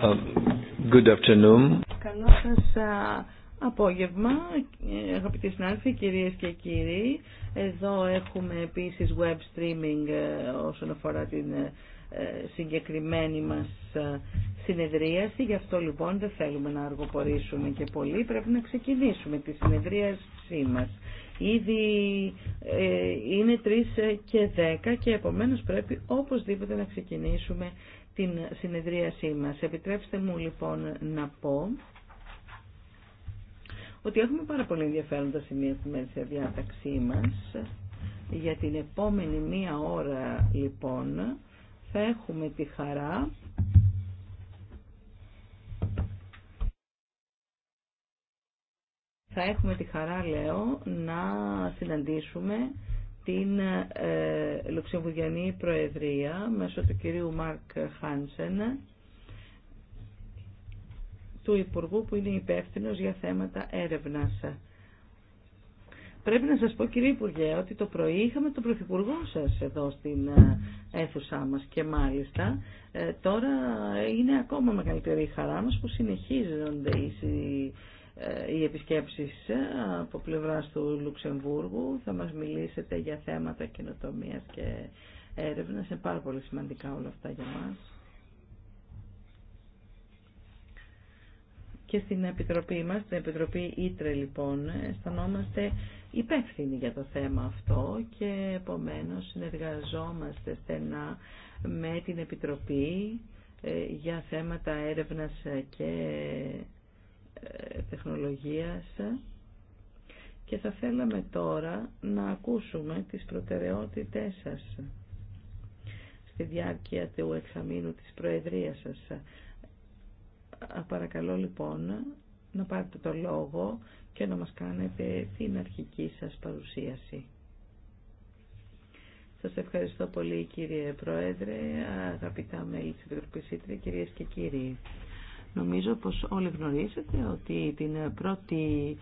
Uh, good afternoon. Καλό σας απόγευμα, αγαπητοί συνάδελφοι, κυρίες και κύριοι. Εδώ έχουμε επίσης web streaming ε, όσον αφορά την ε, συγκεκριμένη μας ε, συνεδρίαση. Γι' αυτό λοιπόν δεν θέλουμε να αργοπορήσουμε και πολύ. Πρέπει να ξεκινήσουμε τη συνεδρίασή μας. Ήδη είναι 3 και 10 και επομένως πρέπει οπωσδήποτε να ξεκινήσουμε την συνεδρίασή μας. Επιτρέψτε μου λοιπόν να πω ότι έχουμε πάρα πολύ ενδιαφέροντα σημεία στη μέση διάταξή μας. Για την επόμενη μία ώρα λοιπόν θα έχουμε τη χαρά θα έχουμε τη χαρά λέω να συναντήσουμε την ε, Λουξεμβουργιανή Προεδρία μέσω του κυρίου Μάρκ Χάνσεν του Υπουργού που είναι υπεύθυνο για θέματα έρευνας. Πρέπει να σας πω κύριε Υπουργέ ότι το πρωί είχαμε τον Πρωθυπουργό σας εδώ στην ε, αίθουσά μας και μάλιστα ε, τώρα είναι ακόμα μεγαλύτερη η χαρά μας που συνεχίζονται οι ε, οι επισκέψεις ε, από πλευράς του Λουξεμβούργου. Θα μας μιλήσετε για θέματα καινοτομίας και έρευνας. Είναι πάρα πολύ σημαντικά όλα αυτά για μας. Και στην Επιτροπή μας, στην Επιτροπή Ήτρε λοιπόν, αισθανόμαστε υπεύθυνοι για το θέμα αυτό και επομένως συνεργαζόμαστε στενά με την Επιτροπή ε, για θέματα έρευνας και ε, τεχνολογίας και θα θέλαμε τώρα να ακούσουμε τις προτεραιότητές σας στη διάρκεια του εξαμήνου της Προεδρίας σας. Παρακαλώ λοιπόν να πάρετε το λόγο και να μας κάνετε την αρχική σας παρουσίαση. Σας ευχαριστώ πολύ κύριε Πρόεδρε, αγαπητά μέλη της Επιτροπής κυρίες και κύριοι. Νομίζω πως όλοι γνωρίζετε ότι την 1η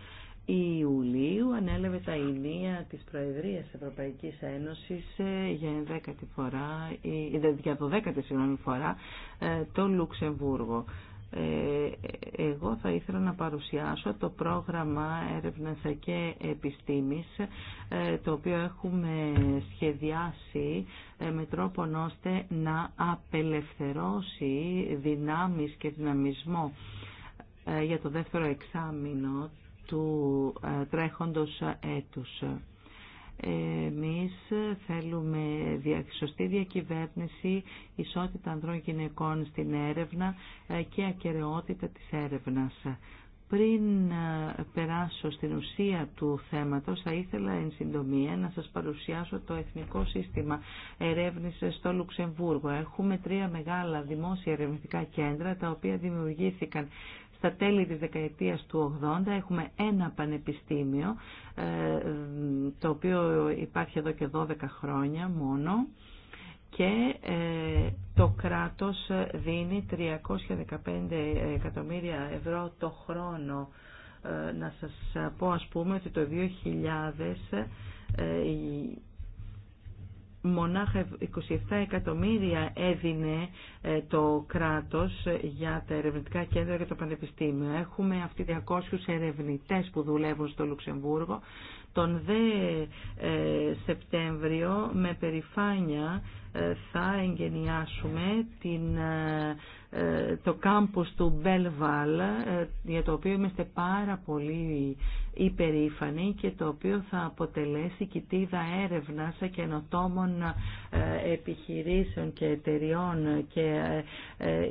Ιουλίου ανέλαβε τα Ινία της Προεδρίας Ευρωπαϊκής Ένωσης ε, για 12η φορά, ε, για η φορά ε, το Λουξεμβούργο. Ε, εγώ θα ήθελα να παρουσιάσω το πρόγραμμα έρευνας και επιστήμης ε, το οποίο έχουμε σχεδιάσει ε, με τρόπο ώστε να απελευθερώσει δυνάμεις και δυναμισμό για το δεύτερο εξάμεινο του τρέχοντος έτους. Εμείς θέλουμε σωστή διακυβέρνηση, ισότητα ανδρών γυναικών στην έρευνα ε, και ακαιρεότητα της έρευνας. Πριν ε, περάσω στην ουσία του θέματος, θα ήθελα εν συντομία να σας παρουσιάσω το Εθνικό Σύστημα Ερεύνης στο Λουξεμβούργο. Έχουμε τρία μεγάλα δημόσια ερευνητικά κέντρα, τα οποία δημιουργήθηκαν στα τέλη της δεκαετίας του 80 έχουμε ένα πανεπιστήμιο, ε, το οποίο υπάρχει εδώ και 12 χρόνια μόνο και ε, το κράτος δίνει 315 εκατομμύρια ευρώ το χρόνο. Ε, να σας πω ας πούμε ότι το 2000 μονάχα 27 εκατομμύρια έδινε ε, το κράτος για τα ερευνητικά κέντρα και το πανεπιστήμιο. Έχουμε αυτοί 200 ερευνητές που δουλεύουν στο Λουξεμβούργο. Τον δε ε, Σεπτέμβριο με περηφάνεια ε, θα εγγενιάσουμε την ε, το κάμπος του Μπέλβαλ ε, για το οποίο είμαστε πάρα πολύ υπερήφανοι και το οποίο θα αποτελέσει κοιτίδα έρευνας καινοτόμων ε, επιχειρήσεων και εταιριών και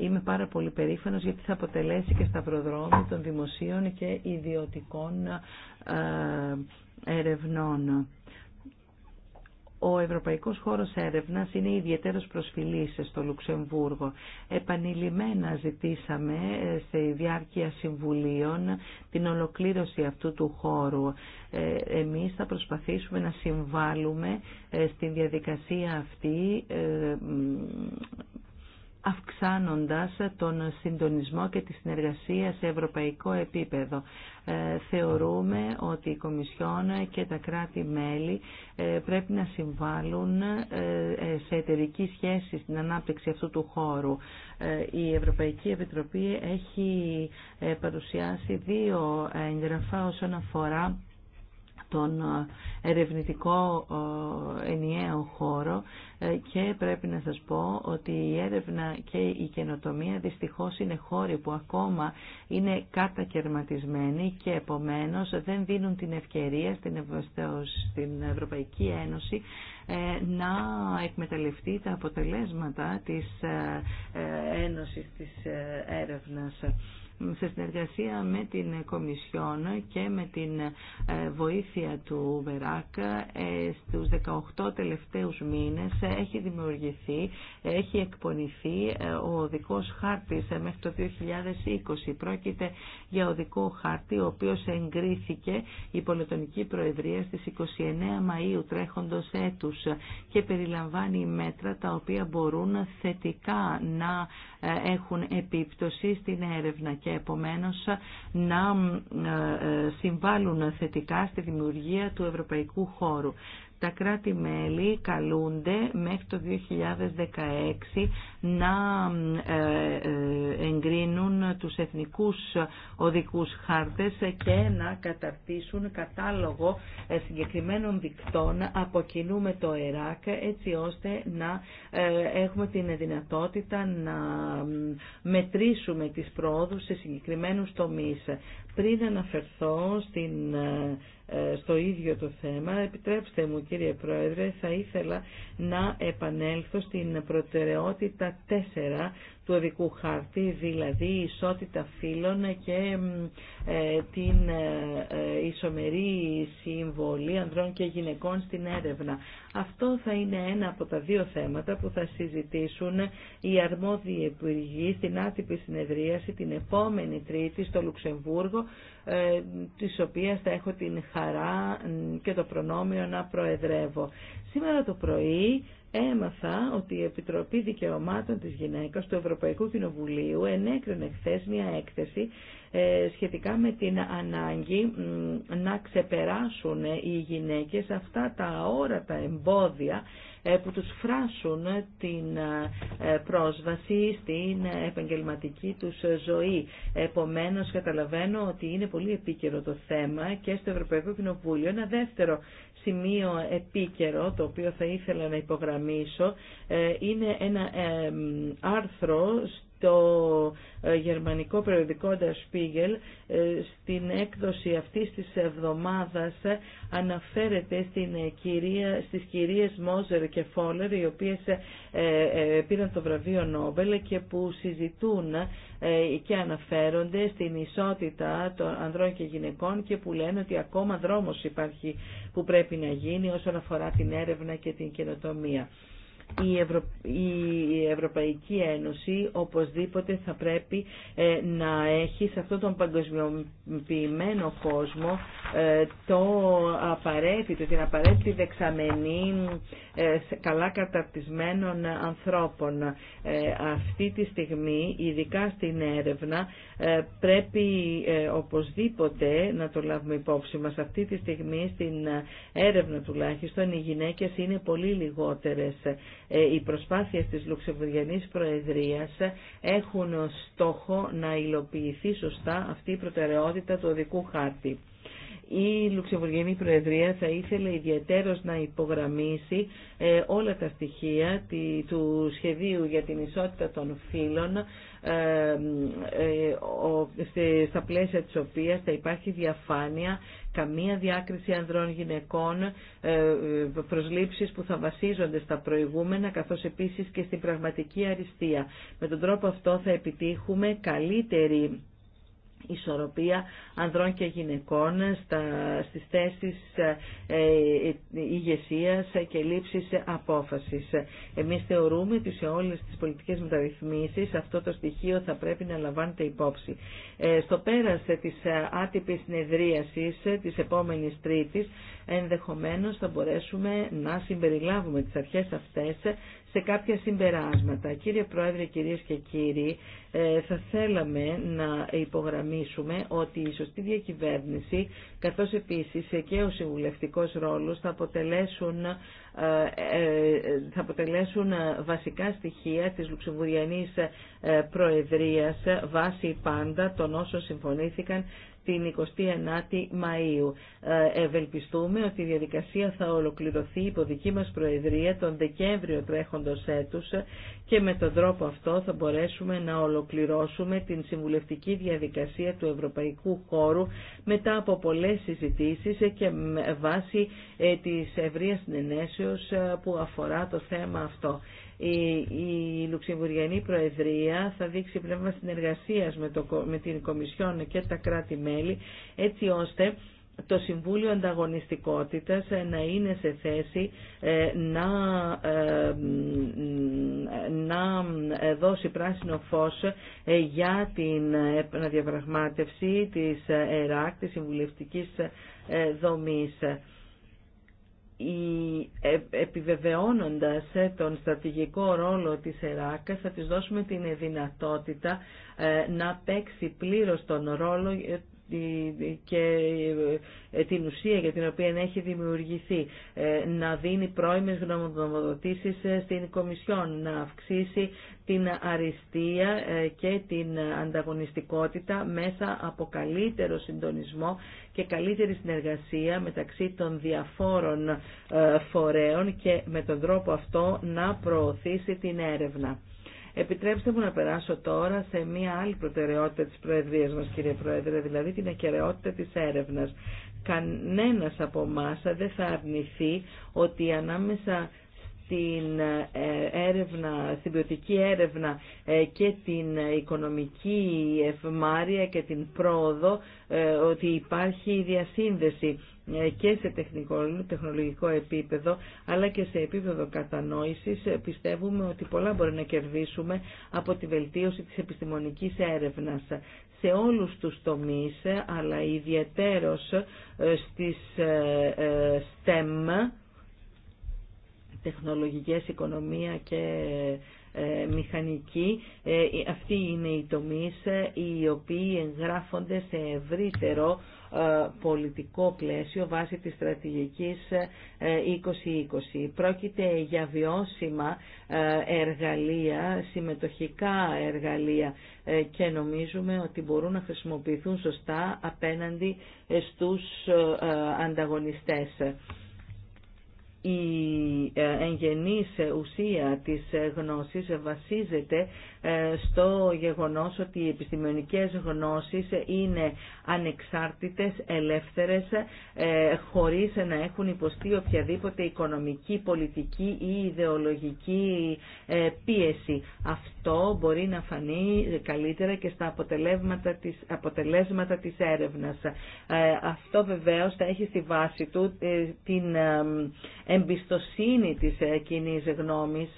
είμαι πάρα πολύ περήφανος γιατί θα αποτελέσει και στα σταυροδρόμι των δημοσίων και ιδιωτικών ερευνών. Ο Ευρωπαϊκός Χώρος Έρευνας είναι ιδιαίτερος προσφυλής στο Λουξεμβούργο. Επανειλημμένα ζητήσαμε σε διάρκεια συμβουλίων την ολοκλήρωση αυτού του χώρου. Ε, εμείς θα προσπαθήσουμε να συμβάλλουμε ε, στην διαδικασία αυτή ε, αυξάνοντας τον συντονισμό και τη συνεργασία σε ευρωπαϊκό επίπεδο. Ε, θεωρούμε ότι η Κομισιόν και τα κράτη-μέλη ε, πρέπει να συμβάλλουν ε, σε εταιρική σχέση στην ανάπτυξη αυτού του χώρου. Η Ευρωπαϊκή Επιτροπή έχει παρουσιάσει δύο εγγραφά όσον αφορά τον ε, ερευνητικό ε, ενιαίο χώρο ε, και πρέπει να σας πω ότι η έρευνα και η καινοτομία δυστυχώς είναι χώροι που ακόμα είναι κατακαιρματισμένοι και επομένως δεν δίνουν την ευκαιρία στην Ευρωπαϊκή Ένωση να εκμεταλλευτεί τα αποτελέσματα της Ένωσης της Έρευνας σε συνεργασία με την Κομισιόν και με την ε, βοήθεια του Βεράκ ε, στους 18 τελευταίους μήνες έχει δημιουργηθεί, έχει εκπονηθεί ε, ο οδικός χάρτης μέχρι το 2020. Πρόκειται για οδικό χάρτη ο οποίος εγκρίθηκε η Πολετονική Προεδρία στις 29 Μαΐου τρέχοντος έτους και περιλαμβάνει μέτρα τα οποία μπορούν θετικά να έχουν επίπτωση στην έρευνα και επομένως να ε, ε, συμβάλλουν θετικά στη δημιουργία του ευρωπαϊκού χώρου τα κράτη-μέλη καλούνται μέχρι το 2016 να ε, ε, εγκρίνουν τους εθνικούς οδικούς χάρτες και να καταρτήσουν κατάλογο ε, συγκεκριμένων δικτών από κοινού με το ΕΡΑΚ έτσι ώστε να έχουμε την δυνατότητα να μετρήσουμε τις πρόοδους σε συγκεκριμένους τομείς. Πριν αναφερθώ στην, ε, στο ίδιο το θέμα, επιτρέψτε μου κύριε Πρόεδρε, θα ήθελα να επανέλθω στην προτεραιότητα 4 του οδικού χάρτη, δηλαδή η ισότητα φύλων και ε, την ε, ε, ισομερή συμβολή ανδρών και γυναικών στην έρευνα. Αυτό θα είναι ένα από τα δύο θέματα που θα συζητήσουν οι αρμόδιοι υπουργοί στην άτυπη συνεδρίαση την επόμενη Τρίτη στο Λουξεμβούργο, της οποίας θα έχω την χαρά και το προνόμιο να προεδρεύω. Σήμερα το πρωί έμαθα ότι η Επιτροπή Δικαιωμάτων της Γυναίκας του Ευρωπαϊκού Κοινοβουλίου ενέκρινε χθε μια έκθεση ε, σχετικά με την ανάγκη να ξεπεράσουν ε, οι γυναίκες αυτά τα αόρατα εμπόδια ε, που τους φράσουν την πρόσβαση στην επαγγελματική τους ζωή. Επομένως καταλαβαίνω ότι είναι πολύ επίκαιρο το θέμα και στο Ευρωπαϊκό Κοινοβούλιο. Ένα δεύτερο σημείο επίκαιρο, το οποίο θα ήθελα να υπογραμμίσω, ε, είναι ένα ε, άρθρο το ε, γερμανικό περιοδικό Der Spiegel ε, στην έκδοση αυτής της εβδομάδας ε, αναφέρεται στην κυρία, στις κυρίες Μόζερ και Φόλερ οι οποίες πήραν το βραβείο Νόμπελ και που συζητούν και αναφέρονται στην ισότητα των ανδρών και γυναικών και που λένε ότι ακόμα δρόμος υπάρχει που πρέπει να γίνει όσον αφορά την έρευνα και την καινοτομία η, η Ευρωπαϊκή Ένωση οπωσδήποτε θα πρέπει ε, να έχει σε αυτόν τον παγκοσμιοποιημένο κόσμο ε, το απαραίτητο, την απαραίτητη δεξαμενή ε, καλά καταρτισμένων ανθρώπων. Αυτή τη στιγμή, ειδικά στην έρευνα, πρέπει οπωσδήποτε να το λάβουμε υπόψη μας. Αυτή τη στιγμή στην έρευνα τουλάχιστον οι γυναίκες είναι πολύ λιγότερες ε, οι προσπάθειες της Λουξεμβουργιανής Προεδρίας έχουν ως στόχο να υλοποιηθεί σωστά αυτή η προτεραιότητα του οδικού χάρτη. Η Λουξεμβουργιανή Προεδρία θα ήθελε ιδιαίτερος να υπογραμμίσει ε, όλα τα στοιχεία του σχεδίου για την ισότητα των φύλων στα πλαίσια της οποίας θα υπάρχει διαφάνεια, καμία διάκριση ανδρών γυναικών, ε, προσλήψεις που θα βασίζονται στα προηγούμενα, καθώς επίσης και στην πραγματική αριστεία. Με τον τρόπο αυτό θα επιτύχουμε καλύτερη ισορροπία ανδρών και γυναικών στα, στις θέσεις ε, ε, ηγεσία και λήψης απόφασης. Εμείς θεωρούμε ότι σε όλες τις πολιτικές μεταρρυθμίσεις αυτό το στοιχείο θα πρέπει να λαμβάνεται υπόψη. Ε, στο πέρας της άτυπης συνεδρίασης της επόμενης Τρίτης ενδεχομένως θα μπορέσουμε να συμπεριλάβουμε τις αρχές αυτές σε κάποια συμπεράσματα. Κύριε Πρόεδρε, κυρίες και κύριοι, ε, θα θέλαμε να υπογραμμίσουμε ότι η σωστή διακυβέρνηση, καθώς επίσης και ο συμβουλευτικός ρόλος θα αποτελέσουν, ε, ε, θα αποτελέσουν βασικά στοιχεία της Λουξεμβουριανής Προεδρίας βάσει πάντα των όσων συμφωνήθηκαν την 29η Μαΐου. Ε, ευελπιστούμε ότι η διαδικασία θα ολοκληρωθεί υπό δική μας Προεδρία τον Δεκέμβριο τρέχοντος έτους και με τον τρόπο αυτό θα μπορέσουμε να ολοκληρώσουμε την συμβουλευτική διαδικασία του Ευρωπαϊκού Χώρου μετά από πολλές συζητήσεις και με βάση ε, της ευρείας συνενέσεως ε, που αφορά το θέμα αυτό. Η, η Προεδρία θα δείξει πνεύμα συνεργασίας με, με την Κομισιόν και τα κράτη-μέλη έτσι ώστε το Συμβούλιο Ανταγωνιστικότητας ε, να είναι σε θέση ε, να, ε, να δώσει πράσινο φως για την επαναδιαπραγμάτευση της ΕΡΑΚ, της Συμβουλευτικής Δομής η, επιβεβαιώνοντας τον στρατηγικό ρόλο της ΕΡΑΚ θα της δώσουμε την δυνατότητα να παίξει πλήρως τον ρόλο και ε, την ουσία για την οποία έχει δημιουργηθεί, ε, να δίνει πρώιμες γνωμοδοτήσεις ε, στην Κομισιόν, να αυξήσει την αριστεία και την ανταγωνιστικότητα μέσα από καλύτερο συντονισμό και καλύτερη συνεργασία μεταξύ των διαφόρων φορέων και με τον τρόπο αυτό να προωθήσει την έρευνα. Επιτρέψτε μου να περάσω τώρα σε μία άλλη προτεραιότητα της Προεδρίας μας, κύριε Πρόεδρε, δηλαδή την ακεραιότητα της έρευνας. Κανένας από εμά δεν θα αρνηθεί ότι ανάμεσα στην ε, έρευνα, στην ποιοτική έρευνα ε, και την οικονομική ευμάρεια και την πρόοδο ε, ότι υπάρχει διασύνδεση. Ε, και σε τεχνικό, τεχνολογικό επίπεδο αλλά και σε επίπεδο κατανόησης ε, πιστεύουμε ότι πολλά μπορεί να κερδίσουμε από τη βελτίωση της επιστημονικής έρευνας σε όλους τους τομείς ε, αλλά ιδιαίτερως στις STEM τεχνολογικές, οικονομία και μηχανική. Αυτοί είναι οι τομείς οι οποίοι εγγράφονται σε ευρύτερο ε, πολιτικό πλαίσιο βάσει της στρατηγικής 2020. Ε, Πρόκειται για βιώσιμα ε, εργαλεία, συμμετοχικά εργαλεία και νομίζουμε ότι μπορούν να χρησιμοποιηθούν σωστά απέναντι στους ανταγωνιστές η εγγενής ουσία της γνώσης βασίζεται ε, στο γεγονός ότι οι επιστημονικές γνώσεις είναι ανεξάρτητες, ελεύθερες, ε, χωρίς να έχουν υποστεί οποιαδήποτε οικονομική, πολιτική ή ιδεολογική ε, πίεση. Αυτό μπορεί να φανεί καλύτερα και στα αποτελέσματα της, αποτελέσματα της έρευνας. Αυτό βεβαίως θα έχει στη βάση του την εμπιστοσύνη της κοινή γνώμης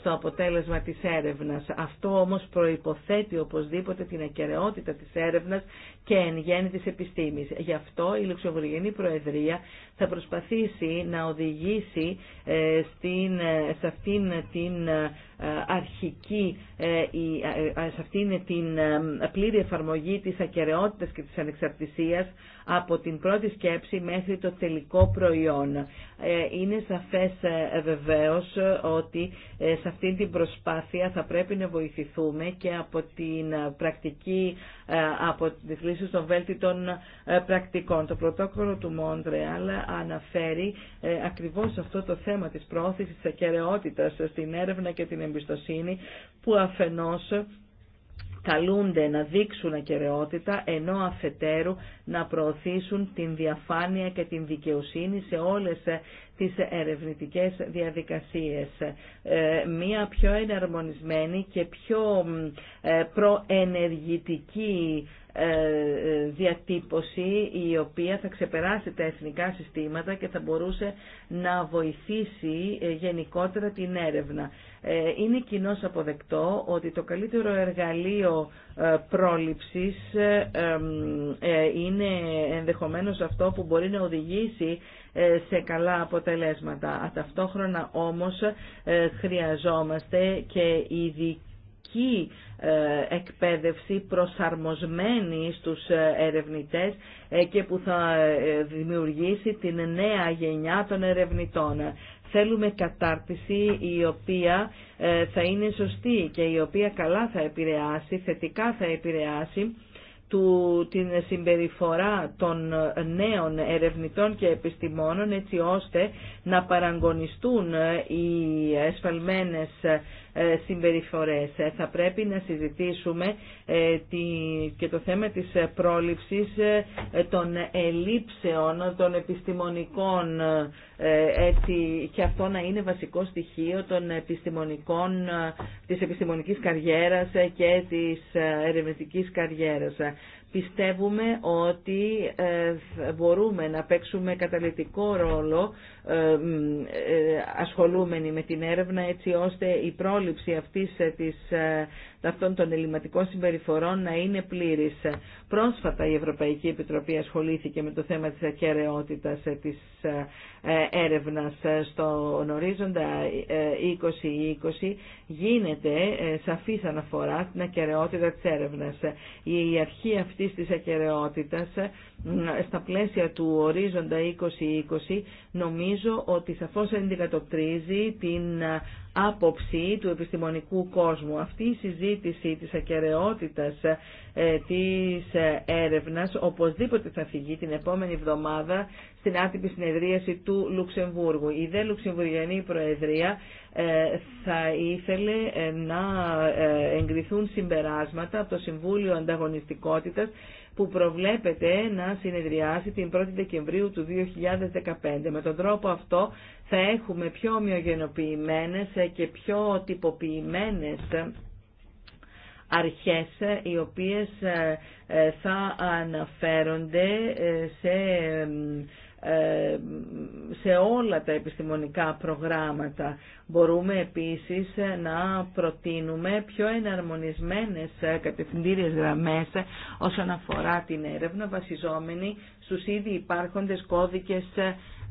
στο αποτέλεσμα της έρευνας. Αυτό όμως προϋποθέτει οπωσδήποτε την ακαιρεότητα της έρευνας και εν γέννη της επιστήμης. Γι' αυτό η Λουξεμβουργενή Προεδρία θα προσπαθήσει να οδηγήσει ε, στην, ε, σε αυτήν την ε, αρχική, ε, ε, σε αυτήν την ε, πλήρη εφαρμογή της ακαιρεότητας και της ανεξαρτησίας από την πρώτη σκέψη μέχρι το τελικό προϊόν. Είναι σαφές βεβαίως ότι σε αυτή την προσπάθεια θα πρέπει να βοηθηθούμε και από την πρακτική ε, από τις λύσεις των βέλτιτων ε, πρακτικών. Το πρωτόκολλο του Μόντρεαλ αναφέρει ε, ακριβώς αυτό το θέμα της πρόθεσης της ακαιρεότητας στην έρευνα και την εμπιστοσύνη που αφενός καλούνται να δείξουν ακεραιότητα ενώ αφετέρου να προωθήσουν την διαφάνεια και την δικαιοσύνη σε όλες ε, τις ερευνητικές διαδικασίες. Ε, μία πιο εναρμονισμένη και πιο ε, προενεργητική ε, ε, διατύπωση η οποία θα ξεπεράσει τα εθνικά συστήματα και θα μπορούσε να βοηθήσει ε, γενικότερα την έρευνα. Είναι κοινό αποδεκτό ότι το καλύτερο εργαλείο πρόληψης είναι ενδεχομένως αυτό που μπορεί να οδηγήσει σε καλά αποτελέσματα. Ταυτόχρονα όμως χρειαζόμαστε και ειδική ε, εκπαίδευση προσαρμοσμένη στους ε, ερευνητές ε, και που θα δημιουργήσει την νέα γενιά των ερευνητών. Θέλουμε κατάρτιση η οποία θα είναι σωστή και η οποία καλά θα επηρεάσει, θετικά θα επηρεάσει του, την συμπεριφορά των νέων ερευνητών και επιστημόνων έτσι ώστε να παραγωνιστούν οι εσφαλμένες ε, συμπεριφορές. Ε, θα πρέπει να συζητήσουμε ε, και το θέμα της πρόληψης των ελλείψεων των επιστημονικών έτσι, και αυτό να είναι βασικό στοιχείο των επιστημονικών, της επιστημονικής καριέρας και της ερευνητικής καριέρας. Πιστεύουμε ότι μπορούμε να παίξουμε καταλητικό ρόλο ε, ασχολούμενοι με την έρευνα έτσι ώστε η πρόληψη αυτής ε, της, ε, αυτών των ελληματικών συμπεριφορών να είναι πλήρης. Πρόσφατα η Ευρωπαϊκή Επιτροπή ασχολήθηκε με το θέμα της ακεραιότητας της έρευνας στον ορίζοντα 2020 γίνεται σαφής αναφορά στην ακεραιότητα της έρευνας. Η αρχή αυτής της ακεραιότητας στα πλαίσια του ορίζοντα 2020 νομίζω ότι σαφώς αντικατοπτρίζει την άποψη του επιστημονικού κόσμου. Αυτή η συζήτηση της ακαιρεότητας ε, της ε, έρευνας οπωσδήποτε θα φυγεί την επόμενη εβδομάδα στην άτυπη συνεδρίαση του Λουξεμβούργου. Η δε Λουξεμβουργιανή Προεδρία ε, θα ήθελε να εγκριθούν συμπεράσματα από το Συμβούλιο Ανταγωνιστικότητας που προβλέπεται να συνεδριάσει την 1η Δεκεμβρίου του 2015. Με τον τρόπο αυτό θα έχουμε πιο ομοιογενοποιημένες και πιο τυποποιημένες αρχές οι οποίες ε, ε, θα αναφέρονται σε, ε, σε όλα τα επιστημονικά προγράμματα. Μπορούμε επίσης να προτείνουμε πιο εναρμονισμένες κατευθυντήριες γραμμές όσον αφορά την έρευνα βασιζόμενη στους ήδη υπάρχοντες κώδικες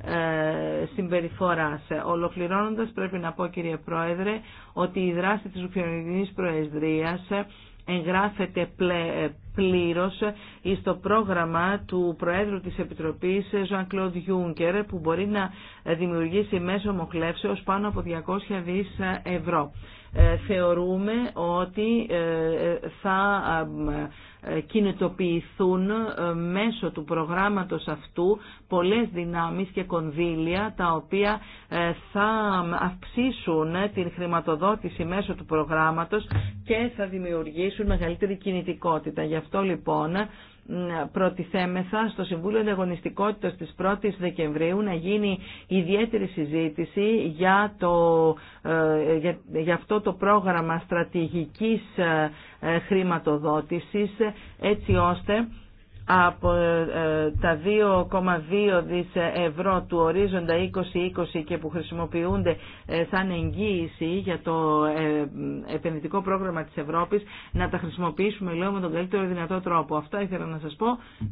ε, συμπεριφοράς. Ολοκληρώνοντας πρέπει να πω κύριε Πρόεδρε ότι η δράση της Ουκρανικής Προεδρίας εγγράφεται πλε, πλήρως στο πρόγραμμα του Προέδρου της Επιτροπής Jean-Claude Juncker που μπορεί να δημιουργήσει μέσω μοχλεύσεως πάνω από 200 δις ευρώ. Ε, θεωρούμε ότι ε, θα ε, κινητοποιηθούν μέσω του προγράμματος αυτού πολλές δυνάμεις και κονδύλια τα οποία θα αυξήσουν την χρηματοδότηση μέσω του προγράμματος και θα δημιουργήσουν μεγαλύτερη κινητικότητα. Γι' αυτό λοιπόν προτιθέμεθα στο Συμβούλιο Διαγωνιστικότητα της 1ης Δεκεμβρίου να γίνει ιδιαίτερη συζήτηση για, το, ε, για αυτό το πρόγραμμα στρατηγικής ε, ε, χρηματοδότησης έτσι ώστε από ε, τα 2,2 δις ευρώ του ορίζοντα 2020 και που χρησιμοποιούνται ε, σαν εγγύηση για το ε, επενδυτικό πρόγραμμα της Ευρώπης να τα χρησιμοποιήσουμε λέω με τον καλύτερο δυνατό τρόπο. Αυτά ήθελα να σας πω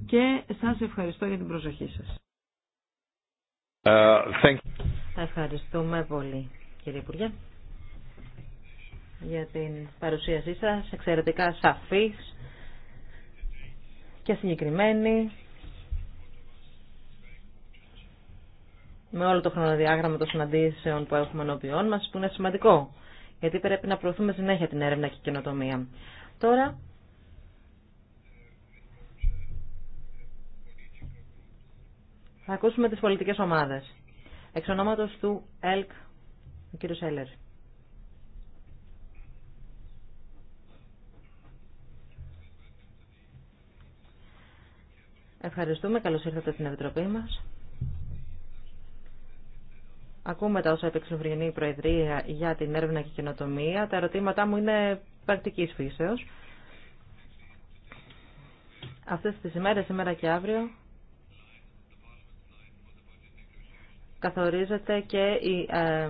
και σας ευχαριστώ για την προσοχή σας. Uh, Ευχαριστούμε πολύ κύριε Υπουργέ για την παρουσίασή σας, εξαιρετικά σαφής και συγκεκριμένη με όλο το χρονοδιάγραμμα των συναντήσεων που έχουμε ενώπιόν μας, που είναι σημαντικό, γιατί πρέπει να προωθούμε συνέχεια την έρευνα και καινοτομία. Τώρα, θα ακούσουμε τις πολιτικές ομάδες. Εξ του ΕΛΚ, ο κύριος Έλερ. Ευχαριστούμε. καλώ ήρθατε στην Επιτροπή μας. Ακούμε τα όσα είπε η Προεδρία για την έρευνα και καινοτομία. Τα ερωτήματά μου είναι πρακτικής φύσεως. Αυτές τις ημέρες, σήμερα και αύριο, καθορίζεται και η ε,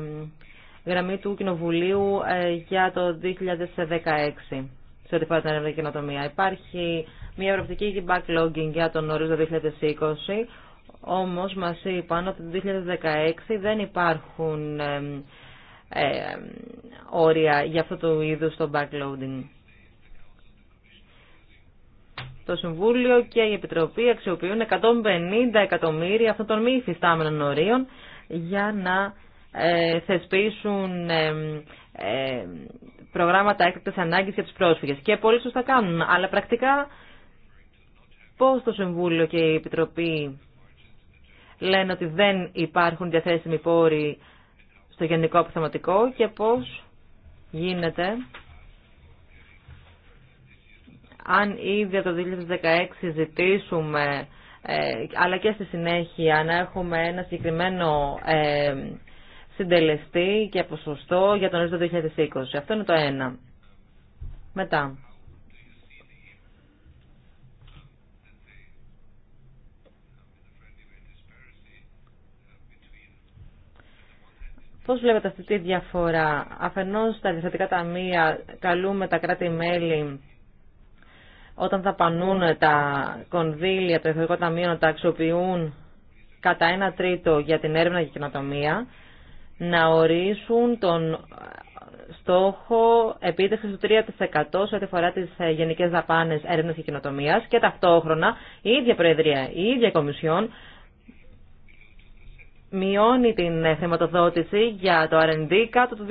γραμμή του Κοινοβουλίου ε, για το 2016 σε ό,τι την καινοτομία. Υπάρχει μια ευρωπαϊκή backlogging για τον ορίζοντα 2020, όμως μας είπαν ότι το 2016 δεν υπάρχουν ε, όρια για αυτό το είδους το backloading. Το Συμβούλιο και η Επιτροπή αξιοποιούν 150 εκατομμύρια αυτών των μη υφιστάμενων ορίων για να ε, θεσπίσουν ε, προγράμματα έκτακτη ανάγκη για του πρόσφυγε. Και πολύ σωστά κάνουν. Αλλά πρακτικά πώ το Συμβούλιο και η Επιτροπή λένε ότι δεν υπάρχουν διαθέσιμοι πόροι στο γενικό αποθεματικό και πώς γίνεται αν ήδη από το 2016 ζητήσουμε ε, αλλά και στη συνέχεια να έχουμε ένα συγκεκριμένο ε, συντελεστή και ποσοστό για τον του 2020. Αυτό είναι το ένα. Μετά. Πώς βλέπετε αυτή τη διαφορά. Αφενός τα διαστατικά ταμεία καλούμε τα κράτη-μέλη όταν θα πανούν τα κονδύλια, το εθνικό ταμείο να τα αξιοποιούν κατά ένα τρίτο για την έρευνα και κοινοτομία να ορίσουν τον στόχο επίτευξη του 3% σε ό,τι αφορά τι ε, γενικέ δαπάνε έρευνα και κοινοτομία και ταυτόχρονα η ίδια Προεδρία, η ίδια Κομισιόν μειώνει την ε, χρηματοδότηση για το R&D κάτω του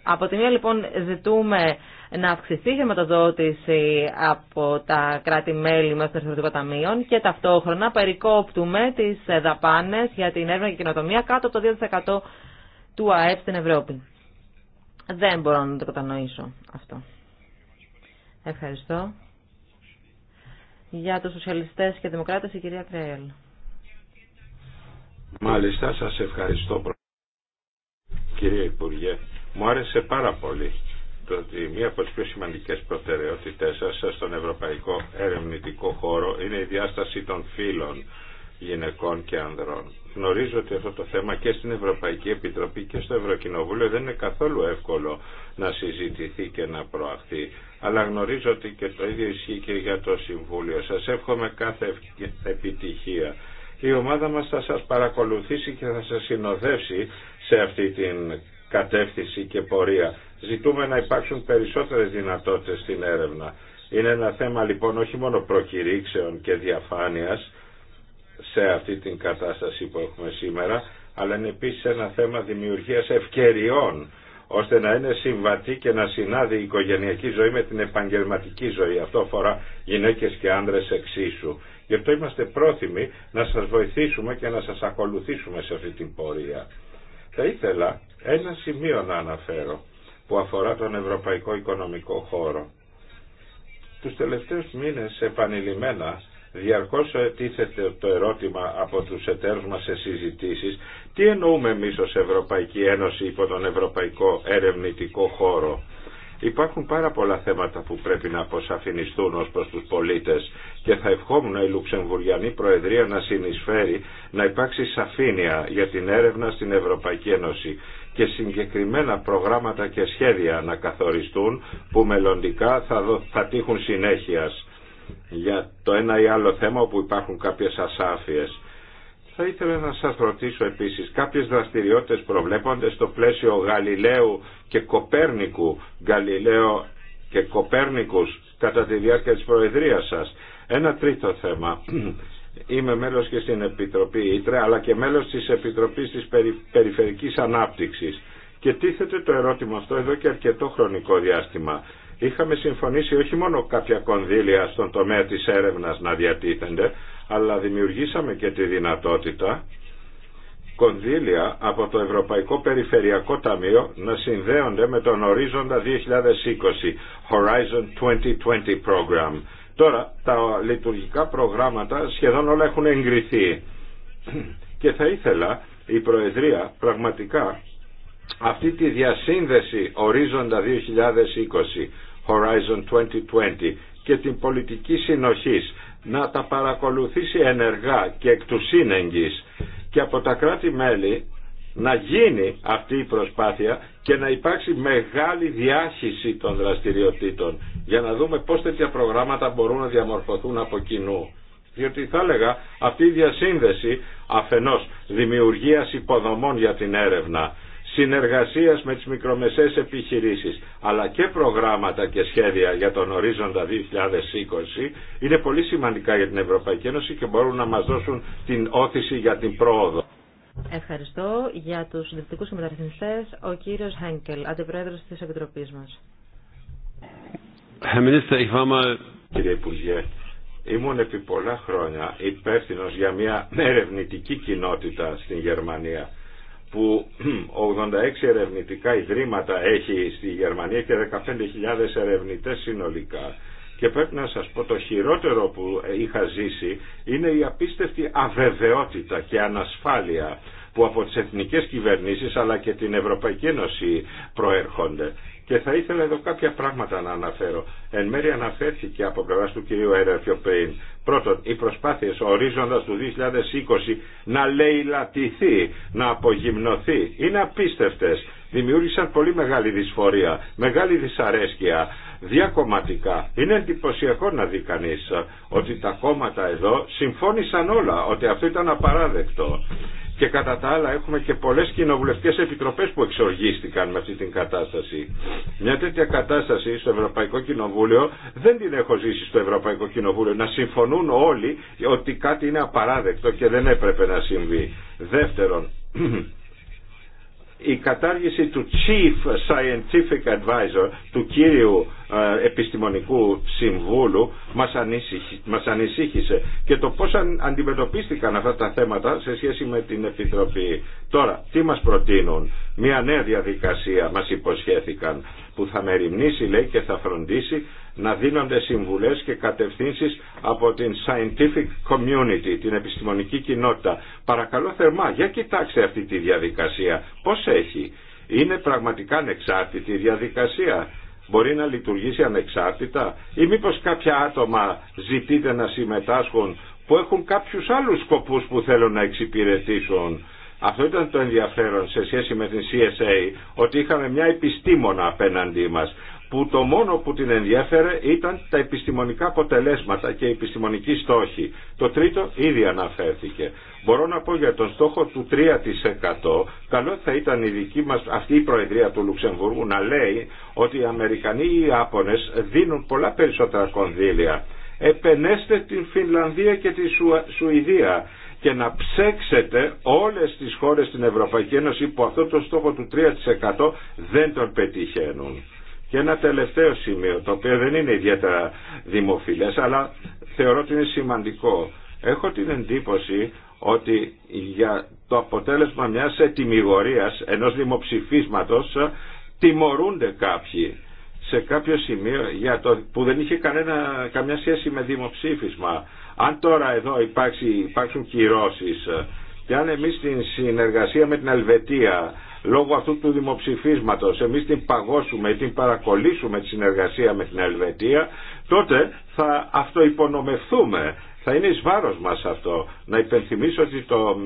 2%. Από τη μία λοιπόν ζητούμε να αυξηθεί η χρηματοδότηση από τα κράτη-μέλη μέσω των Εθνικών Ταμείων και ταυτόχρονα περικόπτουμε τις ε, δαπάνες για την έρευνα και κοινοτομία κάτω από το 2% του ΑΕΠ στην Ευρώπη. Δεν μπορώ να το κατανοήσω αυτό. Ευχαριστώ. Για τους σοσιαλιστές και δημοκράτες, η κυρία Κρέελ. Μάλιστα, σας ευχαριστώ κύριε Υπουργέ. Μου άρεσε πάρα πολύ το ότι μία από τις πιο σημαντικές προτεραιότητές σας στον ευρωπαϊκό ερευνητικό χώρο είναι η διάσταση των φύλων γυναικών και ανδρών γνωρίζω ότι αυτό το θέμα και στην Ευρωπαϊκή Επιτροπή και στο Ευρωκοινοβούλιο δεν είναι καθόλου εύκολο να συζητηθεί και να προαχθεί. Αλλά γνωρίζω ότι και το ίδιο ισχύει και για το Συμβούλιο. Σας εύχομαι κάθε επιτυχία. Η ομάδα μας θα σας παρακολουθήσει και θα σας συνοδεύσει σε αυτή την κατεύθυνση και πορεία. Ζητούμε να υπάρξουν περισσότερες δυνατότητες στην έρευνα. Είναι ένα θέμα λοιπόν όχι μόνο προκηρύξεων και διαφάνειας, σε αυτή την κατάσταση που έχουμε σήμερα, αλλά είναι επίσης ένα θέμα δημιουργίας ευκαιριών, ώστε να είναι συμβατή και να συνάδει η οικογενειακή ζωή με την επαγγελματική ζωή. Αυτό αφορά γυναίκες και άνδρες εξίσου. Γι' αυτό είμαστε πρόθυμοι να σας βοηθήσουμε και να σας ακολουθήσουμε σε αυτή την πορεία. Θα ήθελα ένα σημείο να αναφέρω που αφορά τον Ευρωπαϊκό Οικονομικό Χώρο. Τους τελευταίους μήνες επανειλημμένα Διαρκώς ε, τίθεται το ερώτημα από τους εταίρους μας σε συζητήσεις τι εννοούμε εμείς ως Ευρωπαϊκή Ένωση υπό τον Ευρωπαϊκό Ερευνητικό Χώρο. Υπάρχουν πάρα πολλά θέματα που πρέπει να αποσαφινιστούν ως προς τους πολίτες και θα ευχόμουν η Λουξεμβουριανή Προεδρία να συνεισφέρει να υπάρξει σαφήνεια για την έρευνα στην Ευρωπαϊκή Ένωση και συγκεκριμένα προγράμματα και σχέδια να καθοριστούν που μελλοντικά θα, θα τύχουν συνέχειας για το ένα ή άλλο θέμα όπου υπάρχουν κάποιες ασάφειες. Θα ήθελα να σας ρωτήσω επίσης κάποιες δραστηριότητες προβλέπονται στο πλαίσιο Γαλιλαίου και Κοπέρνικου, Γαλιλαίο και Κοπέρνικους κατά τη διάρκεια της Προεδρίας σας. Ένα τρίτο θέμα. Είμαι μέλος και στην Επιτροπή Ήτρε αλλά και μέλος της Επιτροπής της Περιφερικής Ανάπτυξης. Και τίθεται το ερώτημα αυτό εδώ και αρκετό χρονικό διάστημα είχαμε συμφωνήσει όχι μόνο κάποια κονδύλια στον τομέα της έρευνας να διατίθενται, αλλά δημιουργήσαμε και τη δυνατότητα κονδύλια από το Ευρωπαϊκό Περιφερειακό Ταμείο να συνδέονται με τον ορίζοντα 2020, Horizon 2020 Program. Τώρα τα λειτουργικά προγράμματα σχεδόν όλα έχουν εγκριθεί και θα ήθελα η Προεδρία πραγματικά αυτή τη διασύνδεση ορίζοντα 2020 Horizon 2020 και την πολιτική συνοχής να τα παρακολουθήσει ενεργά και εκ του σύνεγγυς και από τα κράτη-μέλη να γίνει αυτή η προσπάθεια και να υπάρξει μεγάλη διάχυση των δραστηριοτήτων για να δούμε πώς τέτοια προγράμματα μπορούν να διαμορφωθούν από κοινού. Διότι θα έλεγα αυτή η διασύνδεση αφενός δημιουργίας υποδομών για την έρευνα συνεργασίας με τις μικρομεσαίες επιχειρήσεις αλλά και προγράμματα και σχέδια για τον ορίζοντα 2020 είναι πολύ σημαντικά για την Ευρωπαϊκή Ένωση και μπορούν να μας δώσουν την όθηση για την πρόοδο. Ευχαριστώ για τους συντηρητικούς μεταρρυθμιστές ο κύριος Χένκελ, αντιπρόεδρος της Επιτροπής μας. Κύριε Υπουργέ, ήμουν επί πολλά χρόνια υπεύθυνο για μια ερευνητική κοινότητα στην Γερμανία που 86 ερευνητικά ιδρύματα έχει στη Γερμανία και 15.000 ερευνητές συνολικά. Και πρέπει να σας πω το χειρότερο που είχα ζήσει είναι η απίστευτη αβεβαιότητα και ανασφάλεια που από τις εθνικές κυβερνήσεις αλλά και την Ευρωπαϊκή Ένωση προέρχονται. Και θα ήθελα εδώ κάποια πράγματα να αναφέρω. Εν μέρει αναφέρθηκε από πλευρά του κυρίου Ερέφιο Πέιν Πρώτον, οι προσπάθειε ορίζοντα του 2020 να λαιλατηθεί, να απογυμνοθεί. είναι απίστευτε, Δημιούργησαν πολύ μεγάλη δυσφορία, μεγάλη δυσαρέσκεια, διακομματικά. Είναι εντυπωσιακό να δει κανεί ότι τα κόμματα εδώ συμφώνησαν όλα, ότι αυτό ήταν απαράδεκτο. Και κατά τα άλλα έχουμε και πολλές κοινοβουλευτικές επιτροπές που εξοργίστηκαν με αυτή την κατάσταση. Μια τέτοια κατάσταση στο Ευρωπαϊκό Κοινοβούλιο δεν την έχω ζήσει στο Ευρωπαϊκό Κοινοβούλιο. Να συμφωνούν όλοι ότι κάτι είναι απαράδεκτο και δεν έπρεπε να συμβεί. Δεύτερον, η κατάργηση του Chief Scientific Advisor, του κύριου ε, επιστημονικού συμβούλου μας, ανησύχη, μας ανησύχησε και το πώς αντιμετωπίστηκαν αυτά τα θέματα σε σχέση με την Επιτροπή. Τώρα, τι μας προτείνουν. Μια νέα διαδικασία μας υποσχέθηκαν που θα μεριμνήσει λέει και θα φροντίσει να δίνονται συμβουλές και κατευθύνσεις από την scientific community, την επιστημονική κοινότητα. Παρακαλώ θερμά, για κοιτάξτε αυτή τη διαδικασία. Πώς έχει. Είναι πραγματικά ανεξάρτητη η διαδικασία μπορεί να λειτουργήσει ανεξάρτητα ή μήπως κάποια άτομα ζητείτε να συμμετάσχουν που έχουν κάποιους άλλους σκοπούς που θέλουν να εξυπηρετήσουν. Αυτό ήταν το ενδιαφέρον σε σχέση με την CSA, ότι είχαμε μια επιστήμονα απέναντί μας που το μόνο που την ενδιέφερε ήταν τα επιστημονικά αποτελέσματα και οι επιστημονικοί στόχοι. Το τρίτο ήδη αναφέρθηκε. Μπορώ να πω για τον στόχο του 3% καλό θα ήταν η δική μας αυτή η Προεδρία του Λουξεμβούργου να λέει ότι οι Αμερικανοί ή οι Άπωνες δίνουν πολλά περισσότερα κονδύλια. Επενέστε την Φινλανδία και τη Σουηδία και να ψέξετε όλες τις χώρες στην Ευρωπαϊκή Ένωση που αυτό το στόχο του 3% δεν τον πετυχαίνουν. Και ένα τελευταίο σημείο, το οποίο δεν είναι ιδιαίτερα δημοφιλές, αλλά θεωρώ ότι είναι σημαντικό. Έχω την εντύπωση ότι για το αποτέλεσμα μιας ετοιμιγορίας, ενός δημοψηφίσματος, τιμωρούνται κάποιοι σε κάποιο σημείο για το, που δεν είχε κανένα, καμιά σχέση με δημοψήφισμα. Αν τώρα εδώ υπάρχουν υπάρχουν κυρώσεις και αν εμείς στην συνεργασία με την Ελβετία λόγω αυτού του δημοψηφίσματος εμείς την παγώσουμε ή την παρακολύσουμε τη συνεργασία με την Ελβετία, τότε θα αυτοϊπονομευθούμε. Θα είναι εις βάρος μας αυτό. Να υπενθυμίσω ότι το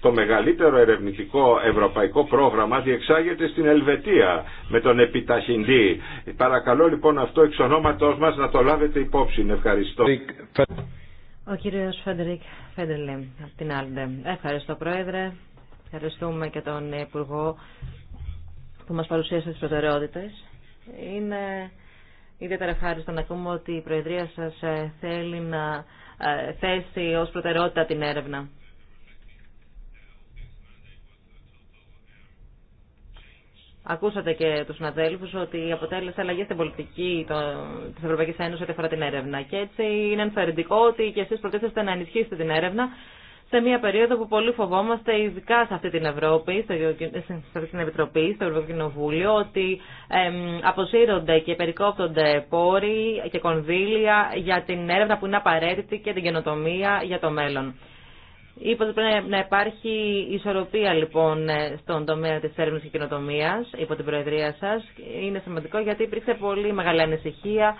το μεγαλύτερο ερευνητικό ευρωπαϊκό πρόγραμμα διεξάγεται στην Ελβετία με τον επιταχυντή. Παρακαλώ λοιπόν αυτό εξ ονόματός μας να το λάβετε υπόψη. Ευχαριστώ. Ο κύριος Φεντερικ Φέντερλε από την Άλντε. Ευχαριστώ Πρόεδρε. Ευχαριστούμε και τον Υπουργό που μας παρουσίασε τις προτεραιότητες. Είναι ιδιαίτερα ευχάριστο να ακούμε ότι η Προεδρία σας ε, θέλει να ε, θέσει ως προτεραιότητα την έρευνα. Ακούσατε και τους συναδέλφους ότι αποτέλεσε αλλαγή στην πολιτική της Ευρωπαϊκής Ένωσης ό,τι αφορά την έρευνα. Και έτσι είναι ενθαρρυντικό ότι και εσείς προτίθεστε να ενισχύσετε την έρευνα σε μια περίοδο που πολύ φοβόμαστε, ειδικά σε αυτή την Ευρώπη, στο, σε αυτή την Επιτροπή, στο Ευρωπαϊκό Κοινοβούλιο, ότι αποσύρονται και περικόπτονται πόροι και κονδύλια για την έρευνα που είναι απαραίτητη και την καινοτομία για το μέλλον. Είπε ότι πρέπει να υπάρχει ισορροπία λοιπόν στον τομέα της έρευνα και καινοτομία υπό την Προεδρία σα, Είναι σημαντικό γιατί υπήρξε πολύ μεγάλη ανησυχία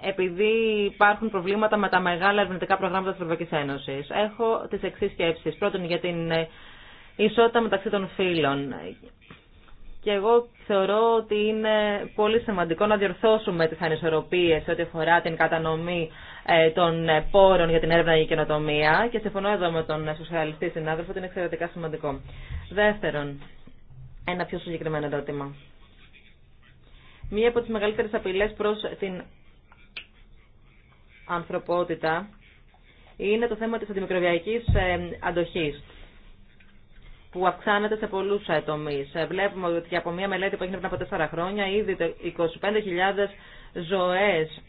επειδή υπάρχουν προβλήματα με τα μεγάλα ερευνητικά προγράμματα της Ευρωπαϊκής Ένωσης. Έχω τις εξής σκέψεις. Πρώτον, για την ε, ισότητα μεταξύ των φύλων. Και εγώ θεωρώ ότι είναι πολύ σημαντικό να διορθώσουμε τις ανισορροπίες ό,τι αφορά την κατανομή ε, των ε, πόρων για την έρευνα και η καινοτομία. Και συμφωνώ εδώ με τον σοσιαλιστή συνάδελφο ότι είναι εξαιρετικά σημαντικό. Δεύτερον, ένα πιο συγκεκριμένο ερώτημα. Μία από τις μεγαλύτερες απειλές προς την ανθρωπότητα είναι το θέμα της αντιμικροβιακής ε, αντοχής που αυξάνεται σε πολλούς ε, τομείς. Ε, βλέπουμε ότι από μια μελέτη που έγινε πριν από 4 χρόνια ήδη 25.000 ζωές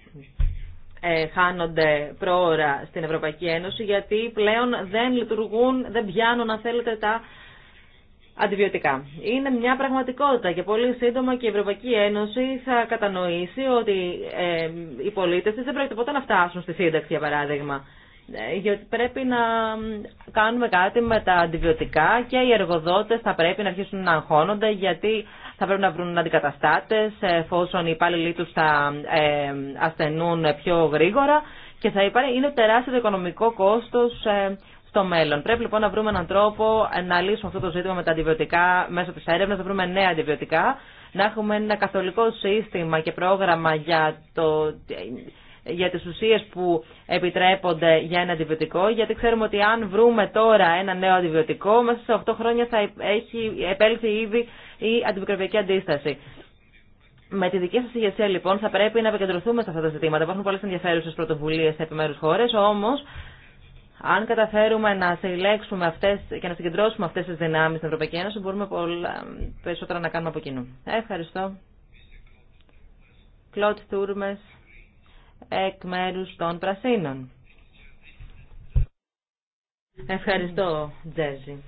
χάνονται πρόωρα στην Ευρωπαϊκή Ένωση γιατί πλέον δεν λειτουργούν, δεν πιάνουν αν θέλετε τα αντιβιωτικά. Είναι μια πραγματικότητα και πολύ σύντομα και η Ευρωπαϊκή Ένωση θα κατανοήσει ότι ε, οι πολίτες της δεν πρέπει ποτέ να φτάσουν στη σύνταξη, για παράδειγμα. Ε, γιατί πρέπει να κάνουμε κάτι με τα αντιβιωτικά και οι εργοδότες θα πρέπει να αρχίσουν να αγχώνονται γιατί θα πρέπει να βρουν αντικαταστάτες ε, εφόσον οι υπάλληλοι τους θα ε, ασθενούν πιο γρήγορα και θα υπάρχει, είναι τεράστιο οικονομικό κόστος στο μέλλον. Πρέπει λοιπόν να βρούμε έναν τρόπο να λύσουμε αυτό το ζήτημα με τα αντιβιωτικά μέσω τη έρευνα, να βρούμε νέα αντιβιωτικά, να έχουμε ένα καθολικό σύστημα και πρόγραμμα για, το, για τις ουσίες που επιτρέπονται για ένα αντιβιωτικό, γιατί ξέρουμε ότι αν βρούμε τώρα ένα νέο αντιβιωτικό, μέσα σε 8 χρόνια θα έχει επέλθει ήδη η αντιμικροβιακή αντίσταση. Με τη δική σα ηγεσία, λοιπόν, θα πρέπει να επικεντρωθούμε σε αυτά τα ζητήματα. Υπάρχουν πολλέ ενδιαφέρουσε πρωτοβουλίε σε επιμέρου χώρε, όμω αν καταφέρουμε να συλλέξουμε αυτές και να συγκεντρώσουμε αυτές τις δυνάμεις στην Ευρωπαϊκή Ένωση, μπορούμε πολλά περισσότερα να κάνουμε από κοινού. Ευχαριστώ. Κλώτ Τούρμες, εκ μέρου των Πρασίνων. Ευχαριστώ, Τζέζι.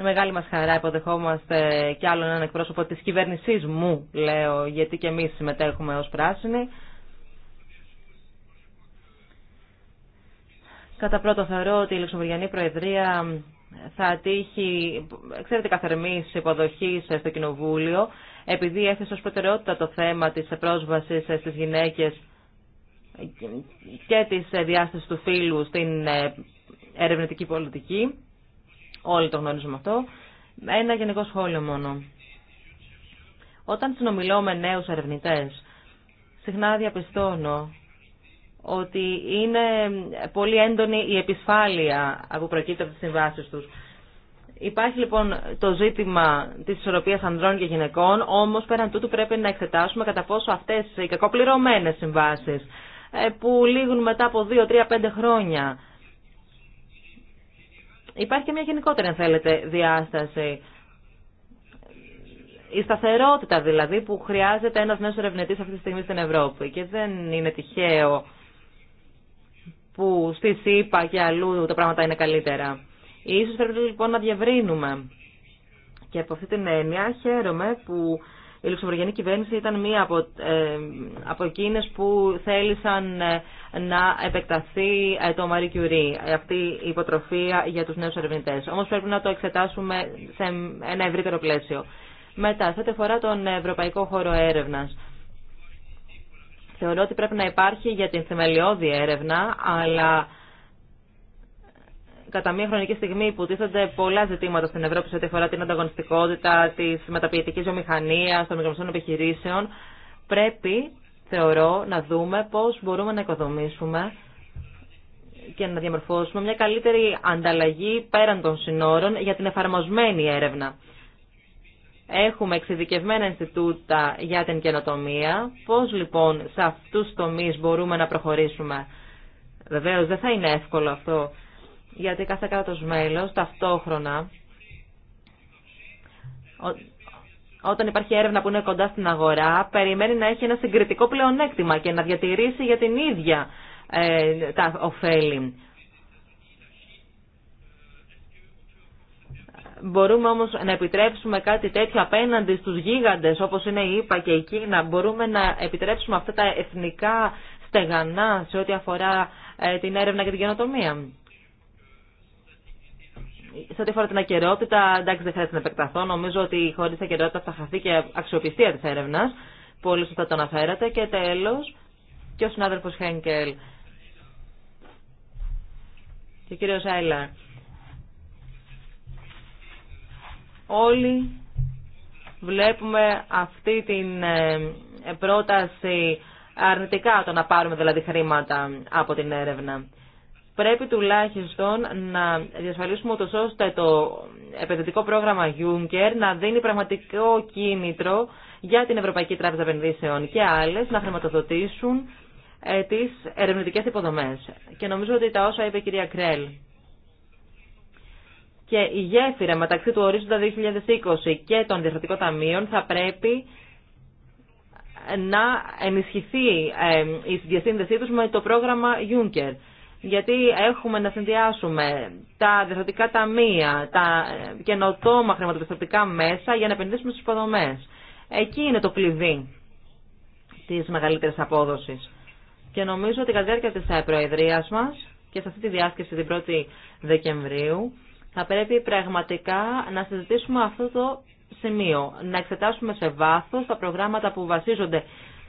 Μεγάλη μας χαρά υποδεχόμαστε κι άλλον έναν εκπρόσωπο της κυβέρνησής μου, λέω, γιατί και εμείς συμμετέχουμε ως πράσινοι. Κατά πρώτο θεωρώ ότι η Λεξομβριανή Προεδρία ε, θα τύχει εξαιρετικά καθερμή υποδοχή ε, στο Κοινοβούλιο, επειδή έθεσε ως προτεραιότητα το θέμα της πρόσβασης ε, στις γυναίκες και της διάσταση του φύλου στην ερευνητική πολιτική. Όλοι το γνωρίζουμε αυτό. Ένα γενικό σχόλιο μόνο. Όταν συνομιλώ με νέου ερευνητέ, συχνά διαπιστώνω ότι είναι πολύ έντονη η επισφάλεια που προκύπτει από τις συμβάσει τους. Υπάρχει λοιπόν το ζήτημα τη ισορροπία ανδρών και γυναικών, όμω πέραν τούτου πρέπει να εξετάσουμε κατά πόσο αυτέ οι κακοπληρωμένε συμβάσει ε, που λήγουν μετά από 2-3-5 χρόνια. Υπάρχει και μια γενικότερη, αν θέλετε, διάσταση. Η σταθερότητα δηλαδή που χρειάζεται ένα νέο ερευνητή αυτή τη στιγμή στην Ευρώπη και δεν είναι τυχαίο που στη ΣΥΠΑ και αλλού τα πράγματα είναι καλύτερα. Ίσως πρέπει λοιπόν να διευρύνουμε. Και από αυτή την έννοια χαίρομαι που η Λουξεμβουργιανή κυβέρνηση ήταν μία από, ε, από εκείνες που θέλησαν ε, να επεκταθεί ε, το Marie Curie, ε, αυτή η υποτροφία για τους νέους ερευνητέ. Όμως πρέπει να το εξετάσουμε σε ένα ευρύτερο πλαίσιο. Μετά, σε ό,τι αφορά τον Ευρωπαϊκό Χώρο Έρευνας. Θεωρώ ότι πρέπει να υπάρχει για την θεμελιώδη έρευνα, αλλά κατά μία χρονική στιγμή που τίθενται πολλά ζητήματα στην Ευρώπη σε ό,τι αφορά την ανταγωνιστικότητα τη μεταποιητική βιομηχανία, των μικρομεσαίων επιχειρήσεων, πρέπει, θεωρώ, να δούμε πώ μπορούμε να οικοδομήσουμε και να διαμορφώσουμε μια καλύτερη ανταλλαγή πέραν των συνόρων για την εφαρμοσμένη έρευνα. Έχουμε εξειδικευμένα Ινστιτούτα για την καινοτομία. Πώς λοιπόν σε αυτούς τομείς μπορούμε να προχωρήσουμε. Βεβαίως δεν θα είναι εύκολο αυτό, γιατί κάθε κράτος μέλος ταυτόχρονα όταν υπάρχει έρευνα που είναι κοντά στην αγορά, περιμένει να έχει ένα συγκριτικό πλεονέκτημα και να διατηρήσει για την ίδια ε, τα ωφέλη. Μπορούμε όμως να επιτρέψουμε κάτι τέτοιο απέναντι στους γίγαντες όπως είναι η ΕΠΑ και η Κίνα. Μπορούμε να επιτρέψουμε αυτά τα εθνικά στεγανά σε ό,τι αφορά ε, την έρευνα και την καινοτομία. Σε ό,τι αφορά την ακαιρεότητα, εντάξει δεν χρειάζεται να επεκταθώ. Νομίζω ότι χωρίς ακαιρεότητα θα χαθεί και αξιοπιστία της έρευνας. σα θα το αναφέρατε. Και τέλος, και ο συνάδελφος Χένκελ και ο κύριος Άιλα. όλοι βλέπουμε αυτή την ε, πρόταση αρνητικά το να πάρουμε δηλαδή χρήματα από την έρευνα. Πρέπει τουλάχιστον να διασφαλίσουμε ούτως ώστε το επενδυτικό πρόγραμμα Juncker να δίνει πραγματικό κίνητρο για την Ευρωπαϊκή Τράπεζα Επενδύσεων και άλλες να χρηματοδοτήσουν ε, τις ερευνητικές υποδομές. Και νομίζω ότι τα όσα είπε η κυρία Κρέλ και η γέφυρα μεταξύ του ορίζοντα 2020 και των διευθυντικών ταμείων θα πρέπει να ενισχυθεί ε, η διασύνδεσή τους με το πρόγραμμα Juncker. Γιατί έχουμε να συνδυάσουμε τα διευθυντικά ταμεία, τα καινοτόμα χρηματοπιστωτικά μέσα για να επενδύσουμε στις υποδομές. Εκεί είναι το κλειδί της μεγαλύτερης απόδοσης. Και νομίζω ότι κατά τη διάρκεια της ε, προεδρίας μας και σε αυτή τη διάσκεψη την 1η Δεκεμβρίου θα πρέπει πραγματικά να συζητήσουμε αυτό το σημείο, να εξετάσουμε σε βάθος τα προγράμματα που βασίζονται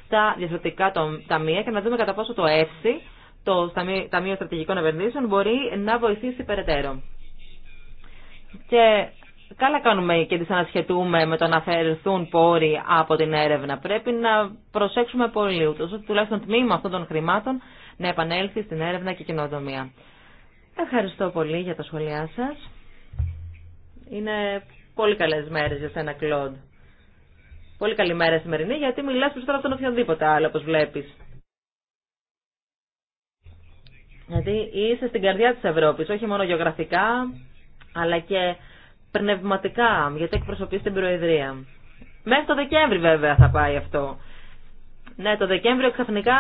στα διαστατικά ταμεία και να δούμε κατά πόσο το ΕΦΣΙ, το Ταμείο Στρατηγικών Επενδύσεων, μπορεί να βοηθήσει περαιτέρω. Και καλά κάνουμε και τις ανασχετούμε με το να αφαιρεθούν πόροι από την έρευνα. Πρέπει να προσέξουμε πολύ, ούτως ότι τουλάχιστον τμήμα αυτών των χρημάτων να επανέλθει στην έρευνα και κοινοδομία. Ευχαριστώ πολύ για τα σχόλιά σας. Είναι πολύ καλέ μέρε για σένα, Κλοντ. Πολύ καλή μέρα σημερινή, γιατί μιλάς περισσότερο από τον οποιονδήποτε άλλο, όπως βλέπεις. Γιατί είσαι στην καρδιά της Ευρώπης, όχι μόνο γεωγραφικά, αλλά και πνευματικά, γιατί εκπροσωπείς την Προεδρία. Μέχρι το Δεκέμβρη βέβαια θα πάει αυτό. Ναι, το Δεκέμβριο ξαφνικά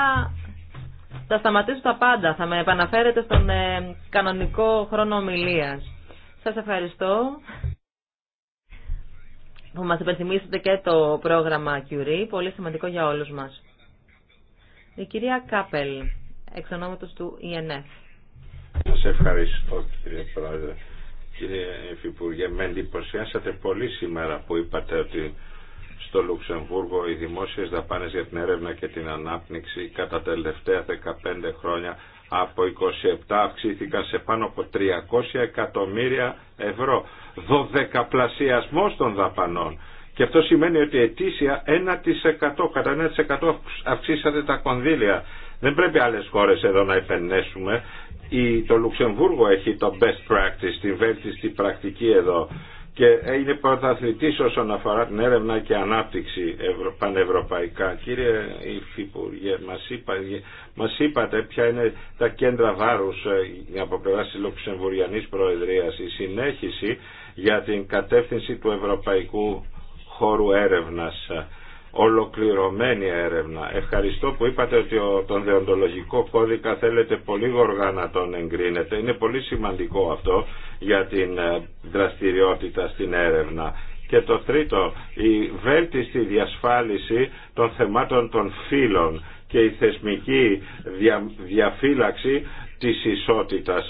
θα σταματήσω τα πάντα. Θα με επαναφέρετε στον ε, κανονικό χρόνο ομιλίας. Σας ευχαριστώ που μας υπενθυμίσετε και το πρόγραμμα Curie, πολύ σημαντικό για όλους μας. Η κυρία Κάπελ, εξ του ΙΕΝΕΦ. E Σας ευχαριστώ κύριε Πρόεδρε. Κύριε Υφυπουργέ, με εντυπωσιάσατε πολύ σήμερα που είπατε ότι στο Λουξεμβούργο οι δημόσιες δαπάνες για την έρευνα και την ανάπτυξη κατά τα τελευταία 15 χρόνια από 27 αυξήθηκαν σε πάνω από 300 εκατομμύρια ευρώ. Δωδεκαπλασιασμός των δαπανών. Και αυτό σημαίνει ότι ετήσια 1% κατά αυξήσατε τα κονδύλια. Δεν πρέπει άλλες χώρες εδώ να επενέσουμε. το Λουξεμβούργο έχει το best practice, την βέλτιστη πρακτική εδώ και είναι πρωταθλητής όσον αφορά την έρευνα και ανάπτυξη πανευρωπαϊκά. Κύριε Υφυπουργέ, μας, είπατε ποια είναι τα κέντρα βάρους ε, από πλευρά της Λουξεμβουριανής Προεδρίας. Η συνέχιση για την κατεύθυνση του ευρωπαϊκού χώρου έρευνας ολοκληρωμένη έρευνα. Ευχαριστώ που είπατε ότι τον διοντολογικό κώδικα θέλετε πολύ γοργά να τον εγκρίνετε. Είναι πολύ σημαντικό αυτό για την ε, δραστηριότητα στην έρευνα. Και το τρίτο, η βέλτιστη διασφάλιση των θεμάτων των φύλων και η θεσμική διαφύλαξη της ισότητας.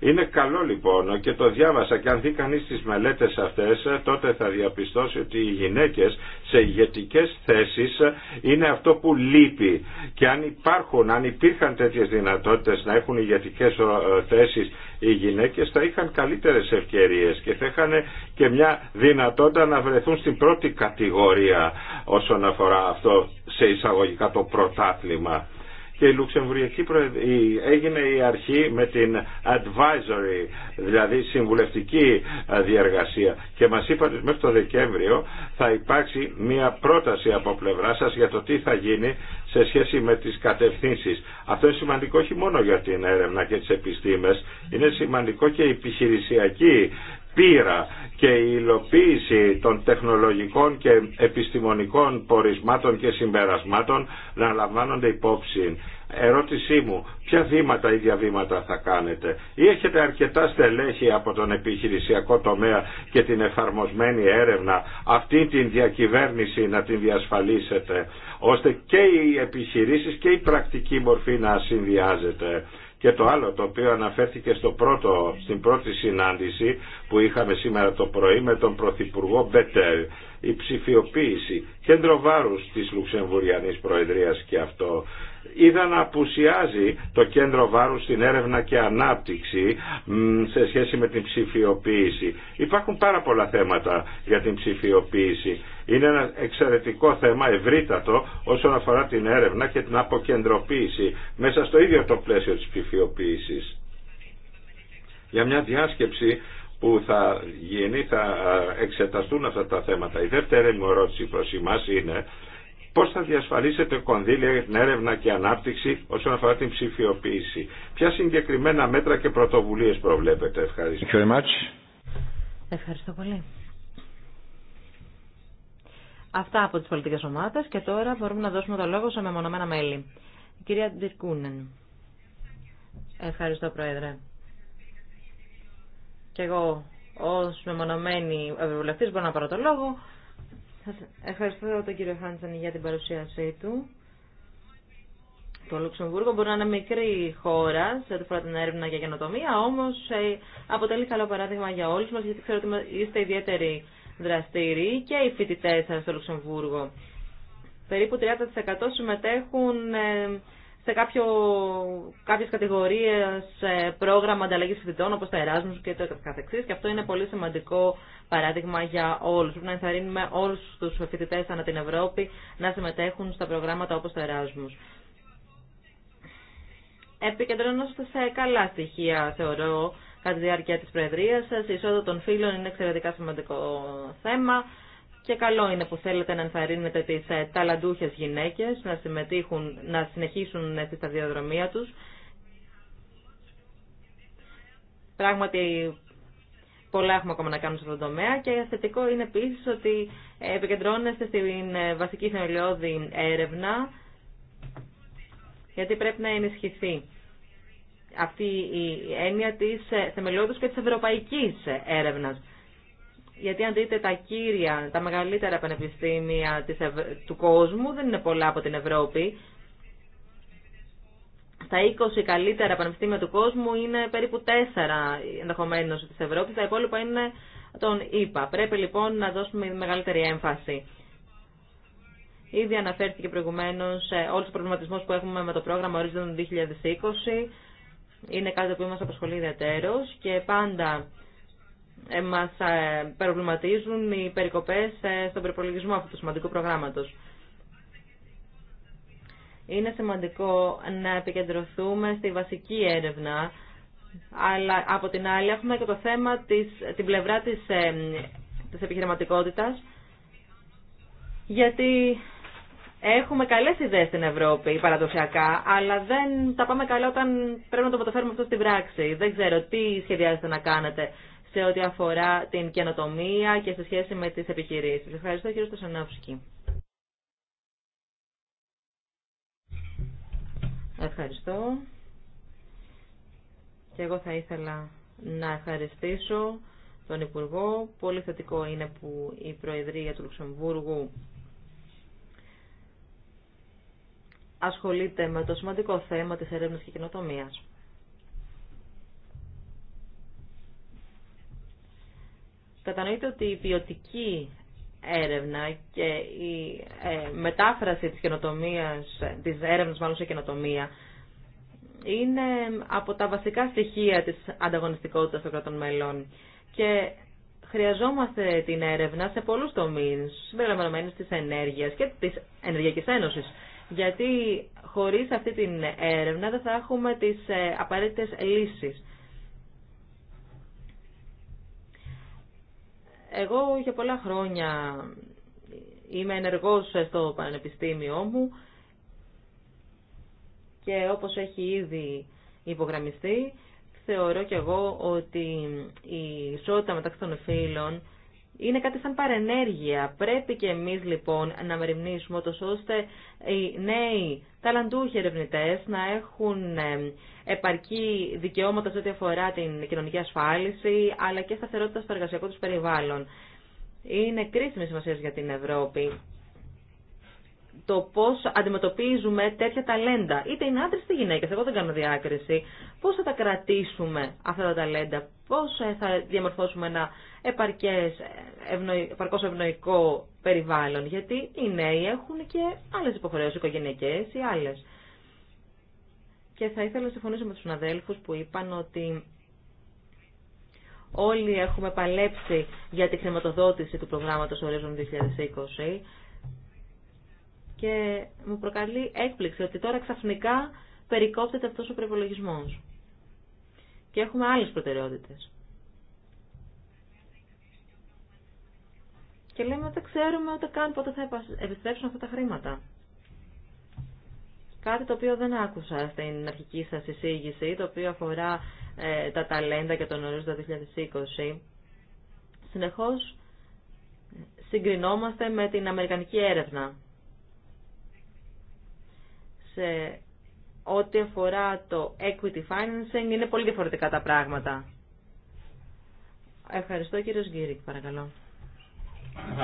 Είναι καλό λοιπόν και το διάβασα και αν δει κανείς τις μελέτες αυτές τότε θα διαπιστώσει ότι οι γυναίκες σε ηγετικέ θέσεις είναι αυτό που λείπει και αν υπάρχουν, αν υπήρχαν τέτοιες δυνατότητες να έχουν ηγετικέ ε, θέσεις οι γυναίκες θα είχαν καλύτερες ευκαιρίες και θα είχαν και μια δυνατότητα να βρεθούν στην πρώτη κατηγορία όσον αφορά αυτό σε εισαγωγικά το πρωτάθλημα και η Λουξεμβουργική έγινε η αρχή με την advisory, δηλαδή συμβουλευτική διαργασία και μας είπατε μέχρι το Δεκέμβριο θα υπάρξει μια πρόταση από πλευρά σας για το τι θα γίνει σε σχέση με τις κατευθύνσεις. Αυτό είναι σημαντικό όχι μόνο για την έρευνα και τις επιστήμες, είναι σημαντικό και η επιχειρησιακή πείρα και η υλοποίηση των τεχνολογικών και επιστημονικών πορισμάτων και συμπερασμάτων να λαμβάνονται υπόψη. Ερώτησή μου, ποια βήματα ή διαβήματα θα κάνετε ή έχετε αρκετά στελέχη από τον επιχειρησιακό τομέα και την εφαρμοσμένη έρευνα αυτή την διακυβέρνηση να την διασφαλίσετε ώστε και οι επιχειρήσεις και η πρακτική μορφή να συνδυάζεται και το άλλο το οποίο αναφέρθηκε στο πρώτο, στην πρώτη συνάντηση που είχαμε σήμερα το πρωί με τον Πρωθυπουργό Μπέτερ, η ψηφιοποίηση, κέντρο βάρους της Λουξεμβουριανής Προεδρίας και αυτό είδα να απουσιάζει το κέντρο βάρου στην έρευνα και ανάπτυξη σε σχέση με την ψηφιοποίηση. Υπάρχουν πάρα πολλά θέματα για την ψηφιοποίηση. Είναι ένα εξαιρετικό θέμα, ευρύτατο, όσον αφορά την έρευνα και την αποκεντροποίηση μέσα στο ίδιο το πλαίσιο της ψηφιοποίησης. Για μια διάσκεψη που θα γίνει, θα ε, εξεταστούν αυτά τα θέματα. Η δεύτερη μου ερώτηση προς εμάς είναι Πώς θα διασφαλίσετε κονδύλια για την έρευνα και ανάπτυξη όσον αφορά την ψηφιοποίηση. Ποια συγκεκριμένα μέτρα και πρωτοβουλίες προβλέπετε. Ευχαριστώ. Ευχαριστώ πολύ. Αυτά από τις πολιτικές ομάδες και τώρα μπορούμε να δώσουμε το λόγο σε μεμονωμένα μέλη. κυρία Ντυρκούνεν. Ευχαριστώ Πρόεδρε. Και εγώ ως μεμονωμένη ευρωβουλευτής μπορώ να πάρω το λόγο. Σας ευχαριστώ τον κύριο Χάντσαν για την παρουσίασή του. Το Λουξεμβούργο μπορεί να είναι μικρή χώρα σε ό,τι φορά την έρευνα για καινοτομία, όμω ε, αποτελεί καλό παράδειγμα για όλου μα, γιατί ξέρω ότι είστε ιδιαίτεροι δραστήριοι και οι φοιτητέ σα στο Λουξεμβούργο. Περίπου 30% συμμετέχουν ε, σε κάποιο, κάποιες κατηγορίες ε, πρόγραμμα ανταλλαγής φοιτητών όπως τα Erasmus και το καθεξής και αυτό είναι πολύ σημαντικό παράδειγμα για όλους. Πρέπει να ενθαρρύνουμε όλους τους φοιτητές ανά την Ευρώπη να συμμετέχουν στα προγράμματα όπως το Erasmus. Επικεντρώνωστε σε καλά στοιχεία, θεωρώ, κατά τη διάρκεια της Προεδρίας σας. Η είσοδο των φίλων είναι εξαιρετικά σημαντικό θέμα και καλό είναι που θέλετε να ενθαρρύνετε τις ε, ταλαντούχε γυναίκες να να συνεχίσουν ε, τη σταδιοδρομία τους. Πράγματι πολλά έχουμε ακόμα να κάνουμε σε αυτό το τομέα και θετικό είναι επίσης ότι επικεντρώνεστε στην ε, βασική θεμελιώδη έρευνα γιατί πρέπει να ενισχυθεί αυτή η έννοια της θεμελιώδη και της ευρωπαϊκής έρευνα. Γιατί αν δείτε τα κύρια, τα μεγαλύτερα πανεπιστήμια του κόσμου, δεν είναι πολλά από την Ευρώπη. Τα 20 καλύτερα πανεπιστήμια του κόσμου είναι περίπου 4 ενδεχομένως της Ευρώπης, τα υπόλοιπα είναι τον ΙΠΑ. Πρέπει λοιπόν να δώσουμε μεγαλύτερη έμφαση. Ήδη αναφέρθηκε προηγουμένως σε όλους τους προβληματισμούς που έχουμε με το πρόγραμμα Horizon 2020. Είναι κάτι που μας απασχολεί ιδιαίτερως και πάντα μας ε, προβληματίζουν οι περικοπές ε, στον προπολογισμό αυτού του σημαντικού προγράμματος. Είναι σημαντικό να επικεντρωθούμε στη βασική έρευνα, αλλά από την άλλη έχουμε και το θέμα της, την πλευρά της, ε, της επιχειρηματικότητας, γιατί έχουμε καλές ιδέες στην Ευρώπη παραδοσιακά, αλλά δεν τα πάμε καλά όταν πρέπει να το μεταφέρουμε αυτό στην πράξη. Δεν ξέρω τι σχεδιάζετε να κάνετε σε ό,τι αφορά την καινοτομία και σε σχέση με τις επιχειρήσεις. Ευχαριστώ κύριο Στοσανόφσκι. Ευχαριστώ. Και εγώ θα ήθελα να ευχαριστήσω τον Υπουργό. Πολύ θετικό είναι που η Προεδρία του Λουξεμβούργου ασχολείται με το σημαντικό θέμα της έρευνας και Κατανοείται ότι η ποιοτική έρευνα και η ε, μετάφραση της καινοτομίας, της έρευνας μάλλον σε καινοτομία, είναι από τα βασικά στοιχεία της ανταγωνιστικότητας των κρατών μελών. Και χρειαζόμαστε την έρευνα σε πολλούς τομείς, συμπεριλαμβανομένης της ενέργειας και της Ενεργειακής Ένωσης. Γιατί χωρίς αυτή την έρευνα δεν θα έχουμε τις ε, απαραίτητες λύσεις. Εγώ για πολλά χρόνια είμαι ενεργός στο πανεπιστήμιό μου και όπως έχει ήδη υπογραμμιστεί, θεωρώ και εγώ ότι η ισότητα μεταξύ των φίλων είναι κάτι σαν παρενέργεια. Πρέπει και εμείς λοιπόν να μεριμνήσουμε ότως ώστε οι νέοι ταλαντούχοι ερευνητέ να έχουν επαρκή δικαιώματα σε ό,τι αφορά την κοινωνική ασφάλιση αλλά και σταθερότητα στο εργασιακό τους περιβάλλον. Είναι κρίσιμη σημασία για την Ευρώπη το πώς αντιμετωπίζουμε τέτοια ταλέντα. Είτε είναι άντρε είτε γυναίκε, εγώ δεν κάνω διάκριση. πώ θα τα κρατήσουμε αυτά τα ταλέντα, πώ ε, θα διαμορφώσουμε ένα επαρκές, ευνοϊ, επαρκώς ευνοϊκό περιβάλλον, γιατί οι νέοι έχουν και άλλες υποχρεώσεις οικογενειακές ή άλλες. Και θα ήθελα να συμφωνήσω με τους αδέλφους που είπαν ότι όλοι έχουμε παλέψει για τη χρηματοδότηση του προγράμματος Horizon 2020 και μου προκαλεί έκπληξη ότι τώρα ξαφνικά περικόπτεται αυτός ο προπολογισμό. Και έχουμε άλλες προτεραιότητες. Και λέμε ότι δεν ξέρουμε ούτε καν πότε θα επιστρέψουν αυτά τα χρήματα. Κάτι το οποίο δεν άκουσα στην αρχική σας εισήγηση, το οποίο αφορά ε, τα ταλέντα και τον ορίζοντα 2020. Συνεχώς συγκρινόμαστε με την Αμερικανική έρευνα. Σε ό,τι αφορά το equity financing είναι πολύ διαφορετικά τα πράγματα. Ευχαριστώ κύριο Γκύρικ, παρακαλώ.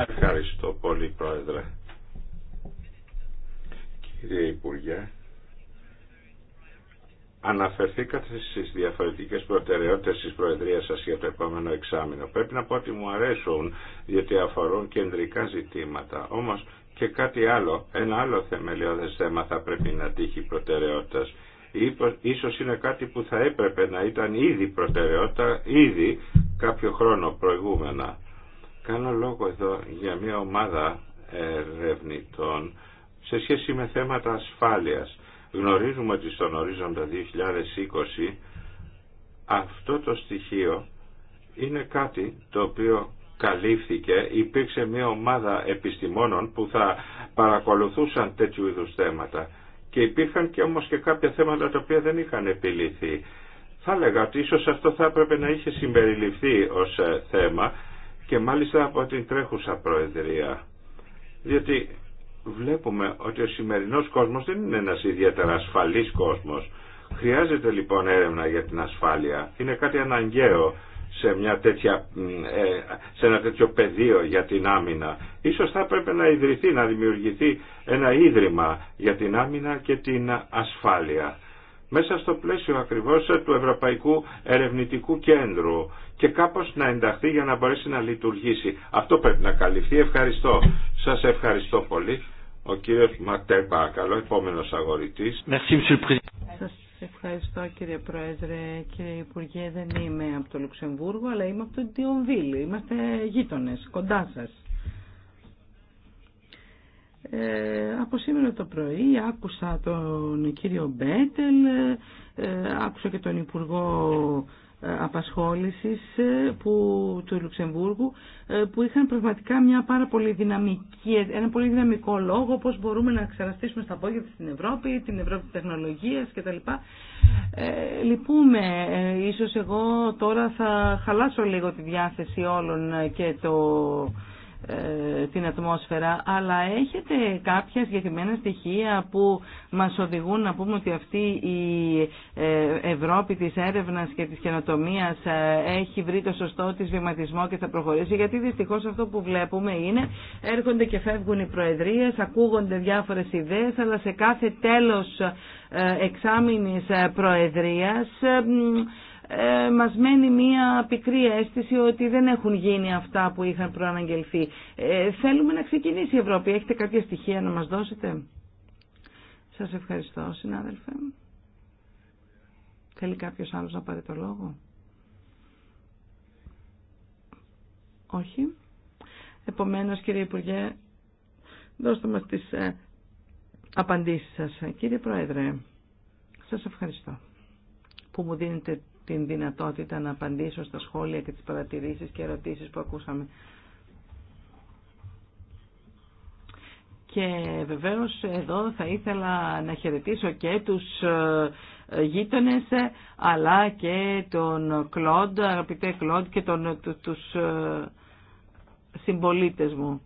Ευχαριστώ πολύ Πρόεδρε. Κύριε Υπουργέ, αναφερθήκατε στις διαφορετικές προτεραιότητες της Προεδρίας σας για το επόμενο εξάμεινο. Πρέπει να πω ότι μου αρέσουν διότι αφορούν κεντρικά ζητήματα. Όμως και κάτι άλλο, ένα άλλο θεμελιώδες θέμα θα πρέπει να τύχει προτεραιότητας. Ίσως είναι κάτι που θα έπρεπε να ήταν ήδη προτεραιότητα, ήδη κάποιο χρόνο προηγούμενα. Κάνω λόγο εδώ για μια ομάδα ερευνητών σε σχέση με θέματα ασφάλειας. Γνωρίζουμε ότι στον ορίζοντα 2020 αυτό το στοιχείο είναι κάτι το οποίο καλύφθηκε, υπήρξε μια ομάδα επιστημόνων που θα παρακολουθούσαν τέτοιου είδους θέματα και υπήρχαν και όμως και κάποια θέματα τα οποία δεν είχαν επιληθεί. Θα έλεγα ότι ίσως αυτό θα έπρεπε να είχε συμπεριληφθεί ως ε, θέμα και μάλιστα από την τρέχουσα Προεδρία. Διότι βλέπουμε ότι ο σημερινός κόσμος δεν είναι ένας ιδιαίτερα ασφαλής κόσμος. Χρειάζεται λοιπόν έρευνα για την ασφάλεια. Είναι κάτι αναγκαίο σε, μια ε, σε ένα τέτοιο πεδίο για την άμυνα. Ίσως θα έπρεπε να ιδρυθεί, να δημιουργηθεί ένα ίδρυμα για την άμυνα και την ασφάλεια μέσα στο πλαίσιο ακριβώς του Ευρωπαϊκού Ερευνητικού Κέντρου και κάπως να ενταχθεί για να μπορέσει να λειτουργήσει. Αυτό πρέπει να καλυφθεί. Ευχαριστώ. Σας ευχαριστώ πολύ. Ο κύριος Ματέ παρακαλώ, επόμενος αγορητής. Σας ευχαριστώ κύριε Πρόεδρε. Κύριε Υπουργέ, δεν είμαι από το Λουξεμβούργο, αλλά είμαι από το Ντιονβίλη. Είμαστε γείτονες, κοντά σας. Ε, από σήμερα το πρωί άκουσα τον κύριο Μπέτελ, ε, άκουσα και τον Υπουργό ε, Απασχόλησης ε, που, του Λουξεμβούργου που είχαν πραγματικά μια πάρα πολύ δυναμική, ένα πολύ δυναμικό λόγο πώς μπορούμε να ξαναστήσουμε στα πόδια στην Ευρώπη, την Ευρώπη της τεχνολογίας κτλ. Ε, λυπούμε, ίσως εγώ τώρα θα χαλάσω λίγο τη διάθεση όλων και το ε, την ατμόσφαιρα, αλλά έχετε κάποια συγκεκριμένα στοιχεία που μας οδηγούν να πούμε ότι αυτή η ε, Ευρώπη της έρευνας και της καινοτομίας ε, έχει βρει το σωστό της βηματισμό και θα προχωρήσει, γιατί δυστυχώς αυτό που βλέπουμε είναι έρχονται και φεύγουν οι προεδρίες, ακούγονται διάφορες ιδέες, αλλά σε κάθε τέλος εξάμηνης προεδρίας ε, μας μένει μία πικρή αίσθηση ότι δεν έχουν γίνει αυτά που είχαν προαναγγελθεί. Ε, θέλουμε να ξεκινήσει η Ευρώπη. Έχετε κάποια στοιχεία να μας δώσετε. Σας ευχαριστώ συνάδελφε. Θέλει κάποιος άλλος να πάρει το λόγο. Όχι. Επομένως κύριε Υπουργέ, δώστε μας τις ε, απαντήσεις σας. Κύριε Πρόεδρε, σας ευχαριστώ που μου δίνετε την δυνατότητα να απαντήσω στα σχόλια και τις παρατηρήσεις και ερωτήσεις που ακούσαμε. Και βεβαίως εδώ θα ήθελα να χαιρετήσω και τους ε, γείτονες ε, αλλά και τον Κλοντ, αγαπητέ Κλοντ και τον, ε, τους συμπολίτες μου.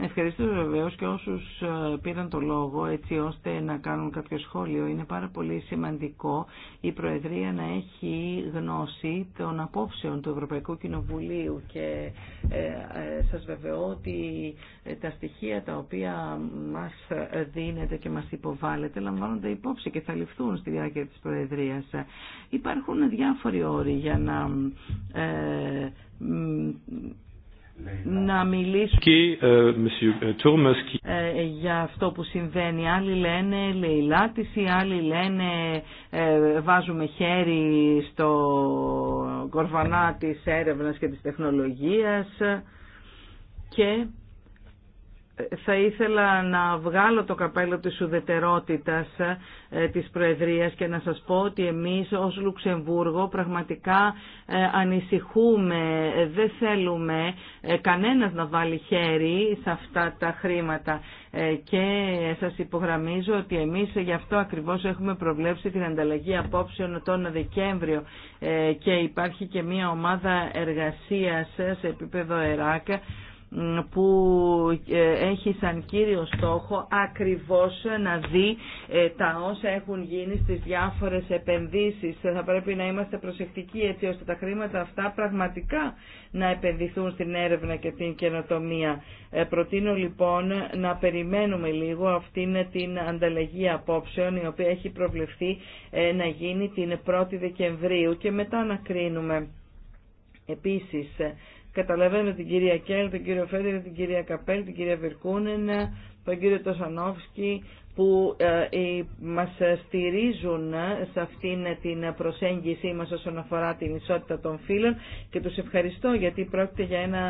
Ευχαριστώ βεβαίω και όσου ε, πήραν το λόγο έτσι ώστε να κάνουν κάποιο σχόλιο. Είναι πάρα πολύ σημαντικό η Προεδρία να έχει γνώση των απόψεων του Ευρωπαϊκού Κοινοβουλίου και ε, ε, σα βεβαιώ ότι τα στοιχεία τα οποία μας δίνετε και μας υποβάλλετε λαμβάνονται υπόψη και θα ληφθούν στη διάρκεια τη Προεδρία. Υπάρχουν διάφοροι όροι για να να μιλήσουν και, ε, ε, ε, για αυτό που συμβαίνει. Άλλοι λένε λαιλάτιση, άλλοι λένε ε, βάζουμε χέρι στο κορβανά της έρευνας και της τεχνολογίας και θα ήθελα να βγάλω το καπέλο της ουδετερότητας ε, της Προεδρίας και να σας πω ότι εμείς ως Λουξεμβούργο πραγματικά ε, ανησυχούμε, δεν θέλουμε ε, κανένας να βάλει χέρι σε αυτά τα χρήματα και σας υπογραμμίζω ότι εμείς γι' αυτό ακριβώς έχουμε προβλέψει την ανταλλαγή απόψεων τον Δεκέμβριο και υπάρχει και μια ομάδα εργασίας σε επίπεδο ΕΡΑΚ που ε, έχει σαν κύριο στόχο ακριβώς να δει ε, τα όσα έχουν γίνει στις διάφορες επενδύσεις. Θα πρέπει να είμαστε προσεκτικοί έτσι ώστε τα χρήματα αυτά πραγματικά να επενδυθούν στην έρευνα και την καινοτομία. Ε, προτείνω λοιπόν να περιμένουμε λίγο αυτήν την ανταλλαγή απόψεων η οποία έχει προβλεφθεί να γίνει την 1η Δεκεμβρίου και μετά να κρίνουμε. Επίσης, Καταλαβαίνω την κυρία Κέλ, τον κύριο Φέντερ, την κυρία Καπέλ, την κυρία Βερκούνεν, τον κύριο Τοσανόφσκι που ε, μας στηρίζουν σε αυτήν την προσέγγιση μας όσον αφορά την ισότητα των φίλων και τους ευχαριστώ γιατί πρόκειται για ένα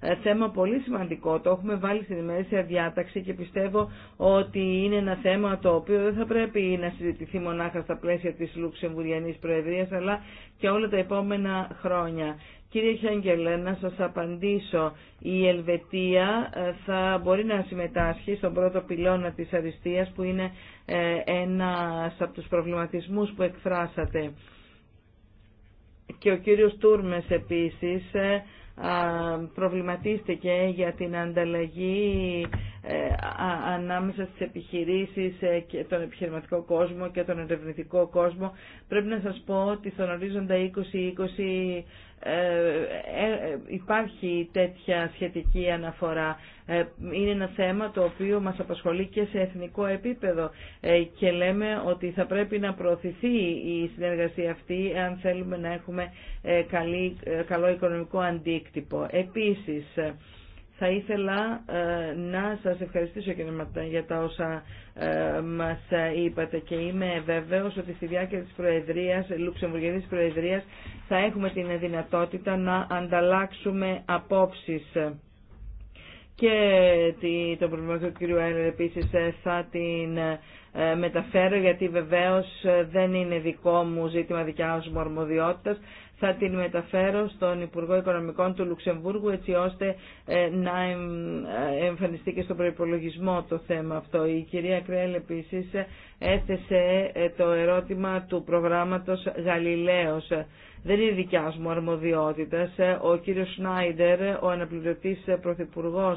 ε, θέμα πολύ σημαντικό. Το έχουμε βάλει στην ημερήσια διάταξη και πιστεύω ότι είναι ένα θέμα το οποίο δεν θα πρέπει να συζητηθεί μονάχα στα πλαίσια της Λουξεμβουριανής Προεδρίας αλλά και όλα τα επόμενα χρόνια. Κύριε Χέγγελε, να σας απαντήσω. Η Ελβετία ε, θα μπορεί να συμμετάσχει στον πρώτο πυλώνα της αριστείας που είναι ε, ένα από τους προβληματισμούς που εκφράσατε. Και ο κύριος Τούρμες επίσης ε, προβληματίστηκε για την ανταλλαγή ανάμεσα στις επιχειρήσεις και τον επιχειρηματικό κόσμο και τον ερευνητικό κόσμο. Πρέπει να σας πω ότι στον ορίζοντα 2020 ε, ε, ε, υπάρχει τέτοια σχετική αναφορά. Είναι ένα θέμα το οποίο μας απασχολεί και σε εθνικό επίπεδο και λέμε ότι θα πρέπει να προωθηθεί η συνεργασία αυτή αν θέλουμε να έχουμε καλό οικονομικό αντίκτυπο. Επίσης, θα ήθελα ε, να σας ευχαριστήσω κύριε Μαρτάν για τα όσα ε, μας ε, είπατε και είμαι βέβαιος ότι στη διάρκεια της Προεδρίας, της Προεδρίας θα έχουμε την δυνατότητα να ανταλλάξουμε απόψεις και το προβληματικό του κ. Ένερ επίσης ε, θα την ε, μεταφέρω γιατί βεβαίως ε, δεν είναι δικό μου ζήτημα δικιά μου αρμοδιότητας. Θα την μεταφέρω στον Υπουργό Οικονομικών του Λουξεμβούργου έτσι ώστε να εμφανιστεί και στον προϋπολογισμό το θέμα αυτό. Η κυρία Κρέλ επίσης έθεσε το ερώτημα του προγράμματος Γαλιλαίος δεν είναι δικιά μου αρμοδιότητα. Ε, ο κύριος Σνάιντερ, ο αναπληρωτή Πρωθυπουργό,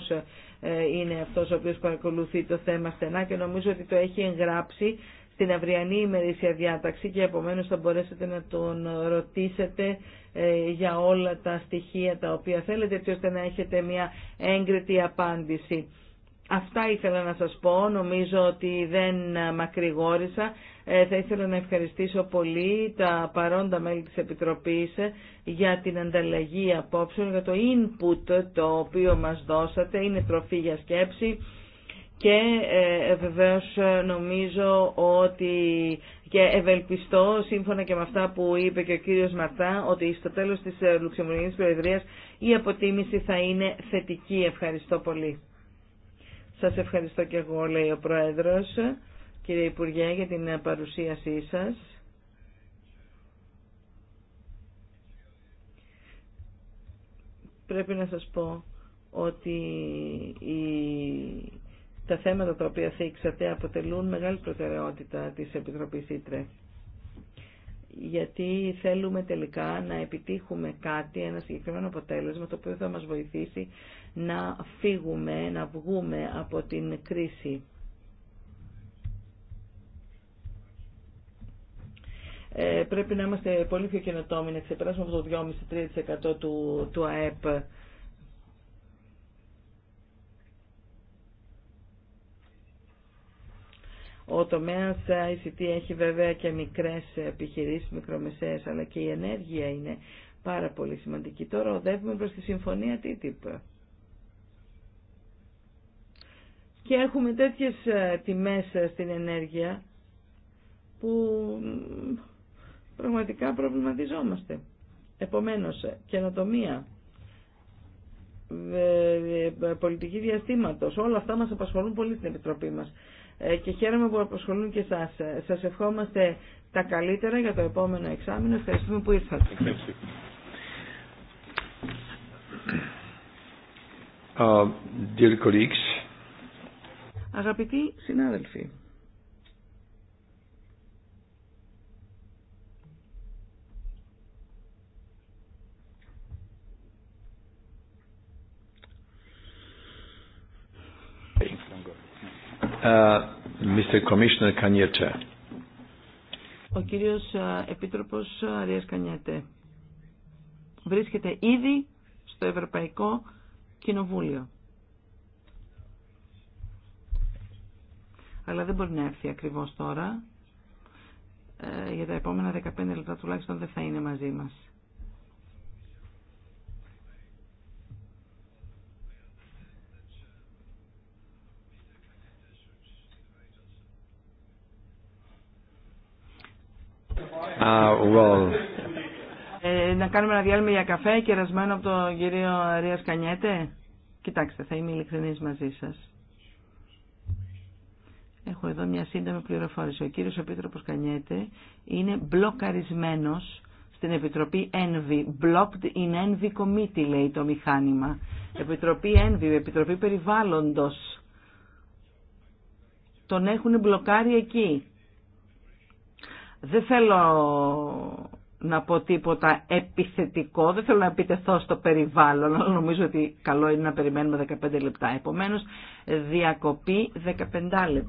ε, είναι αυτός ο οποίος παρακολουθεί το θέμα στενά και νομίζω ότι το έχει εγγράψει στην αυριανή ημερήσια διάταξη και επομένως θα μπορέσετε να τον ρωτήσετε ε, για όλα τα στοιχεία τα οποία θέλετε έτσι ώστε να έχετε μια έγκριτη απάντηση. Αυτά ήθελα να σας πω, νομίζω ότι δεν μακρηγόρησα. Ε, θα ήθελα να ευχαριστήσω πολύ τα παρόντα μέλη της Επιτροπής για την ανταλλαγή απόψεων, για το input το οποίο μας δώσατε. Είναι τροφή για σκέψη και ε, βεβαίως νομίζω ότι και ευελπιστώ σύμφωνα και με αυτά που είπε και ο κύριος Μαρτά ότι στο τέλος της ε, Λουξεμβουργικής Προεδρίας η αποτίμηση θα είναι θετική. Ευχαριστώ πολύ. Σας ευχαριστώ και εγώ λέει ο Πρόεδρος κύριε Υπουργέ για την ε, παρουσίασή σας. Πρέπει να σας πω ότι τα θέματα τα οποία θίξατε αποτελούν μεγάλη προτεραιότητα της Επιτροπής Ήτρε γιατί θέλουμε τελικά να επιτύχουμε κάτι, ένα συγκεκριμένο αποτέλεσμα το οποίο θα μας βοηθήσει να φύγουμε, να βγούμε από την κρίση. ε, πρέπει να είμαστε πολύ πιο καινοτόμοι, να ξεπεράσουμε αυτό το 2,5-3% του, του ΑΕΠ. Ο τομέας ICT έχει βέβαια και μικρές επιχειρήσεις, μικρομεσαίες, αλλά και η ενέργεια είναι πάρα πολύ σημαντική. Τώρα οδεύουμε προς τη συμφωνία TTIP. Και έχουμε τέτοιες ε, τιμές ε, στην ενέργεια που πραγματικά προβληματιζόμαστε. Επομένως, ε, καινοτομία, ε, ε, πολιτική διαστήματος, όλα αυτά μας απασχολούν πολύ στην Επιτροπή μας. Και χαίρομαι που απασχολούν και εσάς. Σας ευχόμαστε τα καλύτερα για το επόμενο εξάμεινο. Ευχαριστούμε που ήρθατε. Uh, dear colleagues. Αγαπητοί συνάδελφοι. Uh, Mr. Commissioner Ο κύριος uh, Επίτροπος Αρίας Κανιέτε βρίσκεται ήδη στο Ευρωπαϊκό Κοινοβούλιο. Αλλά δεν μπορεί να έρθει ακριβώς τώρα. Ε, για τα επόμενα 15 λεπτά τουλάχιστον δεν θα είναι μαζί μας. Ah, ε, να κάνουμε ένα διάλειμμα για καφέ κερασμένο από τον κύριο Αρία Κανιέτε. Κοιτάξτε, θα είμαι ειλικρινή μαζί σας. Έχω εδώ μια σύντομη πληροφόρηση. Ο κύριος επίτροπο Κανιέτε είναι μπλοκαρισμένος στην Επιτροπή Envy. Blocked in Envy Committee λέει το μηχάνημα. Επιτροπή Envy, Επιτροπή Περιβάλλοντος. Τον έχουν μπλοκάρει εκεί. Δεν θέλω να πω τίποτα επιθετικό, δεν θέλω να επιτεθώ στο περιβάλλον, αλλά νομίζω ότι καλό είναι να περιμένουμε 15 λεπτά. Επομένως, διακοπή 15 λεπτά.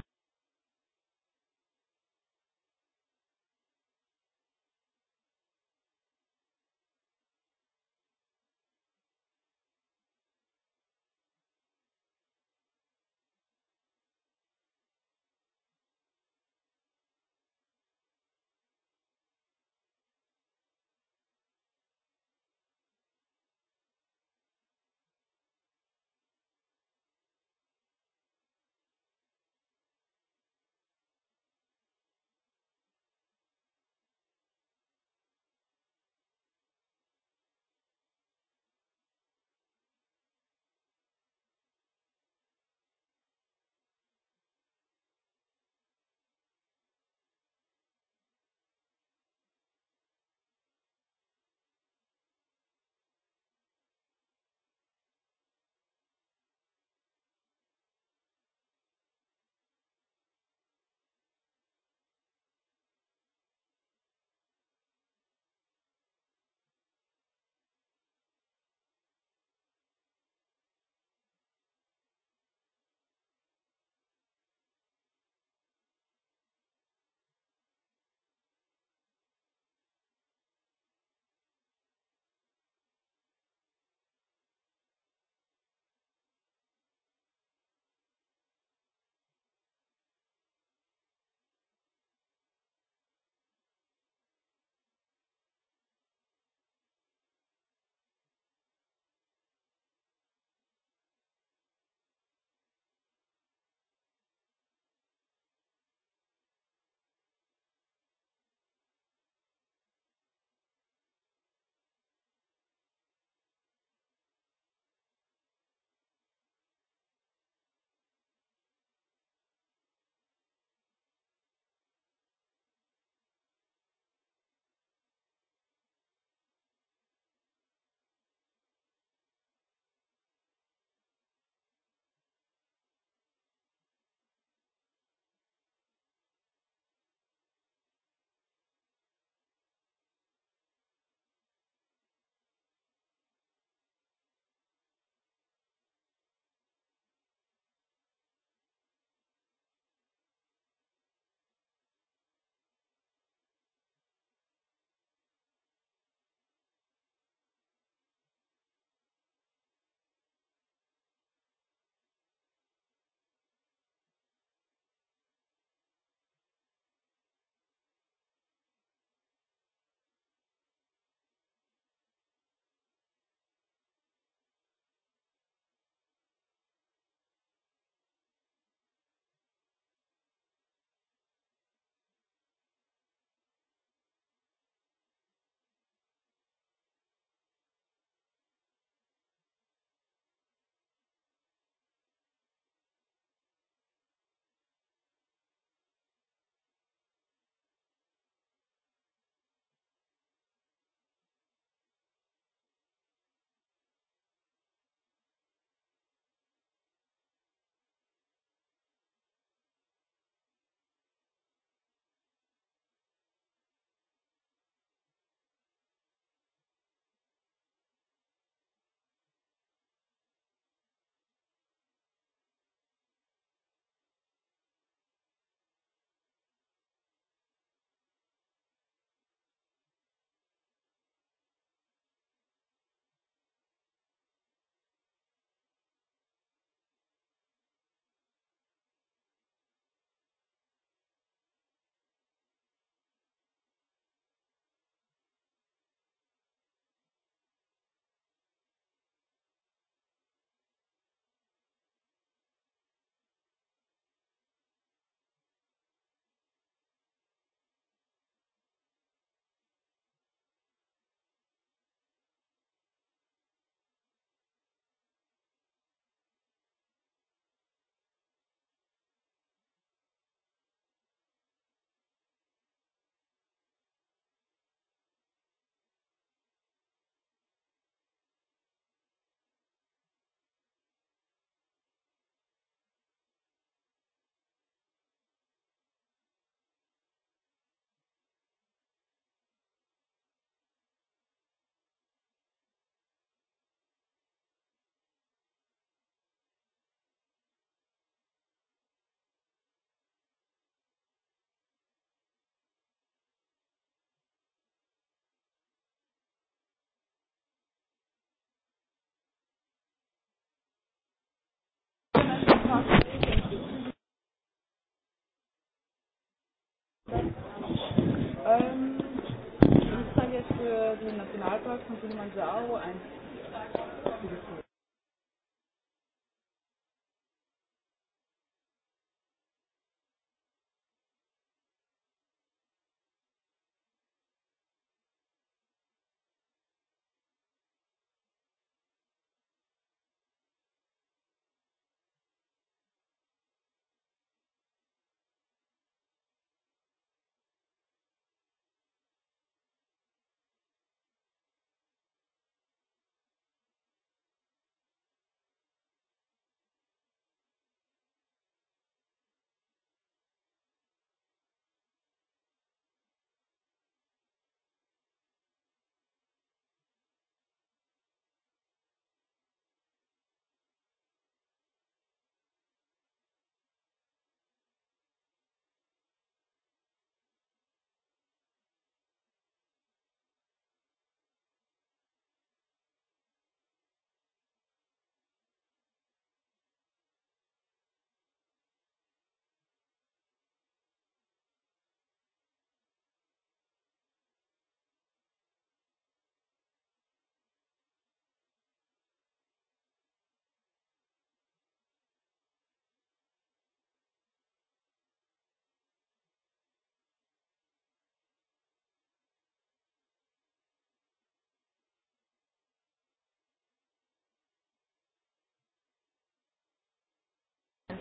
den Nationalpark von Kilimanjaro ein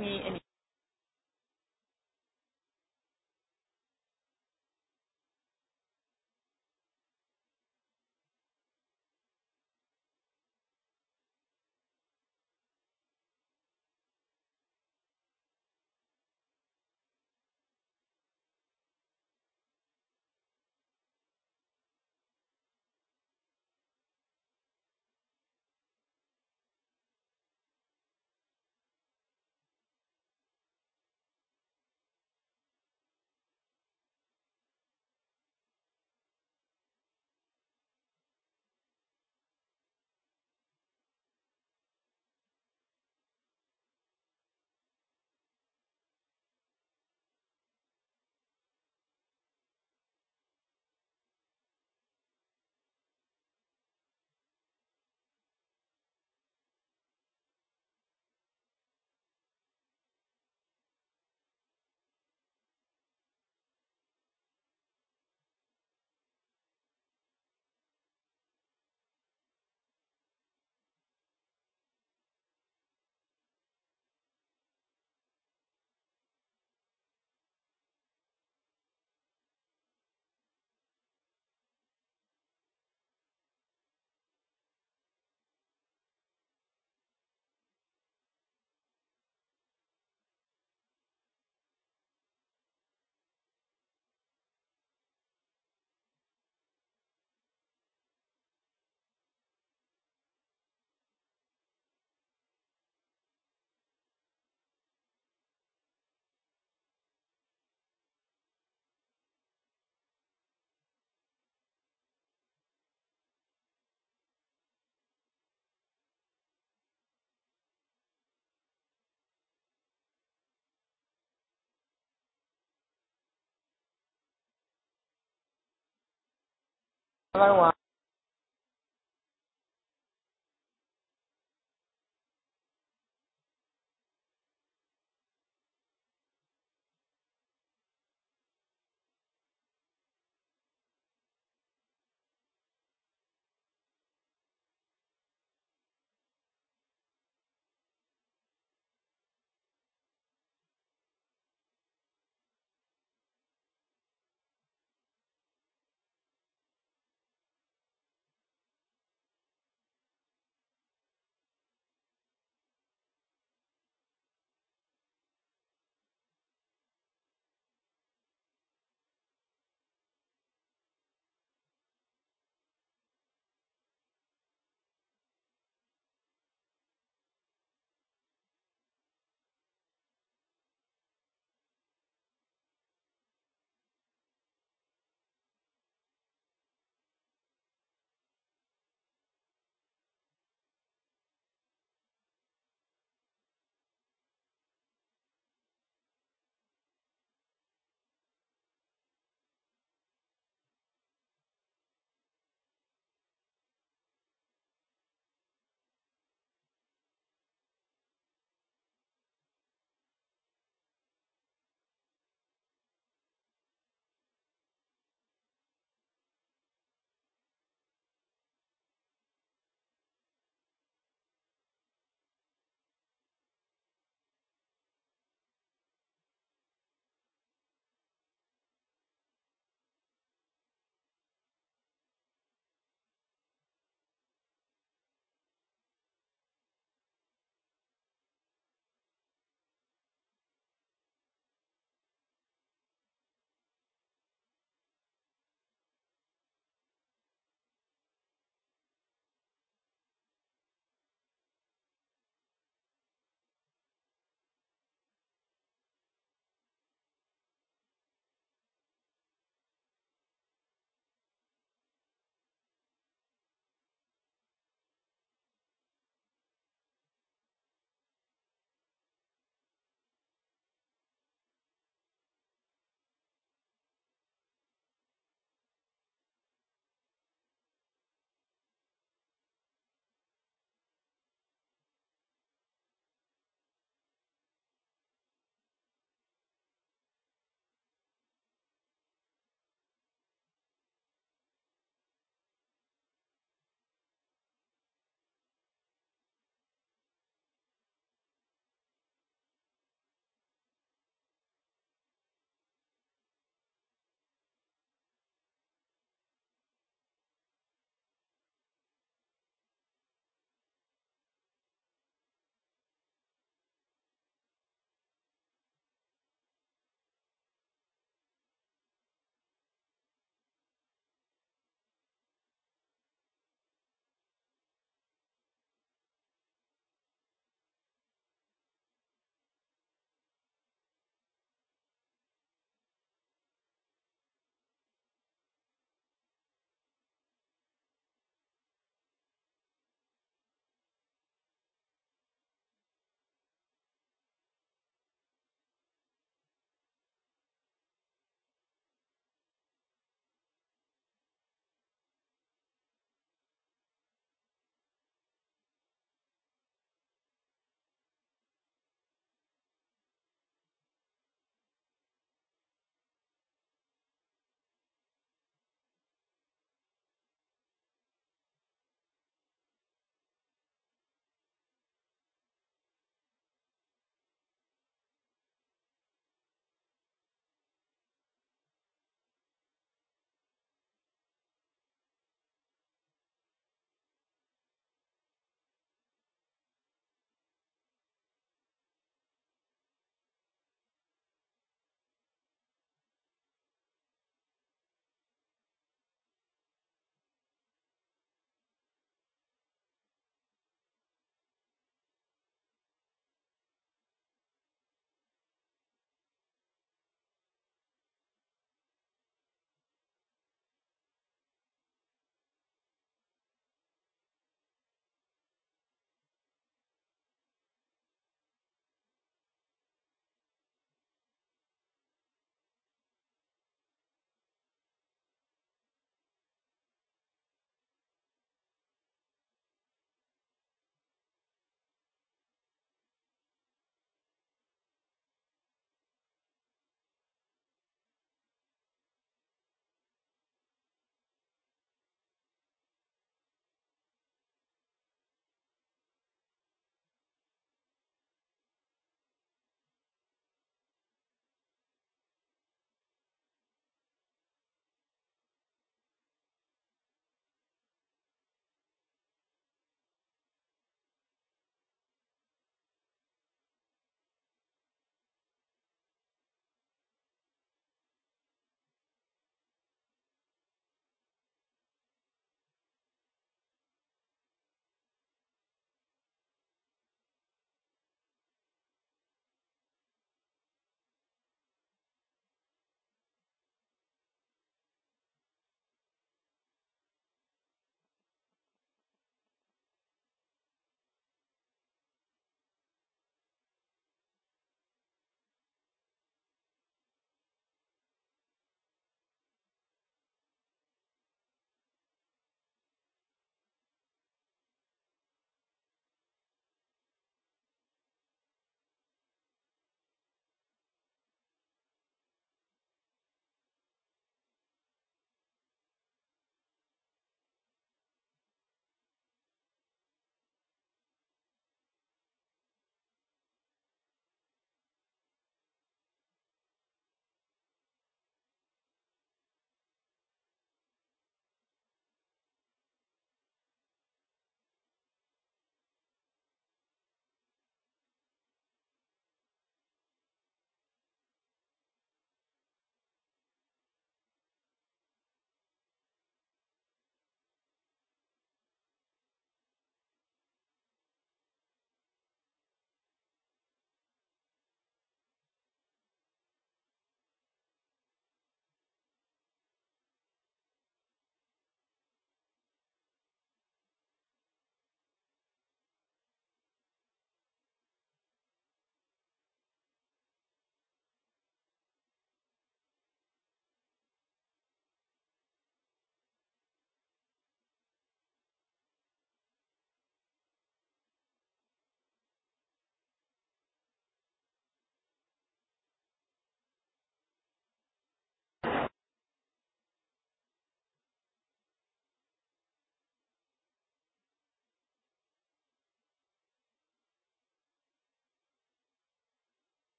me any Εδώ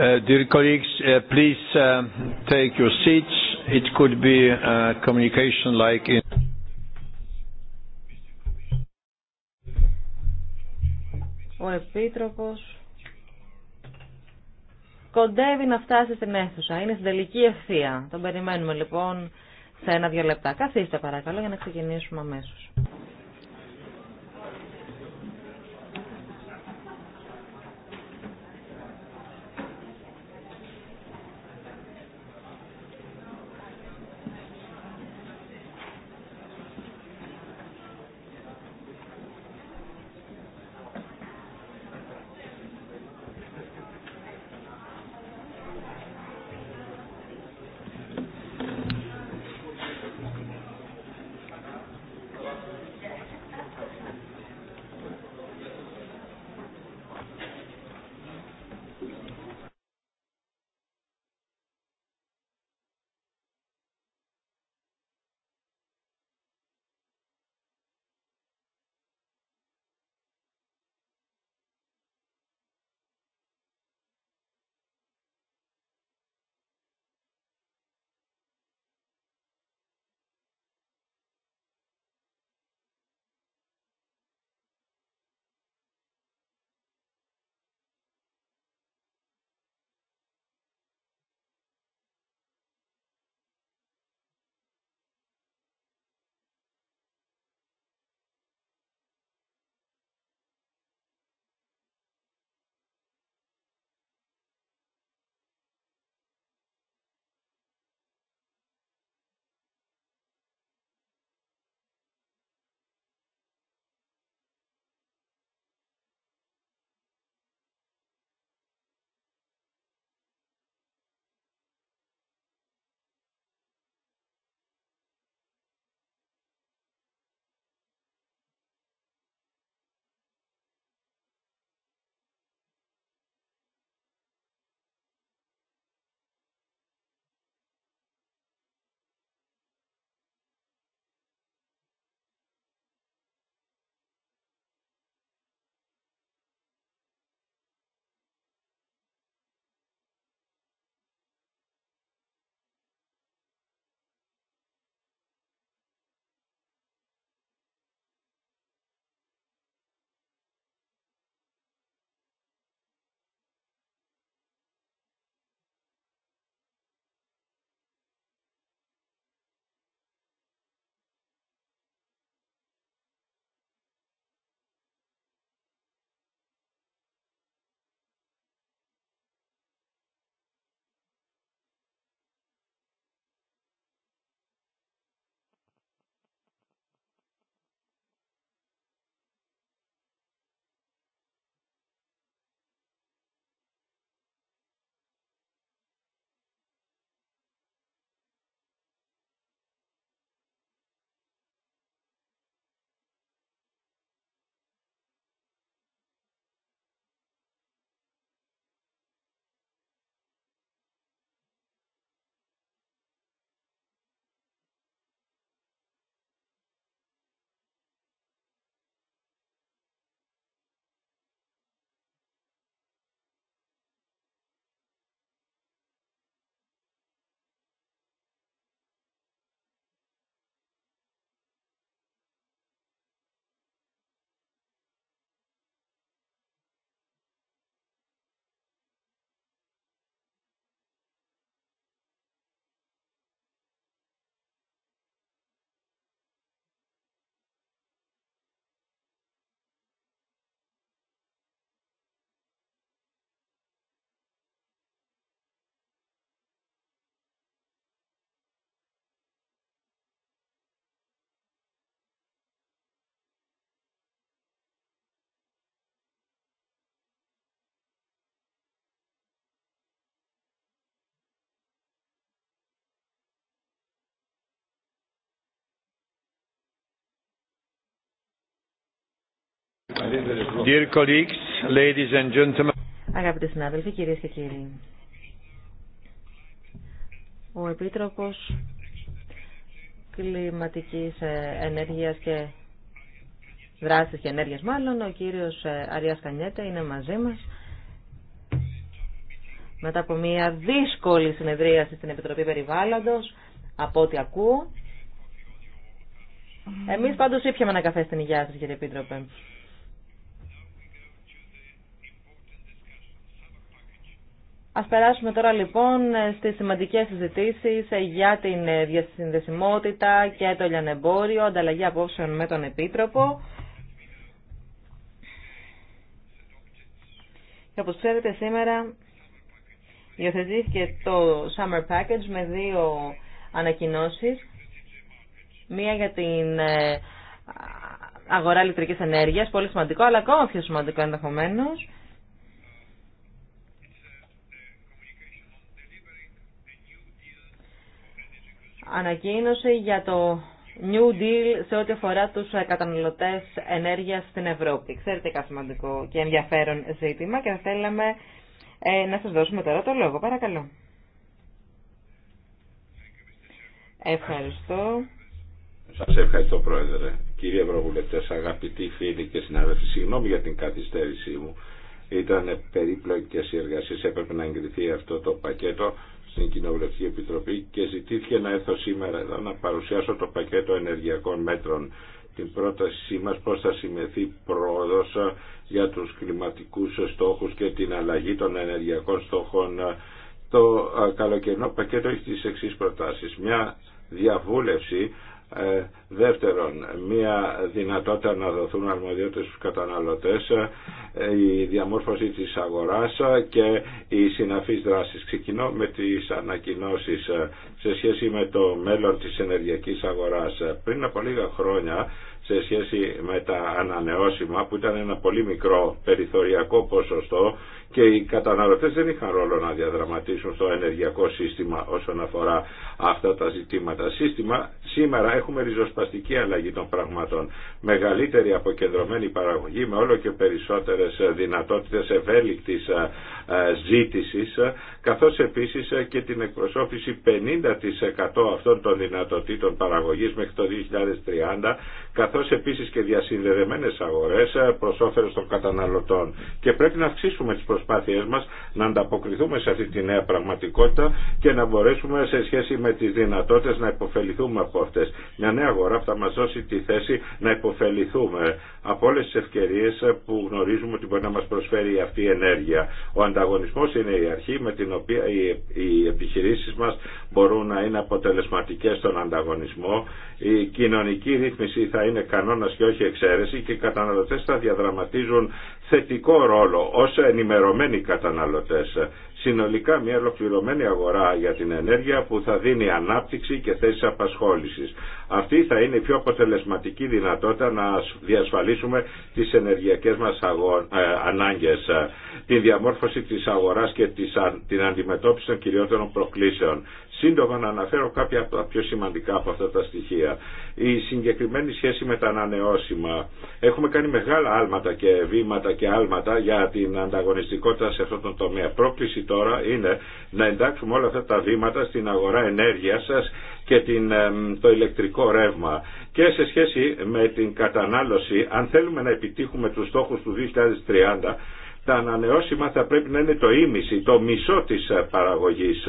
Ο Επίτροπος κοντεύει να φτάσει στην αίθουσα. Είναι στην τελική ευθεία. Τον περιμένουμε λοιπόν σε ένα-δύο λεπτά. Καθίστε παρακαλώ για να ξεκινήσουμε αμέσως. Dear colleagues, ladies and Αγαπητοί συνάδελφοι, κύριε και κύριοι. Ο Επίτροπο κλιματική ενέργεια και δράση και ενέργεια, μάλλον, ο κύριο Αρια Κανιέτα είναι μαζί μα Μετά από μια δύσκολη συνεδρίαση στην Επιτροπή Περιβάλλοντο από ό,τι ακούω, εμείς πάντως ήπιαμε ένα καφέ στην υγειά σας, κύριε Επίτροπε. Ας περάσουμε τώρα λοιπόν στις σημαντικές συζητήσεις για την διασυνδεσιμότητα και το λιανεμπόριο, ανταλλαγή απόψεων με τον Επίτροπο. Και όπως ξέρετε σήμερα υιοθετήθηκε το Summer Package με δύο ανακοινώσεις. Μία για την ε, αγορά ηλεκτρικής ενέργειας, πολύ σημαντικό, αλλά ακόμα πιο σημαντικό ενδεχομένω ανακοίνωση για το New Deal σε ό,τι αφορά τους καταναλωτές ενέργειας στην Ευρώπη. Ξέρετε κάτι σημαντικό και ενδιαφέρον ζήτημα και θα θέλαμε ε, να σας δώσουμε τώρα το λόγο. Παρακαλώ. Ευχαριστώ. Σας ευχαριστώ Πρόεδρε. Κύριε Ευρωβουλευτέ, αγαπητοί φίλοι και συνάδελφοι, συγγνώμη για την καθυστέρησή μου. Ήταν περίπλοκες οι εργασίες, έπρεπε να εγκριθεί αυτό το πακέτο στην Κοινοβουλευτική Επιτροπή και ζητήθηκε να έρθω σήμερα εδώ να παρουσιάσω το πακέτο ενεργειακών μέτρων την πρότασή μα πω θα συμμεθεί πρόοδο για τους κλιματικού στόχους και την αλλαγή των ενεργειακών στόχων. Το καλοκαιρινό πακέτο έχει τι εξή προτάσει. Μια διαβούλευση ε, δεύτερον, μια δυνατότητα να δοθούν αρμοδιότητες στους καταναλωτές, ε, η διαμόρφωση της αγοράς και οι συναφής δράσης. Ξεκινώ με τις ανακοινώσεις ε, σε σχέση με το μέλλον της ενεργειακής αγοράς. Πριν από λίγα χρόνια σε σχέση με τα ανανεώσιμα που ήταν ένα πολύ μικρό περιθωριακό ποσοστό και οι καταναλωτές δεν είχαν ρόλο να διαδραματίσουν στο ενεργειακό σύστημα όσον αφορά αυτά τα ζητήματα. Σύστημα, σήμερα έχουμε ριζοσπαστική αλλαγή των πραγμάτων. Μεγαλύτερη αποκεντρωμένη παραγωγή με όλο και περισσότερες δυνατότητες ευέλικτης ε, ζήτησης καθώς επίσης και την εκπροσώπηση 50% αυτών των δυνατοτήτων παραγωγής μέχρι το 2030 καθώς επίσης και διασυνδεδεμένες αγορές προς όφελος των καταναλωτών. Και πρέπει να αυξήσουμε τις προσπάθειές μας να ανταποκριθούμε σε αυτή τη νέα πραγματικότητα και να μπορέσουμε σε σχέση με τις δυνατότητες να υποφεληθούμε από αυτές. Μια νέα αγορά θα μας δώσει τη θέση να υποφεληθούμε από όλες τις ευκαιρίες που γνωρίζουμε ότι μπορεί να μας προσφέρει αυτή η ενέργεια. Ο ανταγωνισμός είναι η αρχή με την οποία οι επιχειρήσεις μας μπορούν να είναι αποτελεσματικές στον ανταγωνισμό. Η κοινωνική ρύθμιση θα είναι είναι κανόνας και όχι εξαίρεση και οι καταναλωτές θα διαδραματίζουν θετικό ρόλο ως ενημερωμένοι καταναλωτές. Συνολικά μια ολοκληρωμένη αγορά για την ενέργεια που θα δίνει ανάπτυξη και θέσεις απασχόλησης. Αυτή θα είναι η πιο αποτελεσματική δυνατότητα να διασφαλίσουμε τις ενεργειακές μας ε, ανάγκες, ε, την διαμόρφωση της αγοράς και την αντιμετώπιση των κυριότερων προκλήσεων σύντομα να αναφέρω κάποια από τα πιο σημαντικά από αυτά τα στοιχεία. Η συγκεκριμένη σχέση με τα ανανεώσιμα. Έχουμε κάνει μεγάλα άλματα και βήματα και άλματα για την ανταγωνιστικότητα σε αυτόν τον τομέα. Πρόκληση τώρα είναι να εντάξουμε όλα αυτά τα βήματα στην αγορά ενέργειας σας και την, το ηλεκτρικό ρεύμα και σε σχέση με την κατανάλωση αν θέλουμε να επιτύχουμε τους στόχους του 2030 τα ανανεώσιμα θα πρέπει να είναι το ίμιση, το μισό της παραγωγής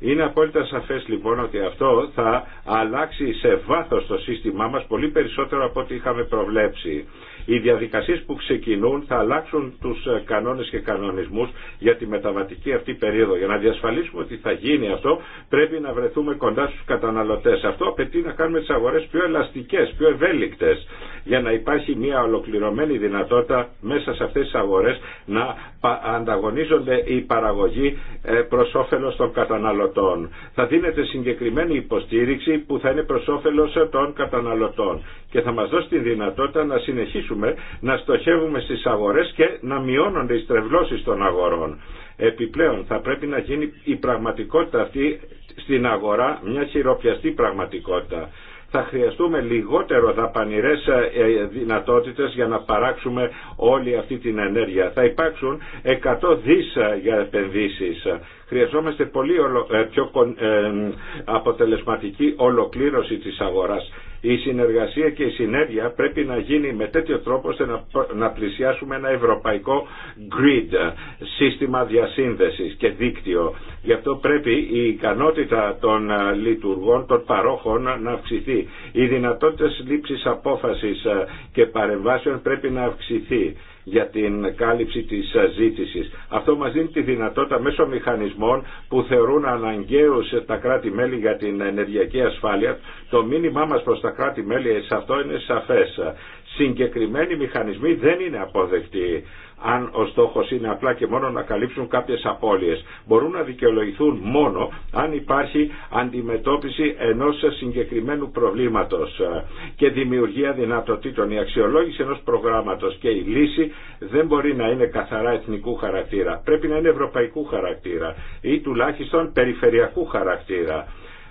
είναι απόλυτα σαφές λοιπόν ότι αυτό θα αλλάξει σε βάθος το σύστημά μας πολύ περισσότερο από ό,τι είχαμε προβλέψει. Οι διαδικασίες που ξεκινούν θα αλλάξουν τους ε, κανόνες και κανονισμούς για τη μεταβατική αυτή περίοδο. Για να διασφαλίσουμε ότι θα γίνει αυτό πρέπει να βρεθούμε κοντά στους καταναλωτές. Αυτό απαιτεί να κάνουμε τις αγορές πιο ελαστικές, πιο ευέλικτες για να υπάρχει μια ολοκληρωμένη δυνατότητα μέσα σε αυτές τις αγορές να ανταγωνίζονται οι παραγωγοί ε, προς όφελος των καταναλωτών. Θα δίνεται συγκεκριμένη υποστήριξη που θα είναι προς όφελος των καταναλωτών και θα μας δώσει τη δυνατότητα να συνεχίσουμε να στοχεύουμε στις αγορές και να μειώνονται οι στρεβλώσεις των αγορών. Επιπλέον θα πρέπει να γίνει η πραγματικότητα αυτή στην αγορά μια χειροπιαστή πραγματικότητα θα χρειαστούμε λιγότερο δαπανηρές ε, δυνατότητες για να παράξουμε όλη αυτή την ενέργεια. Θα υπάρξουν 100 δις ε, για επενδύσεις χρειαζόμαστε πολύ ε, πιο ε, αποτελεσματική ολοκλήρωση της αγοράς. Η συνεργασία και η συνέργεια πρέπει να γίνει με τέτοιο τρόπο ώστε να πλησιάσουμε ένα ευρωπαϊκό grid, σύστημα διασύνδεσης και δίκτυο. Γι' αυτό πρέπει η ικανότητα των ε, λειτουργών, των παρόχων να αυξηθεί. Οι δυνατότητες λήψης απόφασης και παρεμβάσεων πρέπει να αυξηθεί για την κάλυψη της ζήτησης. Αυτό μας δίνει τη δυνατότητα μέσω μηχανισμών που θεωρούν αναγκαίους τα κράτη-μέλη για την ενεργειακή ασφάλεια. Το μήνυμά μας προς τα κράτη-μέλη σε αυτό είναι σαφές. Συγκεκριμένοι μηχανισμοί δεν είναι αποδεκτοί αν ο στόχος είναι απλά και μόνο να καλύψουν κάποιες απώλειες. Μπορούν να δικαιολογηθούν μόνο αν υπάρχει αντιμετώπιση ενός συγκεκριμένου προβλήματος ε, και δημιουργία δυνατοτήτων. Η αξιολόγηση ενός προγράμματος και η λύση δεν μπορεί να είναι καθαρά εθνικού χαρακτήρα. Πρέπει να είναι ευρωπαϊκού χαρακτήρα ή τουλάχιστον περιφερειακού χαρακτήρα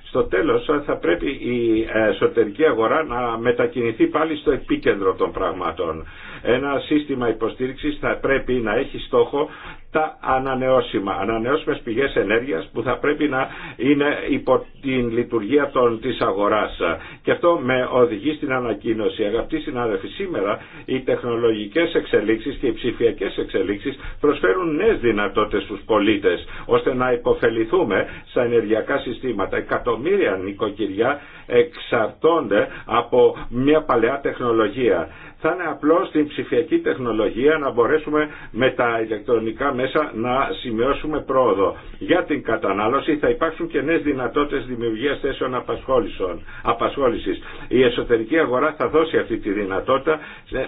στο τέλος ε, θα πρέπει η ε, εσωτερική αγορά να μετακινηθεί πάλι στο επίκεντρο των πραγμάτων. Ένα σύστημα υποστήριξης θα πρέπει να έχει στόχο τα ανανεώσιμα, ανανεώσιμες πηγές ενέργειας που θα πρέπει να είναι υπό την λειτουργία των, της αγοράς. Και αυτό με οδηγεί στην ανακοίνωση. Αγαπητοί συνάδελφοι, σήμερα οι τεχνολογικές εξελίξεις και οι ψηφιακές εξελίξεις προσφέρουν νέες δυνατότητες στους πολίτες ώστε να υποφεληθούμε στα ενεργειακά συστήματα. Εκατομμύρια νοικοκυριά εξαρτώνται από μια παλαιά τεχνολογία θα είναι απλό στην ψηφιακή τεχνολογία να μπορέσουμε με τα ηλεκτρονικά μέσα να σημειώσουμε πρόοδο. Για την κατανάλωση θα υπάρξουν και νέες δυνατότητες δημιουργίας θέσεων απασχόλησης. Η εσωτερική αγορά θα δώσει αυτή τη δυνατότητα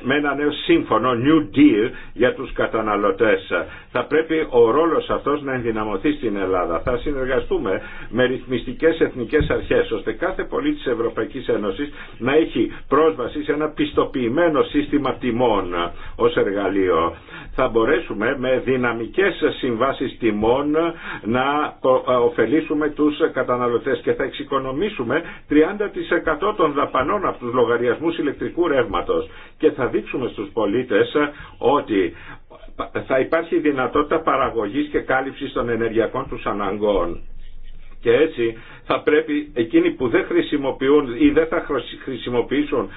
με ένα νέο σύμφωνο, New Deal, για τους καταναλωτές. Θα πρέπει ο ρόλος αυτός να ενδυναμωθεί στην Ελλάδα. Θα συνεργαστούμε με ρυθμιστικές εθνικές αρχές, ώστε κάθε πολίτης Ευρωπαϊκής Ένωσης να έχει πρόσβαση σε ένα πιστοποιημένο το σύστημα τιμών ως εργαλείο. Θα μπορέσουμε με δυναμικές συμβάσεις τιμών να ε, ωφελήσουμε τους καταναλωτές και θα εξοικονομήσουμε 30% των δαπανών από τους λογαριασμούς ηλεκτρικού ρεύματος και θα δείξουμε στους πολίτες ότι θα υπάρχει δυνατότητα παραγωγής και κάλυψης των ενεργειακών τους αναγκών. Και έτσι θα πρέπει εκείνοι που δεν χρησιμοποιούν ή δεν θα χρησιμοποιήσουν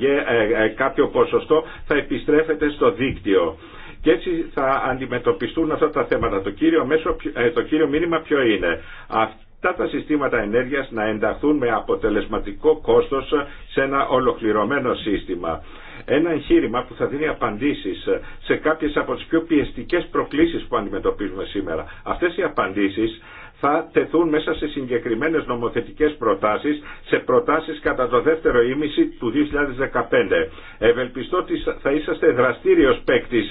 ε, ε, κάποιο ποσοστό θα επιστρέφεται στο δίκτυο. Και έτσι θα αντιμετωπιστούν αυτά τα θέματα. Το κύριο, μέσο, ε, το κύριο μήνυμα ποιο είναι. Αυτά τα συστήματα ενέργειας να ενταχθούν με αποτελεσματικό κόστος σε ένα ολοκληρωμένο σύστημα ένα εγχείρημα που θα δίνει απαντήσεις σε κάποιες από τις πιο πιεστικές προκλήσεις που αντιμετωπίζουμε σήμερα. Αυτές οι απαντήσεις θα τεθούν μέσα σε συγκεκριμένες νομοθετικές προτάσεις, σε προτάσεις κατά το δεύτερο ήμιση του 2015. Ευελπιστώ ότι θα είσαστε δραστήριος παίκτη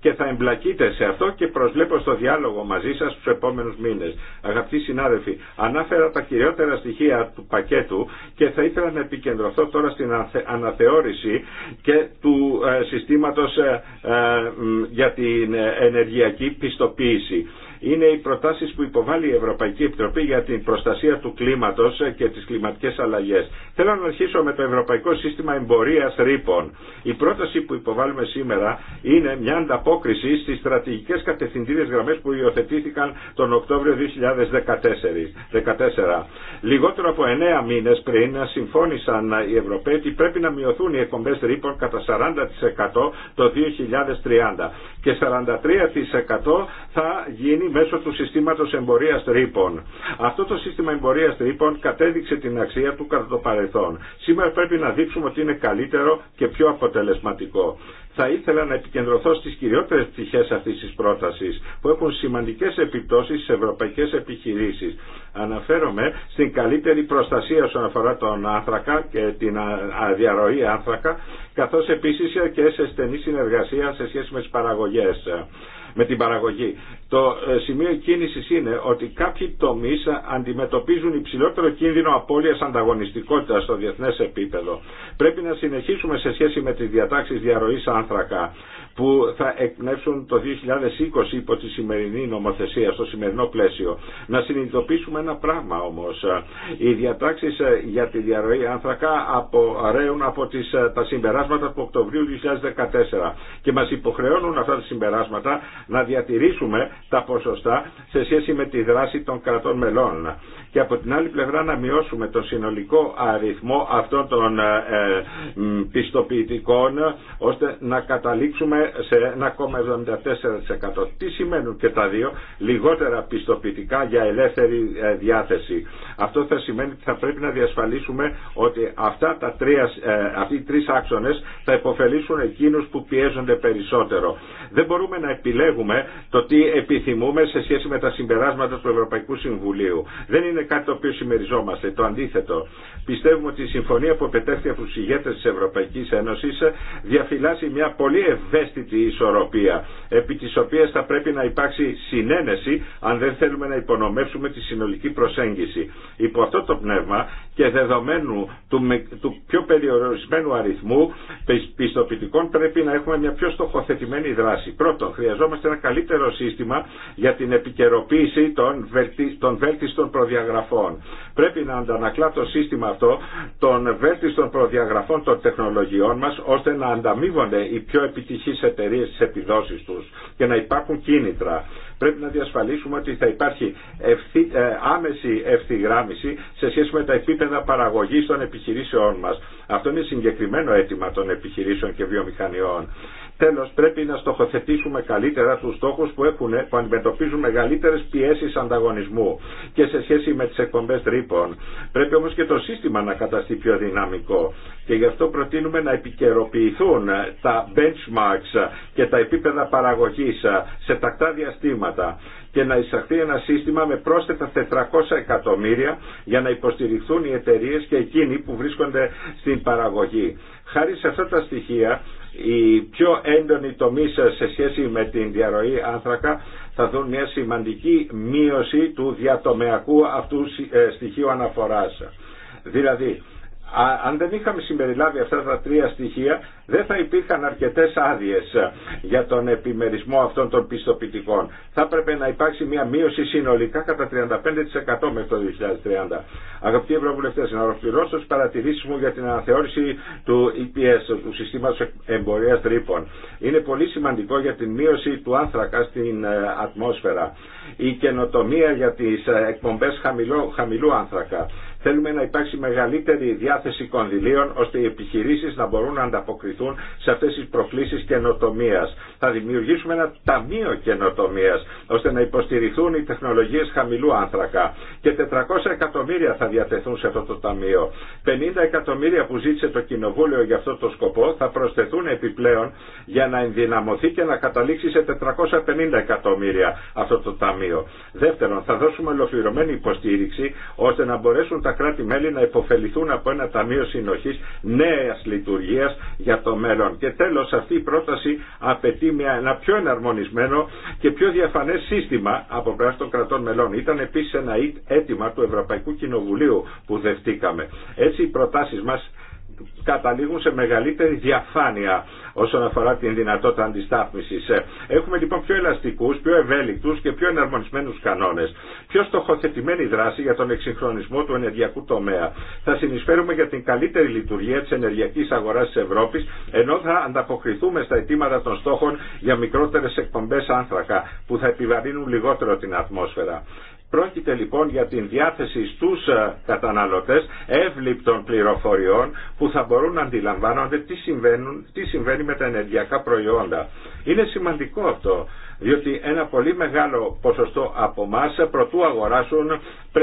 και θα εμπλακείτε σε αυτό και προσβλέπω στο διάλογο μαζί σας στους επόμενους μήνες. Αγαπητοί συνάδελφοι, ανάφερα τα κυριότερα στοιχεία του πακέτου και θα ήθελα να επικεντρωθώ τώρα στην αναθεώρηση και του ε, συστήματος ε, ε, για την ενεργειακή πιστοποίηση είναι οι προτάσεις που υποβάλλει η Ευρωπαϊκή Επιτροπή για την προστασία του κλίματος και τις κλιματικές αλλαγές. Θέλω να αρχίσω με το Ευρωπαϊκό Σύστημα Εμπορίας Ρήπων. Η πρόταση που υποβάλλουμε σήμερα είναι μια ανταπόκριση στις στρατηγικές κατευθυντήριες γραμμές που υιοθετήθηκαν τον Οκτώβριο 2014. Λιγότερο από 9 μήνες πριν συμφώνησαν οι Ευρωπαίοι ότι πρέπει να μειωθούν οι εκπομπές ρήπων κατά 40% το 2030 και 43% θα γίνει μέσω του συστήματος εμπορίας τρύπων. Αυτό το σύστημα εμπορίας τρύπων κατέδειξε την αξία του κατά το παρελθόν. Σήμερα πρέπει να δείξουμε ότι είναι καλύτερο και πιο αποτελεσματικό. Θα ήθελα να επικεντρωθώ στις κυριότερες πτυχές αυτής της πρότασης που έχουν σημαντικές επιπτώσεις στις ευρωπαϊκές επιχειρήσεις. Αναφέρομαι στην καλύτερη προστασία όσον αφορά τον άνθρακα και την διαρροή άνθρακα καθώς επίσης και σε στενή συνεργασία σε σχέση με παραγωγές με την παραγωγή. Το ε, σημείο κίνηση είναι ότι κάποιοι τομεί ε, αντιμετωπίζουν υψηλότερο κίνδυνο απώλεια ανταγωνιστικότητα στο διεθνέ επίπεδο. Πρέπει να συνεχίσουμε σε σχέση με τι διατάξει διαρροή άνθρακα που θα εκπνεύσουν το 2020 υπό τη σημερινή νομοθεσία, στο σημερινό πλαίσιο. Να συνειδητοποιήσουμε ένα πράγμα όμω. Ε, οι διατάξει για τη διαρροή άνθρακα απορρέουν από τις, τα συμπεράσματα του Οκτωβρίου 2014 και μα υποχρεώνουν αυτά τα συμπεράσματα να διατηρήσουμε τα ποσοστά σε σχέση με τη δράση των κρατών μελών και από την άλλη πλευρά να μειώσουμε το συνολικό αριθμό αυτών των ε, ε, πιστοποιητικών ώστε να καταλήξουμε σε 1,74%. Τι σημαίνουν και τα δύο λιγότερα πιστοποιητικά για ελεύθερη ε, διάθεση. Αυτό θα σημαίνει ότι θα πρέπει να διασφαλίσουμε ότι αυτά τα τρία, αυτοί οι τρεις άξονες θα υποφελήσουν εκείνους που πιέζονται περισσότερο. Δεν μπορούμε να επιλέγουμε το τι επιθυμούμε σε σχέση με τα συμπεράσματα του Ευρωπαϊκού Συμβουλίου. Δεν είναι κάτι το οποίο συμμεριζόμαστε. Το αντίθετο. Πιστεύουμε ότι η συμφωνία που επετέφθη από του ηγέτε τη Ευρωπαϊκή Ένωση διαφυλάσσει μια πολύ ευαίσθητη ισορροπία, επί τη οποία θα πρέπει να υπάρξει συνένεση αν δεν θέλουμε να υπονομεύσουμε τη συνολική προσέγγιση. Υπό αυτό το πνεύμα και δεδομένου του, του πιο περιορισμένου αριθμού πιστοποιητικών πρέπει να έχουμε μια πιο στοχοθετημένη δράση. Πρώτον, χρειαζόμαστε ένα καλύτερο σύστημα για την επικαιροποίηση των βέλτιστων προδιαγραφών Πρέπει να αντανακλά το σύστημα αυτό των βέλτιστων προδιαγραφών των τεχνολογιών μας ώστε να ανταμείβονται οι πιο επιτυχείς εταιρείε στι επιδόσεις τους και να υπάρχουν κίνητρα. Πρέπει να διασφαλίσουμε ότι θα υπάρχει ε, άμεση ευθυγράμμιση σε σχέση με τα επίπεδα παραγωγή των επιχειρήσεών μας. Αυτό είναι συγκεκριμένο αίτημα των επιχειρήσεων και βιομηχανιών. Τέλο πρέπει να στοχοθετήσουμε καλύτερα του στόχου που, που αντιμετωπίζουν μεγαλύτερε πιέσει ανταγωνισμού και σε σχέση με τι εκπομπέ τρύπων Πρέπει όμω και το σύστημα να καταστεί πιο δυναμικό και γι' αυτό προτείνουμε να επικαιροποιηθούν τα benchmarks και τα επίπεδα παραγωγή σε τακτά διαστήματα και να εισαχθεί ένα σύστημα με πρόσθετα 400 εκατομμύρια για να υποστηριχθούν οι εταιρείε και εκείνοι που βρίσκονται στην παραγωγή. Χάρη σε αυτά τα στοιχεία οι πιο έντονοι τομείς σε σχέση με την διαρροή άνθρακα θα δουν μια σημαντική μείωση του διατομεακού αυτού ε, στοιχείου αναφοράς. Δηλαδή, αν δεν είχαμε συμπεριλάβει αυτά τα τρία στοιχεία δεν θα υπήρχαν αρκετές άδειε ε, για τον επιμερισμό αυτών των πιστοποιητικών. Θα έπρεπε να υπάρξει μια μείωση συνολικά κατά 35% μέχρι το 2030. Αγαπητοί Ευρωβουλευτέ, να ολοκληρώσω τι παρατηρήσει μου για την αναθεώρηση του EPS, του συστήματο εμπορία τρύπων. Είναι πολύ σημαντικό για την μείωση του άνθρακα στην ε, ατμόσφαιρα. Η καινοτομία για τι ε, εκπομπέ χαμηλού άνθρακα Θέλουμε να υπάρξει μεγαλύτερη διάθεση κονδυλίων ώστε οι επιχειρήσεις να μπορούν να ανταποκριθούν σε αυτές τις προκλήσεις καινοτομία. Θα δημιουργήσουμε ένα ταμείο καινοτομία ώστε να υποστηριχθούν οι τεχνολογίες χαμηλού άνθρακα και 400 εκατομμύρια θα διατεθούν σε αυτό το ταμείο. 50 εκατομμύρια που ζήτησε το Κοινοβούλιο για αυτό το σκοπό θα προσθεθούν επιπλέον για να ενδυναμωθεί και να καταλήξει σε 450 εκατομμύρια αυτό το ταμείο. Δεύτερον, θα δώσουμε ολοκληρωμένη υποστήριξη ώστε να μπορέσουν τα κράτη-μέλη να υποφεληθούν από ένα ταμείο συνοχής νέα λειτουργία για το μέλλον. Και τέλος αυτή η πρόταση απαιτεί μια, ένα πιο εναρμονισμένο και πιο διαφανές σύστημα από πλευρά των κρατών μελών. Ήταν επίσης ένα αίτημα του Ευρωπαϊκού Κοινοβουλίου που δεχτήκαμε. Έτσι οι προτάσει μας καταλήγουν σε μεγαλύτερη διαφάνεια όσον αφορά την δυνατότητα αντισταθμίση. Ε, έχουμε λοιπόν πιο ελαστικού, πιο ευέλικτους και πιο εναρμονισμένου κανόνε. Πιο στοχοθετημένη δράση για τον εξυγχρονισμό του ενεργειακού τομέα. Θα συνεισφέρουμε για την καλύτερη λειτουργία τη ενεργειακή αγορά τη Ευρώπη, ενώ θα ανταποκριθούμε στα αιτήματα των στόχων για μικρότερε εκπομπέ άνθρακα, που θα επιβαρύνουν λιγότερο την ατμόσφαιρα. Πρόκειται λοιπόν για την διάθεση στους ε, καταναλωτές εύληπτων πληροφοριών που θα μπορούν να αντιλαμβάνονται τι, τι συμβαίνει με τα ενεργειακά προϊόντα. Είναι σημαντικό αυτό διότι ένα πολύ μεγάλο ποσοστό από εμά προτού αγοράσουν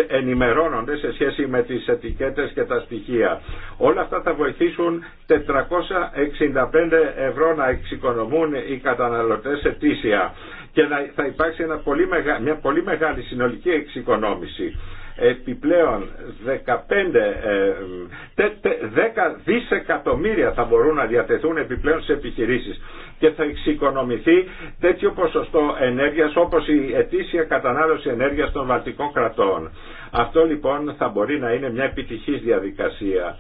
ενημερώνονται σε σχέση με τις ετικέτες και τα στοιχεία. Όλα αυτά θα βοηθήσουν 465 ευρώ να εξοικονομούν οι καταναλωτές ετήσια και θα υπάρξει πολύ μια πολύ μεγάλη συνολική εξοικονόμηση επιπλέον 15, 10 ε, δισεκατομμύρια θα μπορούν να διατεθούν επιπλέον σε επιχειρήσεις και θα εξοικονομηθεί τέτοιο ποσοστό ενέργειας όπως η ετήσια κατανάλωση ενέργειας των βαλτικών κρατών. Αυτό λοιπόν θα μπορεί να είναι μια επιτυχής διαδικασία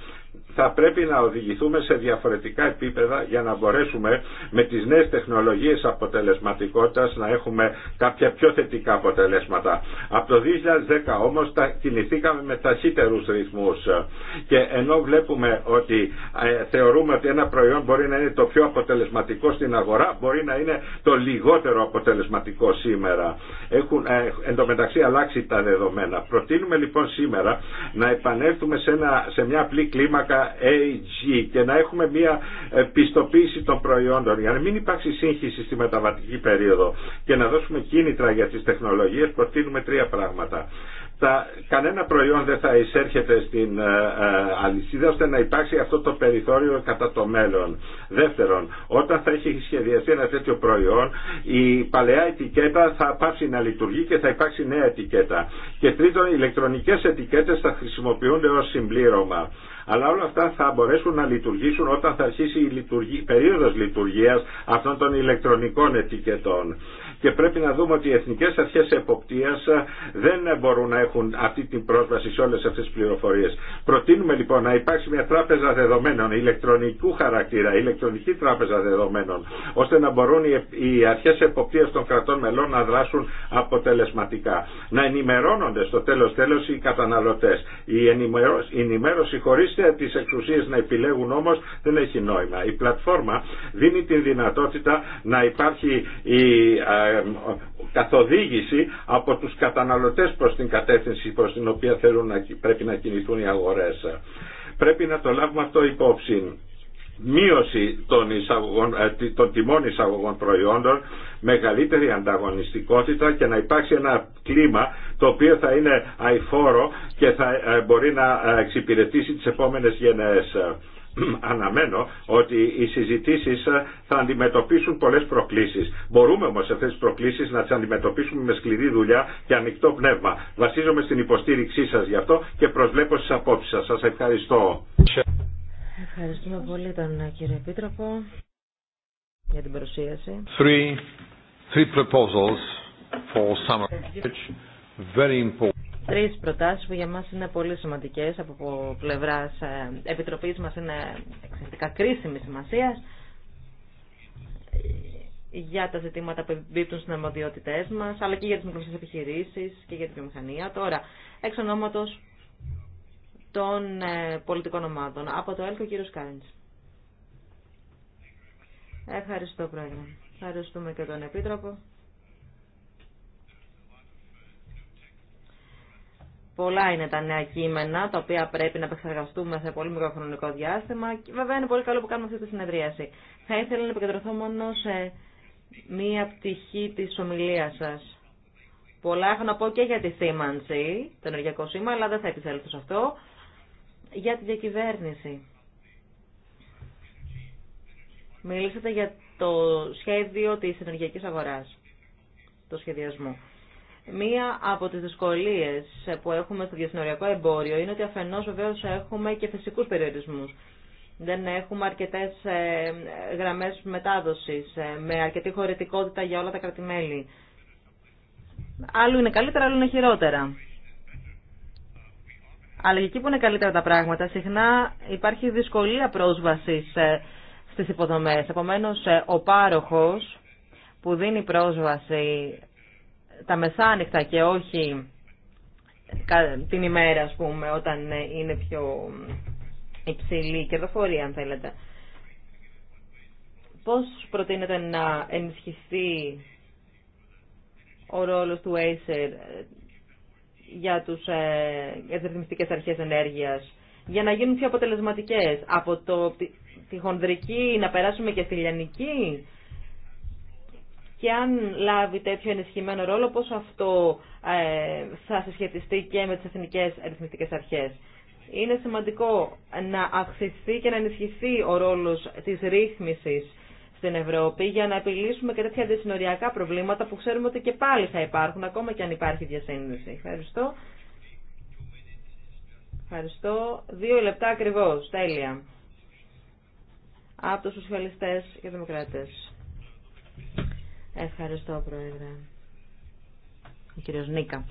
θα πρέπει να οδηγηθούμε σε διαφορετικά επίπεδα για να μπορέσουμε με τις νέες τεχνολογίες αποτελεσματικότητας να έχουμε κάποια πιο θετικά αποτελέσματα. Από το 2010 όμως τα κινηθήκαμε με ταχύτερους ρυθμούς και ενώ βλέπουμε ότι ε, θεωρούμε ότι ένα προϊόν μπορεί να είναι το πιο αποτελεσματικό στην αγορά, μπορεί να είναι το λιγότερο αποτελεσματικό σήμερα. Έχουν ε, εν τω αλλάξει τα δεδομένα. Προτείνουμε λοιπόν σήμερα να επανέλθουμε σε, ένα, σε μια απλή κλίμακα AG και να έχουμε μια ε, πιστοποίηση των προϊόντων για να μην υπάρξει σύγχυση στη μεταβατική περίοδο και να δώσουμε κίνητρα για τις τεχνολογίες προτείνουμε τρία πράγματα. Τα, κανένα προϊόν δεν θα εισέρχεται στην ε, ε, αλυσίδα ώστε να υπάρξει αυτό το περιθώριο κατά το μέλλον. Δεύτερον, όταν θα έχει σχεδιαστεί ένα τέτοιο προϊόν, η παλαιά ετικέτα θα πάψει να λειτουργεί και θα υπάρξει νέα ετικέτα. Και τρίτον, οι ηλεκτρονικές ετικέτες θα χρησιμοποιούνται ως συμπλήρωμα. Αλλά όλα αυτά θα μπορέσουν να λειτουργήσουν όταν θα αρχίσει η περίοδος λειτουργίας αυτών των ηλεκτρονικών ετικετών και πρέπει να δούμε ότι οι εθνικές αρχές εποπτείας ε, δεν μπορούν να έχουν αυτή την πρόσβαση σε όλες αυτές τις πληροφορίες. Προτείνουμε λοιπόν να υπάρξει μια τράπεζα δεδομένων, ηλεκτρονικού χαρακτήρα, ηλεκτρονική τράπεζα δεδομένων, ώστε να μπορούν οι αρχές εποπτείας των κρατών μελών να δράσουν αποτελεσματικά. Να ενημερώνονται στο τέλος τέλος οι καταναλωτές. Η ενημέρωση χωρίς ε, τις εξουσίες να επιλέγουν όμως δεν έχει νόημα. Η πλατφόρμα δίνει την δυνατότητα να υπάρχει η ε, καθοδήγηση από τους καταναλωτές προς την κατεύθυνση προς την οποία θέλουν να, πρέπει να κινηθούν οι αγορές. Πρέπει να το λάβουμε αυτό υπόψη. Μείωση ε, των, τιμών εισαγωγών προϊόντων, μεγαλύτερη ανταγωνιστικότητα και να υπάρξει ένα κλίμα το οποίο θα είναι αηφόρο και θα ε, μπορεί να ε, εξυπηρετήσει τις επόμενες γενναίες. αναμένω ότι οι συζητήσεις ε, θα αντιμετωπίσουν πολλές προκλήσεις. Μπορούμε όμως αυτές τις προκλήσεις να τι αντιμετωπίσουμε με σκληρή δουλειά και ανοιχτό πνεύμα. Βασίζομαι στην υποστήριξή σας γι' αυτό και προσβλέπω στι απόψεις σας. Σα ευχαριστώ. Ευχαριστούμε πολύ τον ε, κύριο Επίτροπο για την παρουσίαση τρεις προτάσεις που για μα είναι πολύ σημαντικέ από πλευράς ε, επιτροπής μας είναι εξαιρετικά κρίσιμη σημασία για τα ζητήματα που εμπίπτουν στι αρμοδιότητέ μας, αλλά και για τις μικρομεσαίε επιχειρήσει και για τη βιομηχανία. Τώρα, εξ ονόματο των ε, πολιτικών ομάδων. Από το ΕΛΚΟ, κύριο Κάριντς. Ευχαριστώ, Πρόεδρε. Ευχαριστούμε και τον Επίτροπο. Πολλά είναι τα νέα κείμενα, τα οποία πρέπει να επεξεργαστούμε σε πολύ μικρό χρονικό διάστημα. Και βέβαια είναι πολύ καλό που κάνουμε αυτή τη συνεδρίαση. Θα ήθελα να επικεντρωθώ μόνο σε μία πτυχή της ομιλία σας. Πολλά έχω να πω και για τη θύμανση, το ενεργειακό σήμα, αλλά δεν θα επισέλθω σε αυτό. Για τη διακυβέρνηση. Μιλήσατε για το σχέδιο της ενεργειακής αγοράς, το σχεδιασμό. Μία από τις δυσκολίε που έχουμε στο διασυνοριακό εμπόριο είναι ότι αφενό βεβαίω έχουμε και φυσικού περιορισμού. Δεν έχουμε αρκετέ ε, γραμμές μετάδοσης ε, με αρκετή χωρητικότητα για όλα τα κρατημέλη. Άλλο είναι καλύτερα, άλλο είναι χειρότερα. Αλλά εκεί που είναι καλύτερα τα πράγματα, συχνά υπάρχει δυσκολία πρόσβαση ε, στι υποδομέ. Επομένω, ο πάροχο, που δίνει πρόσβαση τα μεσάνυχτα και όχι την ημέρα, ας πούμε, όταν είναι πιο υψηλή η κερδοφορία, αν θέλετε. Πώς προτείνετε να ενισχυθεί ο ρόλος του Acer ε, για, τους, ε, για αρχές ενέργειας, για να γίνουν πιο αποτελεσματικές, από το, τη χονδρική να περάσουμε και στη λιανική και αν λάβει τέτοιο ενισχυμένο ρόλο, πώς αυτό ε, θα συσχετιστεί και με τις εθνικές ρυθμιστικές αρχές. Είναι σημαντικό να αυξηθεί και να ενισχυθεί ο ρόλος της ρύθμισης στην Ευρώπη για να επιλύσουμε και τέτοια αντισυνοριακά προβλήματα που ξέρουμε ότι και πάλι θα υπάρχουν, ακόμα και αν υπάρχει διασύνδεση. Ευχαριστώ. Ευχαριστώ. Δύο λεπτά ακριβώς. Τέλεια. Από τους σοσιαλιστές και δημοκράτες. Ευχαριστώ, Πρόεδρε. Ο κύριος Νίκα.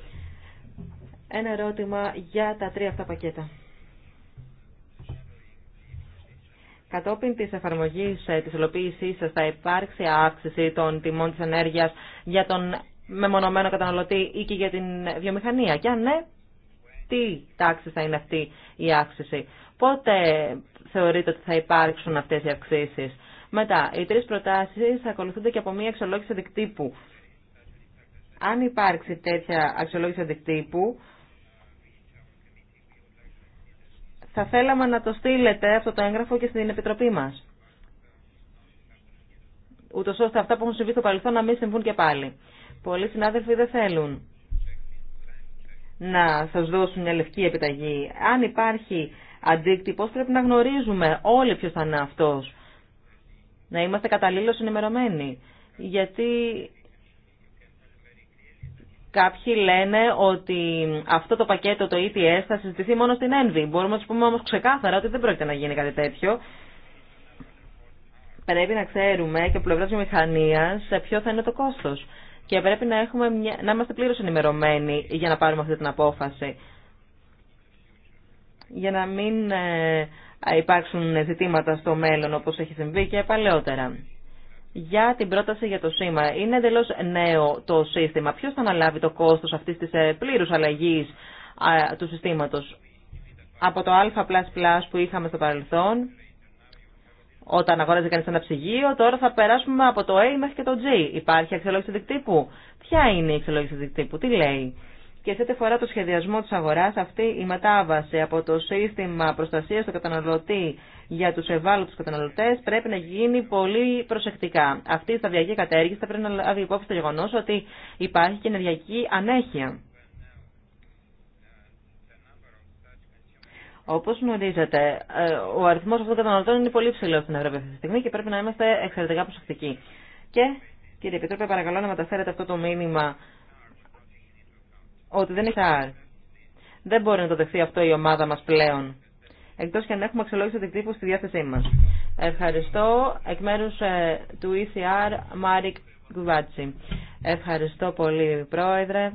Ένα ερώτημα για τα τρία αυτά πακέτα. Κατόπιν της εφαρμογής ε, της υλοποίησής σας θα υπάρξει αύξηση των τιμών της ενέργειας για τον μεμονωμένο καταναλωτή ή και για την βιομηχανία. Και αν ναι, τι τάξη θα είναι αυτή η αύξηση. Πότε θεωρείτε ότι θα υπάρξουν αυτές οι αυξήσεις. Μετά, οι τρεις προτάσεις ακολουθούνται και από μία αξιολόγηση αντικτύπου. Αν υπάρξει τέτοια αξιολόγηση αντικτύπου, θα θέλαμε να το στείλετε αυτό το έγγραφο και στην Επιτροπή μας. Ούτως ώστε αυτά που έχουν συμβεί στο παρελθόν να μην συμβούν και πάλι. Πολλοί συνάδελφοι δεν θέλουν να σας δώσουν μια λευκή επιταγή. Αν υπάρχει αντίκτυπος πρέπει να γνωρίζουμε όλοι ποιος θα είναι αυτός να είμαστε καταλήλως ενημερωμένοι. Γιατί κάποιοι λένε ότι αυτό το πακέτο, το ETS, θα συζητηθεί μόνο στην ΕΝΒΗ. Μπορούμε να του πούμε όμως ξεκάθαρα ότι δεν πρόκειται να γίνει κάτι τέτοιο. Πρέπει να ξέρουμε και από πλευρά βιομηχανία σε ποιο θα είναι το κόστο. Και πρέπει να, έχουμε μια... να είμαστε πλήρω ενημερωμένοι για να πάρουμε αυτή την απόφαση. Για να μην ε, υπάρξουν ζητήματα στο μέλλον όπως έχει συμβεί και παλαιότερα. Για την πρόταση για το σήμα, είναι εντελώ νέο το σύστημα. Ποιο θα αναλάβει το κόστο αυτή τη ε, πλήρου αλλαγή του συστήματο, από το Α που είχαμε στο παρελθόν, όταν αγόραζε κανεί ένα ψυγείο, τώρα θα περάσουμε από το A μέχρι και το G. Υπάρχει αξιολόγηση δικτύπου. Ποια είναι η αξιολόγηση δικτύπου, τι λέει. Και σε ό,τι αφορά το σχεδιασμό της αγοράς, αυτή η μετάβαση από το σύστημα προστασίας του καταναλωτή για τους ευάλωτους καταναλωτές πρέπει να γίνει πολύ προσεκτικά. Αυτή η σταδιακή κατέργηση θα πρέπει να λάβει υπόψη το γεγονό ότι υπάρχει και ενεργειακή ανέχεια. Όπως γνωρίζετε, ε, ο αριθμός αυτών των καταναλωτών είναι πολύ ψηλό στην Ευρώπη αυτή τη στιγμή και πρέπει να είμαστε εξαιρετικά προσεκτικοί. Και, κύριε Επιτρόπε, παρακαλώ να μεταφέρετε αυτό το μήνυμα ότι δεν έχει ΑΡ. Δεν μπορεί να το δεχθεί αυτό η ομάδα μας πλέον. Εκτός και αν έχουμε αξιολόγηση αντικτύπου στη διάθεσή μας. Ευχαριστώ. Εκ ε, του ECR, Μάρικ Γκουβάτσι. Ευχαριστώ πολύ, Πρόεδρε.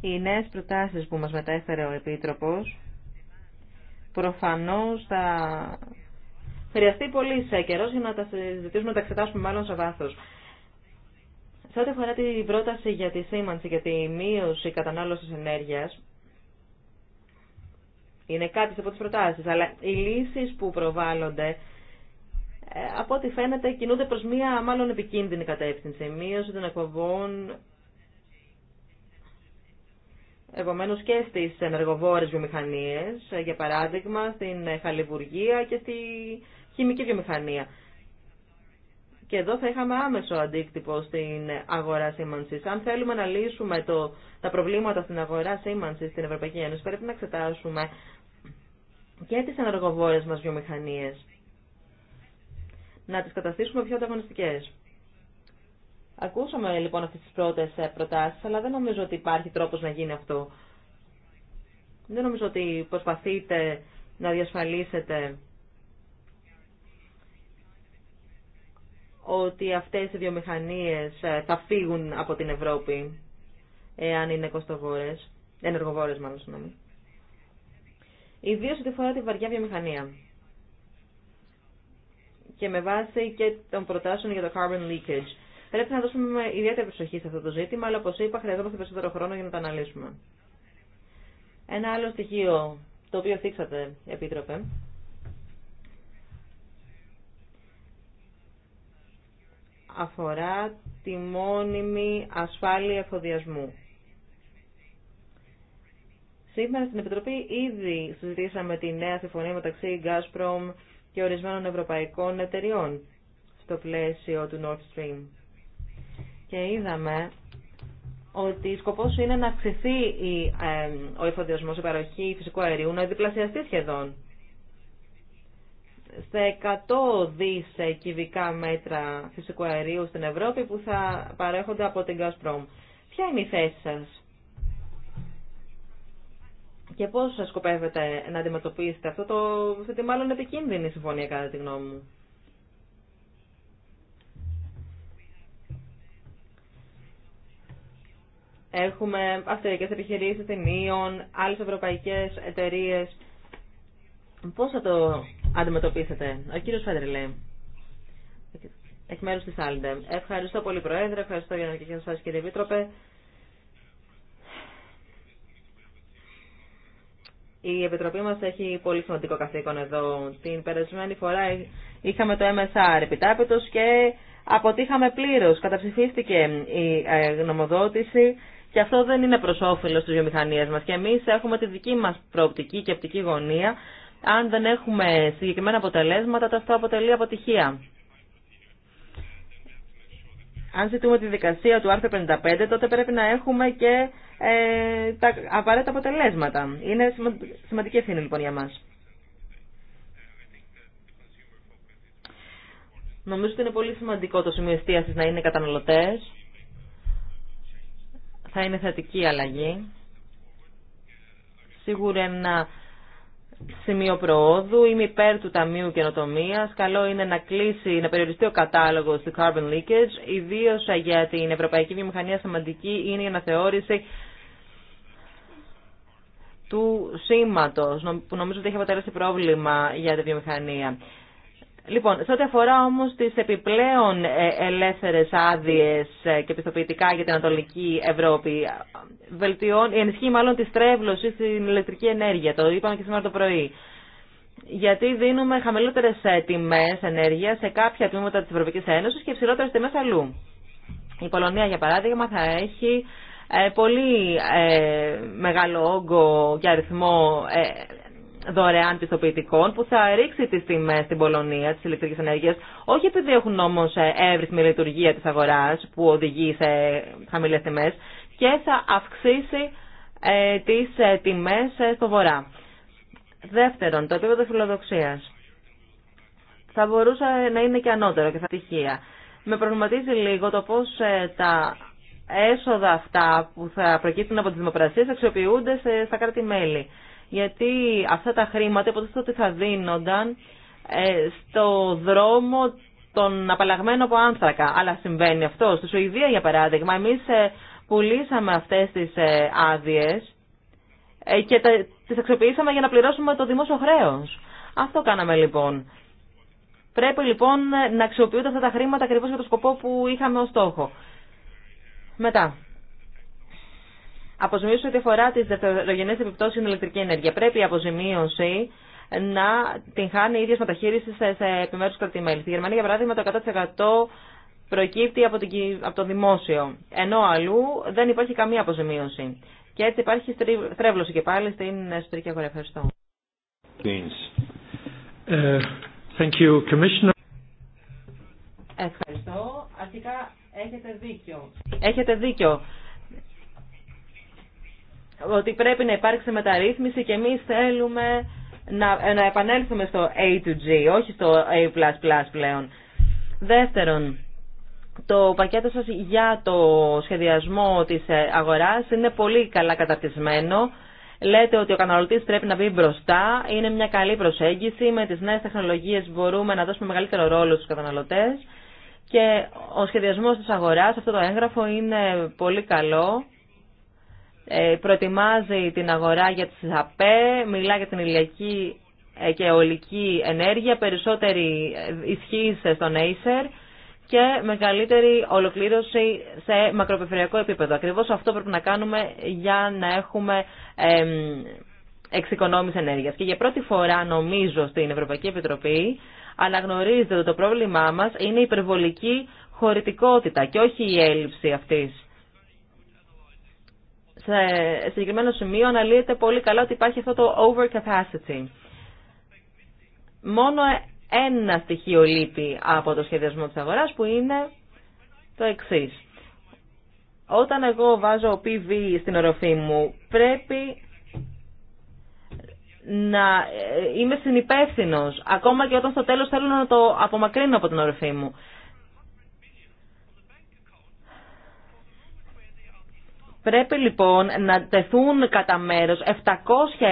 Οι νέες προτάσεις που μας μετέφερε ο Επίτροπος προφανώς θα χρειαστεί πολύ καιρό για να τα συζητήσουμε, να τα εξετάσουμε μάλλον σε βάθο. Σε ό,τι αφορά την πρόταση για τη σήμανση και τη μείωση κατανάλωση ενέργεια, είναι κάποιε από τι προτάσει, αλλά οι λύσει που προβάλλονται ε, από ό,τι φαίνεται κινούνται προς μία μάλλον επικίνδυνη κατεύθυνση. Μείωση των εκπομπών επομένω και στις ενεργοβόρες βιομηχανίες, ε, για παράδειγμα στην Χαλιβουργία και στη χημική βιομηχανία. Και εδώ θα είχαμε άμεσο αντίκτυπο στην αγορά σήμανση. Αν θέλουμε να λύσουμε το, τα προβλήματα στην αγορά σήμανση στην Ευρωπαϊκή Ένωση, πρέπει να εξετάσουμε και τι ενεργοβόρε μα βιομηχανίε. Να τι καταστήσουμε πιο ανταγωνιστικέ. Ακούσαμε λοιπόν αυτέ τι πρώτε προτάσει, αλλά δεν νομίζω ότι υπάρχει τρόπο να γίνει αυτό. Δεν νομίζω ότι προσπαθείτε να διασφαλίσετε ότι αυτές οι βιομηχανίες ε, θα φύγουν από την Ευρώπη, εάν είναι κοστοβόρες, ενεργοβόρες μάλλον, συγγνώμη. Ιδίως ότι φορά τη βαριά βιομηχανία. Και με βάση και των προτάσεων για το carbon leakage. Πρέπει να δώσουμε ιδιαίτερη προσοχή σε αυτό το ζήτημα, αλλά όπως είπα χρειαζόμαστε περισσότερο χρόνο για να το αναλύσουμε. Ένα άλλο στοιχείο το οποίο θίξατε, Επίτροπε, αφορά τη μόνιμη ασφάλεια εφοδιασμού. Σήμερα στην Επιτροπή ήδη συζητήσαμε τη νέα συμφωνία μεταξύ Gazprom και ορισμένων ευρωπαϊκών εταιριών στο πλαίσιο του Nord Stream. Και είδαμε ότι σκοπός είναι να αυξηθεί ε, ο εφοδιασμός, η παροχή φυσικού αερίου, να διπλασιαστεί σχεδόν στα 100 δις ε, κυβικά μέτρα φυσικού αερίου στην Ευρώπη που θα παρέχονται από την Gazprom. Ποια είναι η θέση σας και πώς σας σκοπεύετε να αντιμετωπίσετε αυτό το ότι μάλλον επικίνδυνη συμφωνία κατά τη γνώμη μου. Έχουμε αυτερικές επιχειρήσεις, την άλλες ευρωπαϊκές εταιρείες. Πώς θα το αντιμετωπίσετε. Ο κύριο Φέντριλε, εκ μέρου τη Άλντε. Ευχαριστώ πολύ Προέδρε, ευχαριστώ για να και σας κύριε Επίτροπε. Η Επιτροπή μα έχει πολύ σημαντικό καθήκον εδώ. Την περασμένη φορά είχαμε το MSR επιτάπητο και αποτύχαμε πλήρω. Καταψηφίστηκε η ε, γνωμοδότηση και αυτό δεν είναι προ όφελο τη βιομηχανία μα. Και εμεί έχουμε τη δική μα προοπτική και οπτική γωνία αν δεν έχουμε συγκεκριμένα αποτελέσματα, το αυτό αποτελεί αποτυχία. Αν ζητούμε τη δικασία του άρθρου 55, τότε πρέπει να έχουμε και ε, τα απαραίτητα αποτελέσματα. Είναι σημαντική ευθύνη λοιπόν για μας. Νομίζω ότι είναι πολύ σημαντικό το σημείο εστίασης να είναι οι Θα είναι θετική αλλαγή. Σίγουρα ένα σημείο προόδου. Είμαι υπέρ του Ταμείου Καινοτομία. Καλό είναι να κλείσει, να περιοριστεί ο κατάλογο του carbon leakage, ιδίω για την ευρωπαϊκή βιομηχανία σημαντική είναι η αναθεώρηση του σήματο, που νομίζω ότι έχει αποτελέσει πρόβλημα για τη βιομηχανία. Λοιπόν, σε ό,τι αφορά όμως τις επιπλέον ε, ελεύθερες άδειες ε, και πιστοποιητικά για την Ανατολική Ευρώπη, βελτιώνει, ενισχύει μάλλον τη στρέβλωση στην ηλεκτρική ενέργεια, το είπαμε και σήμερα το πρωί. Γιατί δίνουμε χαμηλότερε ε, τιμέ ενέργεια σε κάποια τμήματα τη Ευρωπαϊκή Ένωση και υψηλότερε τιμέ αλλού. Η Πολωνία, για παράδειγμα, θα έχει πολύ μεγάλο όγκο και αριθμό δωρεάν πιστοποιητικών που θα ρίξει τις τιμέ στην Πολωνία της ηλεκτρικής ενέργειας, όχι επειδή έχουν όμως ε, εύρυθμη λειτουργία της αγοράς που οδηγεί σε χαμηλέ τιμέ και θα αυξήσει ε, τις ε, τιμές στο βορρά. Δεύτερον, το επίπεδο φιλοδοξία. Θα μπορούσε να είναι και ανώτερο και θα τυχεία. Με προβληματίζει λίγο το πώς τα έσοδα αυτά που θα προκύπτουν από τις δημοπρασίες αξιοποιούνται στα κράτη-μέλη γιατί αυτά τα χρήματα υποτίθεται ότι θα δίνονταν ε, στο δρόμο των απαλλαγμένων από άνθρακα. Αλλά συμβαίνει αυτό. Στη Σουηδία, για παράδειγμα, εμείς ε, πουλήσαμε αυτές τις ε, άδειε και τις αξιοποιήσαμε για να πληρώσουμε το δημόσιο χρέος. Αυτό κάναμε λοιπόν. Πρέπει λοιπόν να αξιοποιούνται αυτά τα χρήματα ακριβώ για το σκοπό που είχαμε ω στόχο. Μετά, αποζημίωση ό,τι αφορά τι δευτερογενέ επιπτώσει στην ηλεκτρική ενέργεια. Πρέπει η αποζημίωση να την χάνει η ίδια μεταχείριση σε, σε επιμέρου κρατημέλη. Στη Γερμανία, για παράδειγμα, το 100% προκύπτει από, από το δημόσιο, ενώ αλλού δεν υπάρχει καμία αποζημίωση. Και έτσι υπάρχει στρέβλωση και πάλι στην εσωτερική αγορά. Ευχαριστώ. Ε, Ευχαριστώ. Αρχικά έχετε δίκιο. Έχετε δίκιο ότι πρέπει να υπάρξει μεταρρύθμιση και εμεί θέλουμε να, να επανέλθουμε στο A2G, όχι στο A++ πλέον. Δεύτερον, το πακέτο σας για το σχεδιασμό της αγοράς είναι πολύ καλά καταρτισμένο. Λέτε ότι ο καταναλωτής πρέπει να μπει μπροστά. Είναι μια καλή προσέγγιση. Με τις νέες τεχνολογίες μπορούμε να δώσουμε μεγαλύτερο ρόλο στους καταναλωτές. Και ο σχεδιασμός της αγοράς, αυτό το έγγραφο είναι πολύ καλό. Ε, προετοιμάζει την αγορά για τις ΑΠΕ, μιλά για την ηλιακή ε, και ολική ενέργεια, περισσότερη ε, ισχύ στον Acer και μεγαλύτερη ολοκλήρωση σε μακροπεριφερειακό επίπεδο. Ακριβώς αυτό πρέπει να κάνουμε για να έχουμε εξοικονόμηση ενέργειας. Και για πρώτη φορά νομίζω στην Ευρωπαϊκή Επιτροπή αναγνωρίζεται ότι το πρόβλημά μας είναι η υπερβολική χωρητικότητα και όχι η έλλειψη αυτής σε συγκεκριμένο σημείο αναλύεται πολύ καλά ότι υπάρχει αυτό το overcapacity. Μόνο ένα στοιχείο λείπει από το σχεδιασμό της αγοράς που είναι το εξής. Όταν εγώ βάζω PV στην οροφή μου πρέπει να ε, είμαι συνυπεύθυνος. ακόμα και όταν στο τέλος θέλω να το απομακρύνω από την οροφή μου. Πρέπει λοιπόν να τεθούν κατά μέρος 700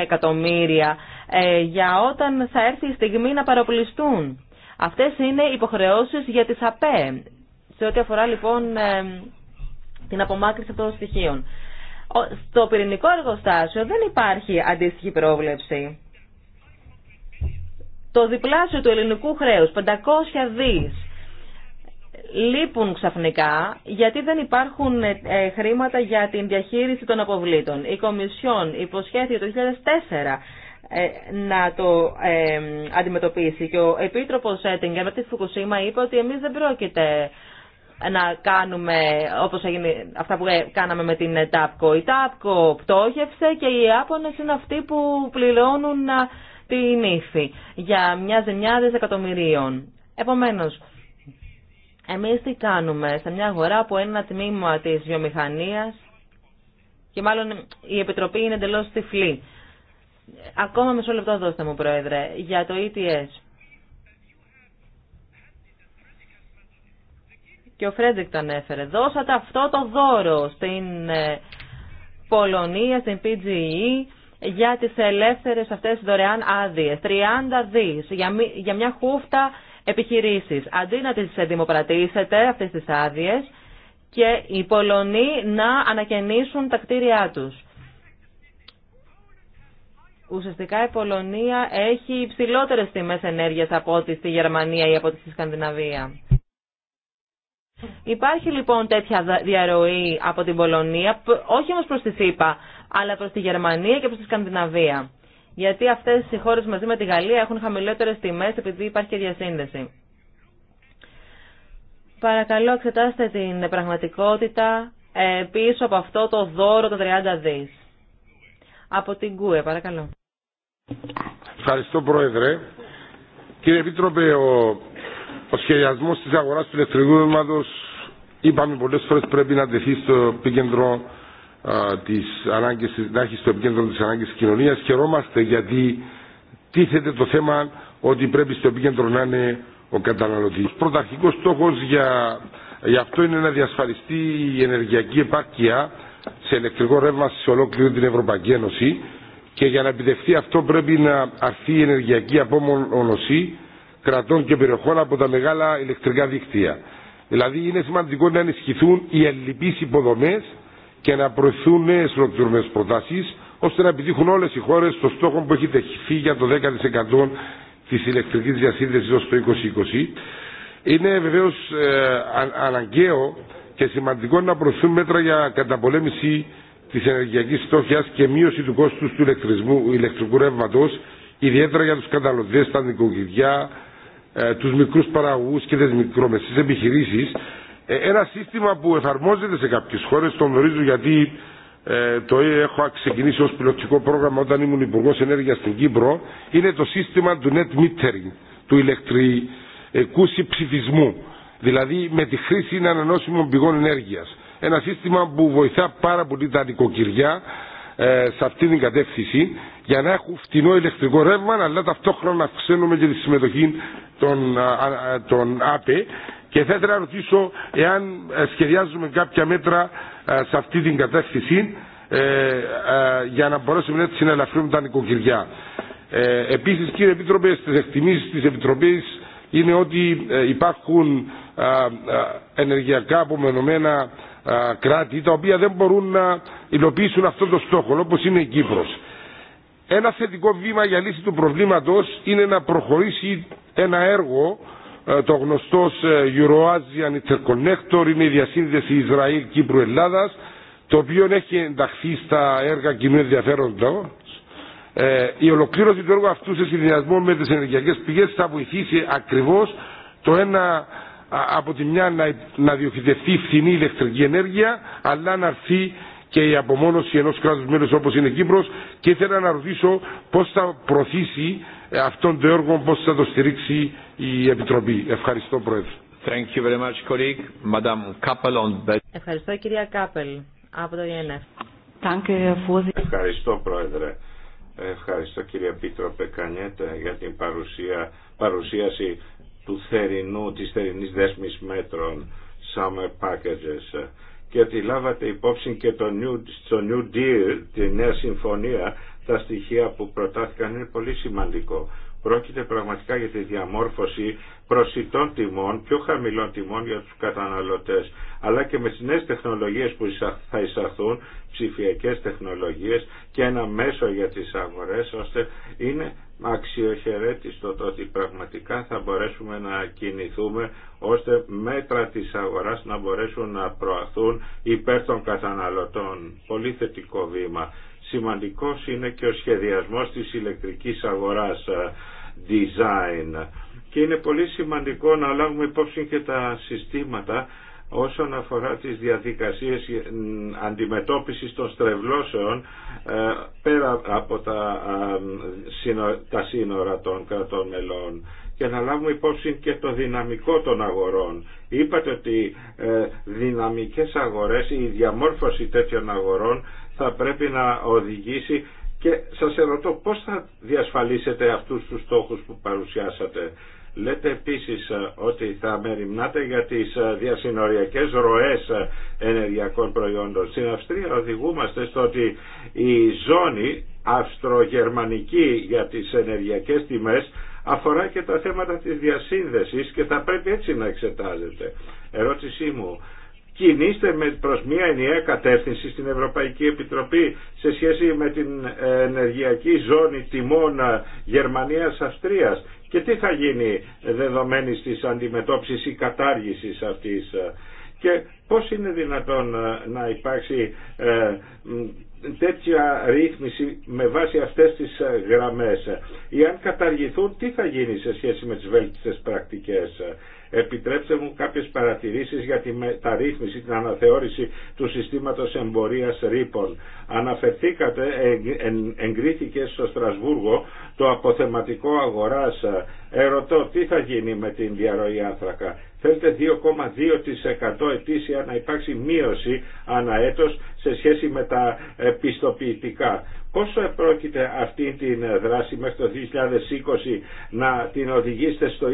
εκατομμύρια ε, για όταν θα έρθει η στιγμή να παροπλιστούν. Αυτές είναι υποχρεώσεις για τις ΑΠΕ, σε ό,τι αφορά λοιπόν ε, την απομάκρυνση αυτών των στοιχείων. Στο πυρηνικό εργοστάσιο δεν υπάρχει αντίστοιχη πρόβλεψη. Το διπλάσιο του ελληνικού χρέους, 500 δις, λείπουν ξαφνικά γιατί δεν υπάρχουν ε, ε, χρήματα για την διαχείριση των αποβλήτων. Η Κομισιόν υποσχέθηκε το 2004 ε, να το αντιμετωπίσει και ο Επίτροπος Έτιγκερ με τη Φουκουσίμα είπε ότι εμείς δεν πρόκειται να κάνουμε όπως έγινε, αυτά που κάναμε με την ΤΑΠΚΟ. Η ΤΑΠΚΟ πτώχευσε και οι Ιάπωνες είναι αυτοί που πληρώνουν την ύφη για μια ζημιά δισεκατομμυρίων. Επομένως, εμείς τι κάνουμε σε μια αγορά που ένα τμήμα της βιομηχανίας και μάλλον η Επιτροπή είναι εντελώς τυφλή. Ακόμα μισό λεπτό δώστε μου, Πρόεδρε, για το ETS. Και ο Φρέντρικ τον ανέφερε. Δώσατε αυτό το δώρο στην ε, Πολωνία, στην PGE, για τις ελεύθερες αυτές δωρεάν άδειες. 30 δις για μια χούφτα Επιχειρήσει. Αντί να τις δημοπρατήσετε αυτές τις άδειε και οι Πολωνοί να ανακαινήσουν τα κτίρια τους. Ουσιαστικά η Πολωνία έχει υψηλότερες τιμές ενέργειας από ό,τι στη Γερμανία ή από ό,τι στη Σκανδιναβία. Υπάρχει λοιπόν τέτοια διαρροή από την Πολωνία, όχι όμως προς τη ΣΥΠΑ, αλλά προς τη Γερμανία και προς τη Σκανδιναβία γιατί αυτές οι χώρες μαζί με τη Γαλλία έχουν χαμηλότερες τιμές επειδή υπάρχει και διασύνδεση. Παρακαλώ εξετάστε την πραγματικότητα ε, πίσω από αυτό το δώρο των 30 δις. Από την ΚΟΕ, παρακαλώ. Ευχαριστώ Πρόεδρε. Κύριε Επίτροπε, ο, ο σχεδιασμός της αγοράς του ηλεκτρικού είπαμε πολλές φορές πρέπει να τεθεί στο επίκεντρο τις να έχει στο επικέντρο της ανάγκης της κοινωνίας. Χαιρόμαστε γιατί τίθεται το θέμα ότι πρέπει στο επικέντρο να είναι ο καταναλωτής. Πρωταρχικός στόχος για, για αυτό είναι να διασφαλιστεί η ενεργειακή επάρκεια σε ηλεκτρικό ρεύμα σε ολόκληρη την Ευρωπαϊκή Ένωση και για να επιτευχθεί αυτό πρέπει να αρθεί η ενεργειακή απόμονωση κρατών και περιοχών από τα μεγάλα ηλεκτρικά δίκτυα. Δηλαδή είναι σημαντικό να ενισχυθούν οι ελληπείς υποδομές και να προωθούν νέε ολοκληρωμένε προτάσει ώστε να επιτύχουν όλε οι χώρε το στόχο που έχει τεχθεί για το 10% τη ηλεκτρική διασύνδεση ω το 2020. Είναι βεβαίω ε, αναγκαίο και σημαντικό να προωθούν μέτρα για καταπολέμηση τη ενεργειακή φτώχεια και μείωση του κόστου του ηλεκτρισμού, ηλεκτρικού ρεύματο, ιδιαίτερα για του καταναλωτέ, τα νοικοκυριά, ε, του μικρού παραγωγού και τι μικρομεσαίε επιχειρήσει, ε, ένα σύστημα που εφαρμόζεται σε κάποιες χώρες, το γνωρίζω γιατί ε, το έχω ξεκινήσει ως πιλωτικό πρόγραμμα όταν ήμουν Υπουργός Ενέργειας στην Κύπρο, είναι το σύστημα του net metering, του ηλεκτρικού συμψηφισμού, δηλαδή με τη χρήση ανανόσιμων πηγών ενέργειας. Ένα σύστημα που βοηθά πάρα πολύ τα νοικοκυριά ε, σε αυτήν την κατεύθυνση για να έχουν φτηνό ηλεκτρικό ρεύμα αλλά ταυτόχρονα αυξάνουμε και τη συμμετοχή των, α, των ΑΠΕ και θα ήθελα να ρωτήσω εάν ε, σχεδιάζουμε κάποια μέτρα ε, σε αυτή την κατάσταση ε, για να μπορέσουμε να ελαφρύνουμε τα νοικοκυριά. επίσης κύριε Επίτροπε, στις εκτιμήσεις της Επιτροπής είναι ότι υπάρχουν ενεργειακά απομενωμένα κράτη τα οποία δεν μπορούν να υλοποιήσουν αυτό το στόχο όπως είναι η Κύπρος. Ένα θετικό βήμα για λύση του προβλήματος είναι να προχωρήσει ένα έργο ε, το γνωστό ε, Euroasian Interconnector είναι η διασύνδεση Ισραήλ-Κύπρου-Ελλάδα, το οποίο έχει ενταχθεί στα έργα κοινού ενδιαφέροντο. Ε, η ολοκλήρωση του έργου αυτού σε συνδυασμό με τι ενεργειακέ πηγέ θα βοηθήσει ακριβώ το ένα από τη μια να, να διοχετευτεί φθηνή ηλεκτρική ενέργεια, αλλά να έρθει και η απομόνωση ενό κράτου μέλου όπω είναι Κύπρο και ήθελα να ρωτήσω πώ θα προωθήσει ε, αυτών τον έργο πώς θα το στηρίξει η Επιτροπή. Ευχαριστώ Πρόεδρε. Thank you very much, colleague. Ευχαριστώ κυρία Κάπελ από το ΙΕΝΕΦ. Ευχαριστώ Πρόεδρε. Ευχαριστώ κύριε Επίτροπε Κανιέτα για την παρουσία, παρουσίαση του θερινού, της θερινής δέσμης μέτρων summer packages και ότι λάβατε υπόψη και το New, το New Deal, τη νέα συμφωνία τα στοιχεία που προτάθηκαν είναι πολύ σημαντικό. Πρόκειται πραγματικά για τη διαμόρφωση προσιτών τιμών, πιο χαμηλών τιμών για τους καταναλωτές, αλλά και με τις νέες τεχνολογίες που θα εισαχθούν, ψηφιακές τεχνολογίες και ένα μέσο για τις αγορές, ώστε είναι αξιοχαιρέτιστο το ότι πραγματικά θα μπορέσουμε να κινηθούμε ώστε μέτρα της αγοράς να μπορέσουν να προαθούν υπέρ των καταναλωτών. Πολύ θετικό βήμα. Σημαντικός είναι και ο σχεδιασμός της ηλεκτρικής αγοράς ε, design και είναι πολύ σημαντικό να λάβουμε υπόψη και τα συστήματα όσον αφορά τις διαδικασίες ε, αντιμετώπισης των στρεβλώσεων ε, πέρα από τα, τα σύνορα των κρατών μελών και να λάβουμε υπόψη και το δυναμικό των αγορών. Είπατε ότι δυναμικές αγορές ή η διαμόρφωση τέτοιων αγορών θα πρέπει να οδηγήσει και σας ερωτώ πώς θα διασφαλίσετε αυτούς τους στόχους που παρουσιάσατε. Λέτε επίσης ε, ότι θα μεριμνάτε για τις ε, διασυνοριακές ροές ε, ενεργειακών προϊόντων. Στην Αυστρία οδηγούμαστε στο ότι η ζώνη αυστρογερμανική για τις ενεργειακές τιμές αφορά και τα θέματα της διασύνδεσης και θα πρέπει έτσι να εξετάζεται. Ερώτησή μου, κινείστε με προς μια ενιαία κατεύθυνση στην Ευρωπαϊκή Επιτροπή σε σχέση με την ενεργειακή ζώνη τιμών Γερμανίας-Αυστρίας και τι θα γίνει δεδομένης της αντιμετώπισης ή κατάργησης αυτής και πώς είναι δυνατόν να υπάρξει ε, τέτοια ρύθμιση με βάση αυτές τις ε, γραμμές ή αν καταργηθούν τι θα γίνει σε σχέση με τις βέλτιστες πρακτικές Επιτρέψτε μου κάποιες παρατηρήσεις για τη μεταρρύθμιση, την αναθεώρηση του συστήματος εμπορίας ρήπων. Αναφερθήκατε, εγκρίθηκε στο Στρασβούργο το αποθεματικό αγοράς. Ερωτώ τι θα γίνει με την διαρροή άνθρακα. Θέλετε 2,2% ετήσια να υπάρξει μείωση ανά σε σχέση με τα πιστοποιητικά. Πόσο επρόκειται αυτή τη δράση μέχρι το 2020 να την οδηγήσετε στο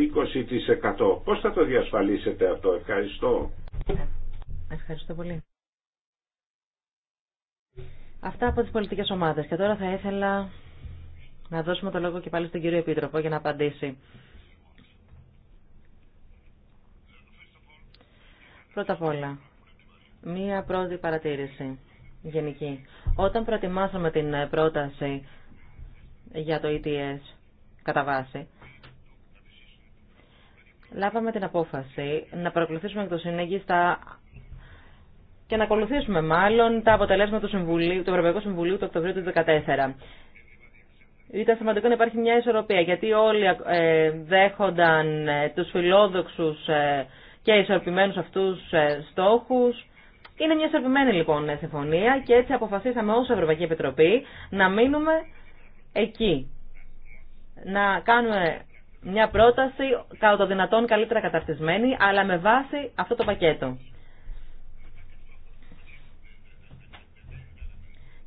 20%. Πώς θα το διασφαλίσετε αυτό. Ευχαριστώ. Ευχαριστώ πολύ. Αυτά από τις πολιτικές ομάδες. Και τώρα θα ήθελα να δώσουμε το λόγο και πάλι στον κύριο Επίτροπο για να απαντήσει. Πρώτα απ' όλα, μία πρώτη παρατήρηση γενική. Όταν προετοιμάσαμε την ε, πρόταση για το ETS κατά βάση, λάβαμε την απόφαση να παρακολουθήσουμε εκ των στα και να ακολουθήσουμε μάλλον τα αποτελέσματα του, Συμβουλίου, του Ευρωπαϊκού Συμβουλίου του Οκτωβρίου του 2014. Ήταν σημαντικό να υπάρχει μια ισορροπία, γιατί όλοι ε, δέχονταν ε, τους φιλόδοξους και ισορροπημένους αυτούς στόχους είναι μια σορπημένη λοιπόν συμφωνία και έτσι αποφασίσαμε όσο Ευρωπαϊκή Επιτροπή να μείνουμε εκεί. Να κάνουμε μια πρόταση κατά το δυνατόν καλύτερα καταρτισμένη, αλλά με βάση αυτό το πακέτο.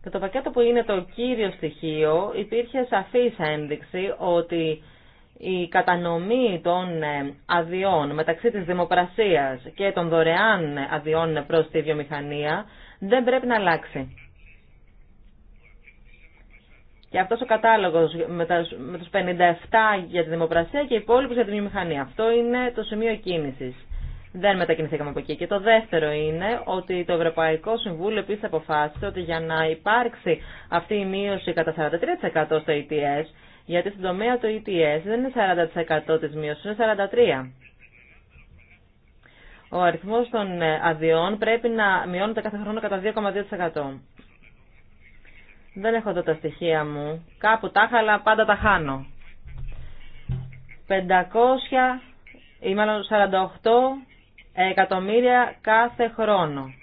Και το πακέτο που είναι το κύριο στοιχείο υπήρχε σαφής ένδειξη ότι η κατανομή των ε, αδειών μεταξύ της δημοπρασίας και των δωρεάν αδειών προς τη βιομηχανία δεν πρέπει να αλλάξει. Και αυτός ο κατάλογος με τους 57 για τη δημοπρασία και οι υπόλοιπους για τη βιομηχανία. Αυτό είναι το σημείο κίνησης. Δεν μετακινηθήκαμε από εκεί. Και το δεύτερο είναι ότι το Ευρωπαϊκό Συμβούλιο επίσης αποφάσισε ότι για να υπάρξει αυτή η μείωση κατά 43% στο ETS γιατί στην τομέα του ETS δεν είναι 40% της μείωσης, είναι 43%. Ο αριθμός των ε, αδειών πρέπει να μειώνεται κάθε χρόνο κατά 2,2%. Δεν έχω εδώ τα στοιχεία μου. Κάπου τα είχα, αλλά πάντα τα χάνω. 500 ή μάλλον 48 εκατομμύρια κάθε χρόνο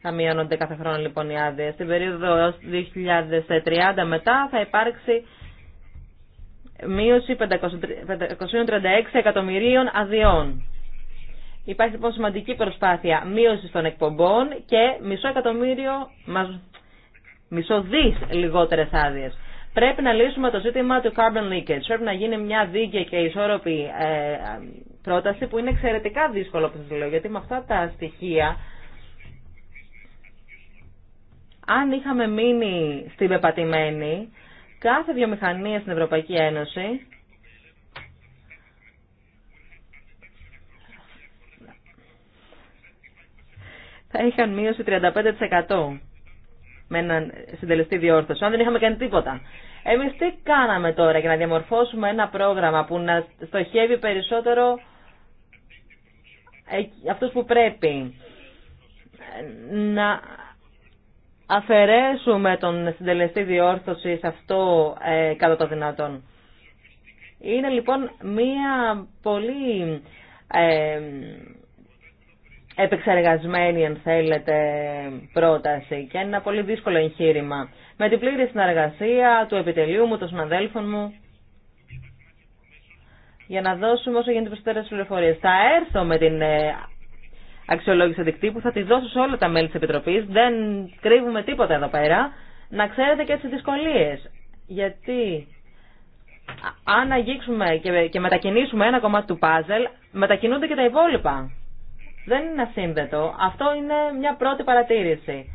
θα μειώνονται κάθε χρόνο λοιπόν οι άδειε. Στην περίοδο έως 2030 μετά θα υπάρξει μείωση 536 εκατομμυρίων αδειών. Υπάρχει λοιπόν σημαντική προσπάθεια μείωση των εκπομπών και μισό εκατομμύριο, μισό δις λιγότερες άδειες. Πρέπει να λύσουμε το ζήτημα του carbon leakage. Πρέπει να γίνει μια δίκαιη και ισόρροπη ε, πρόταση που είναι εξαιρετικά δύσκολο, όπως σας λέω, γιατί με αυτά τα στοιχεία αν είχαμε μείνει στην πεπατημένη, κάθε βιομηχανία στην Ευρωπαϊκή Ένωση θα είχαν μείωση 35% με έναν συντελεστή διόρθωση, αν δεν είχαμε κάνει τίποτα. Εμείς τι κάναμε τώρα για να διαμορφώσουμε ένα πρόγραμμα που να στοχεύει περισσότερο αυτούς που πρέπει να αφαιρέσουμε τον συντελεστή διόρθωση αυτό ε, κατά το δυνατόν. Είναι λοιπόν μία πολύ ε, επεξεργασμένη, αν θέλετε, πρόταση και ένα πολύ δύσκολο εγχείρημα. Με την πλήρη συνεργασία του επιτελείου μου, των συναδέλφων μου, για να δώσουμε όσο γίνεται περισσότερες πληροφορίες. Θα έρθω με την ε, αξιολόγηση που Θα τη δώσω σε όλα τα μέλη της Επιτροπή. Δεν κρύβουμε τίποτα εδώ πέρα. Να ξέρετε και τις δυσκολίε. Γιατί αν αγγίξουμε και μετακινήσουμε ένα κομμάτι του πάζελ, μετακινούνται και τα υπόλοιπα. Δεν είναι ασύνδετο. Αυτό είναι μια πρώτη παρατήρηση.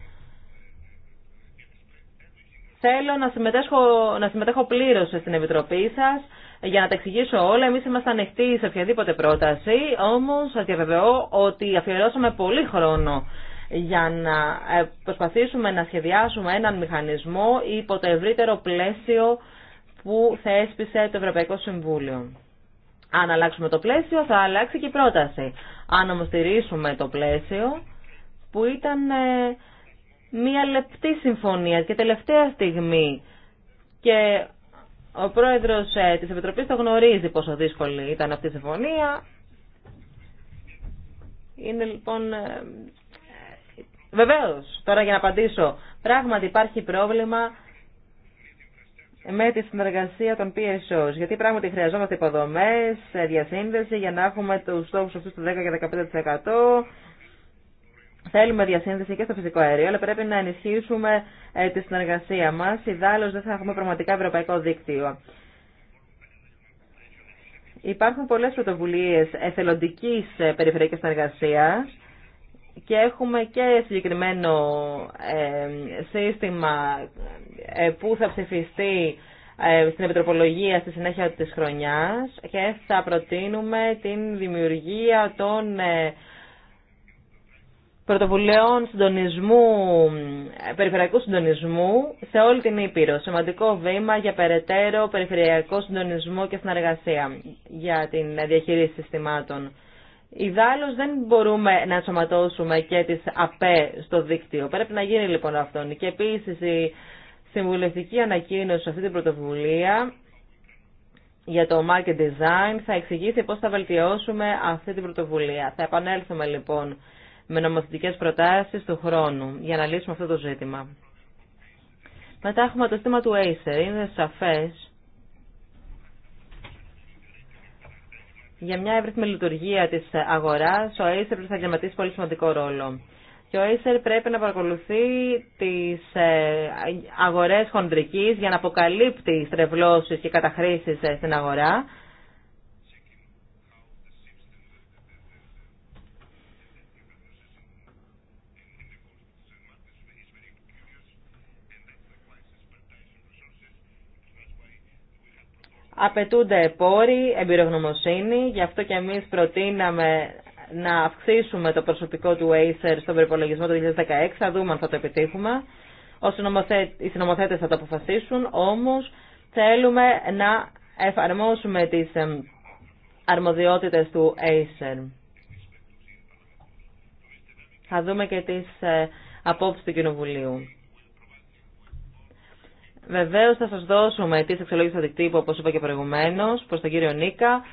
Θέλω να συμμετέχω, να συμμετέχω πλήρως στην Επιτροπή σας για να τα εξηγήσω όλα, εμεί είμαστε ανοιχτοί σε οποιαδήποτε πρόταση, όμω σα διαβεβαιώ ότι αφιερώσαμε πολύ χρόνο για να ε, προσπαθήσουμε να σχεδιάσουμε έναν μηχανισμό υπό το ευρύτερο πλαίσιο που θέσπισε το Ευρωπαϊκό Συμβούλιο. Αν αλλάξουμε το πλαίσιο θα αλλάξει και η πρόταση. Αν όμως στηρίσουμε το πλαίσιο που ήταν ε, μία λεπτή συμφωνία και τελευταία στιγμή και ο πρόεδρος ε, τη Επιτροπή το γνωρίζει πόσο δύσκολη ήταν αυτή η συμφωνία. Είναι λοιπόν... Ε, ε, βεβαίω, τώρα για να απαντήσω, πράγματι υπάρχει πρόβλημα με τη συνεργασία των PSOs. Γιατί πράγματι χρειαζόμαστε υποδομέ, διασύνδεση για να έχουμε του στόχου αυτού του 10 και 15%. Θέλουμε διασύνδεση και στο φυσικό αέριο, αλλά πρέπει να ενισχύσουμε ε, τη συνεργασία μα. Ιδάλω δεν θα έχουμε πραγματικά ευρωπαϊκό δίκτυο. Υπάρχουν πολλέ πρωτοβουλίε εθελοντική ε, περιφερειακή συνεργασία και έχουμε και συγκεκριμένο ε, σύστημα που θα ψηφιστεί στην Επιτροπολογία στη συνέχεια της χρονιάς και θα προτείνουμε την δημιουργία των πρωτοβουλειών συντονισμού, περιφερειακού συντονισμού σε όλη την Ήπειρο. Σημαντικό βήμα για περαιτέρω περιφερειακό συντονισμό και συνεργασία για την διαχείριση συστημάτων. Ιδάλλως δεν μπορούμε να ενσωματώσουμε και τις ΑΠΕ στο δίκτυο. Πρέπει να γίνει λοιπόν αυτό. Και επίσης η συμβουλευτική ανακοίνωση σε αυτή την πρωτοβουλία για το market design θα εξηγήσει πώς θα βελτιώσουμε αυτή την πρωτοβουλία. Θα επανέλθουμε λοιπόν με νομοθετικέ προτάσεις του χρόνου για να λύσουμε αυτό το ζήτημα. Μετά έχουμε το στήμα του Acer. Είναι σαφέ. για μια εύρυθμη λειτουργία της αγοράς, ο Acer θα διαματήσει πολύ σημαντικό ρόλο. Και ο Acer πρέπει να παρακολουθεί τις ε, αγορές χοντρική για να αποκαλύπτει στρεβλώσεις και καταχρήσει ε, στην αγορά Απαιτούνται πόροι, εμπειρογνωμοσύνη, γι' αυτό και εμείς προτείναμε να αυξήσουμε το προσωπικό του Acer στον προπολογισμό του 2016, θα δούμε αν θα το επιτύχουμε. οι συνομοθέτες θα το αποφασίσουν, όμως θέλουμε να εφαρμόσουμε τις αρμοδιότητες του Acer. Θα δούμε και τις ε, απόψεις του Κοινοβουλίου. Βεβαίω θα σα δώσουμε τι αξιολόγηση αντικτύπου, όπω είπα και προηγουμένω, προ τον κύριο Νίκα.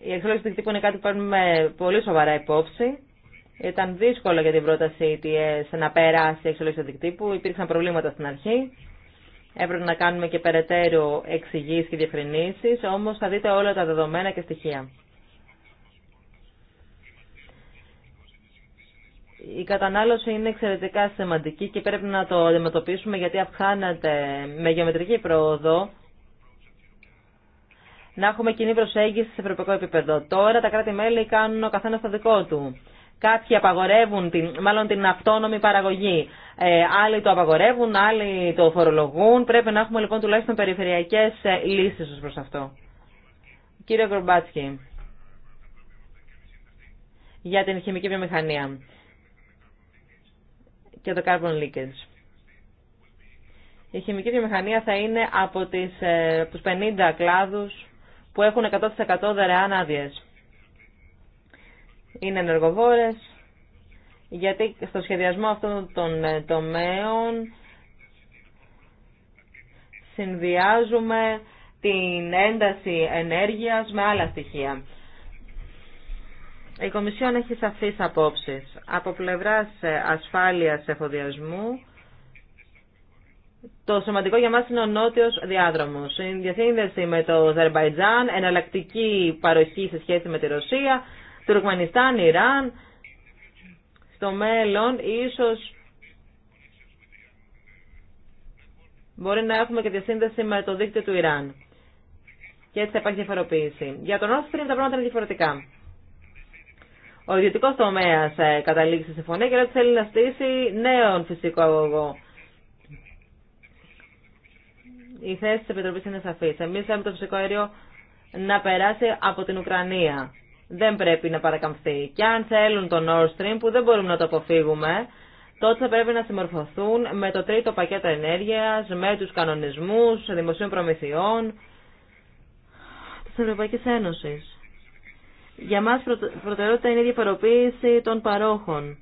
Η αξιολόγηση αντικτύπου είναι κάτι που παίρνουμε πολύ σοβαρά υπόψη. Ήταν δύσκολο για την πρόταση ETS να περάσει η αξιολόγηση αντικτύπου. Υπήρξαν προβλήματα στην αρχή. Έπρεπε να κάνουμε και περαιτέρω εξηγήσει και διευκρινήσει, όμω θα δείτε όλα τα δεδομένα και στοιχεία. η κατανάλωση είναι εξαιρετικά σημαντική και πρέπει να το αντιμετωπίσουμε γιατί αυξάνεται με γεωμετρική πρόοδο να έχουμε κοινή προσέγγιση σε ευρωπαϊκό επίπεδο. Τώρα τα κράτη-μέλη κάνουν ο καθένα το δικό του. Κάποιοι απαγορεύουν, την, μάλλον την αυτόνομη παραγωγή. Ε, άλλοι το απαγορεύουν, άλλοι το φορολογούν. Πρέπει να έχουμε λοιπόν τουλάχιστον περιφερειακές ε, λύσεις ω προς αυτό. Κύριε Γκρομπάτσκι, για την χημική βιομηχανία και το carbon leakage. Η χημική βιομηχανία θα είναι από τις, ε, τους 50 κλάδους που έχουν 100% δωρεάν άδειε. Είναι ενεργοβόρες, γιατί στο σχεδιασμό αυτών των ε, τομέων συνδυάζουμε την ένταση ενέργειας με άλλα στοιχεία. Η Κομισιόν έχει σαφείς απόψεις. Από πλευράς ε, ασφάλειας εφοδιασμού, το σημαντικό για μας είναι ο νότιος διάδρομος. Η διασύνδεση με το Αζερβαϊτζάν, εναλλακτική παροχή σε σχέση με τη Ρωσία, Τουρκμανιστάν, Ιράν. Στο μέλλον, ίσως μπορεί να έχουμε και διασύνδεση με το δίκτυο του Ιράν. Και έτσι θα υπάρχει διαφοροποίηση. Για τον Nord τα πράγματα είναι διαφορετικά ο ιδιωτικό τομέα ε, καταλήξει στη συμφωνία και λέει ότι θέλει να στήσει νέον φυσικό αγωγό. Η θέση τη Επιτροπή είναι σαφή. Εμεί θέλουμε το φυσικό αέριο να περάσει από την Ουκρανία. Δεν πρέπει να παρακαμφθεί. Και αν θέλουν τον Nord Stream, που δεν μπορούμε να το αποφύγουμε, τότε θα πρέπει να συμμορφωθούν με το τρίτο πακέτο ενέργεια, με του κανονισμού δημοσίων προμηθειών τη Ευρωπαϊκή Ένωση. Για μας προτεραιότητα είναι η διαφοροποίηση των παρόχων.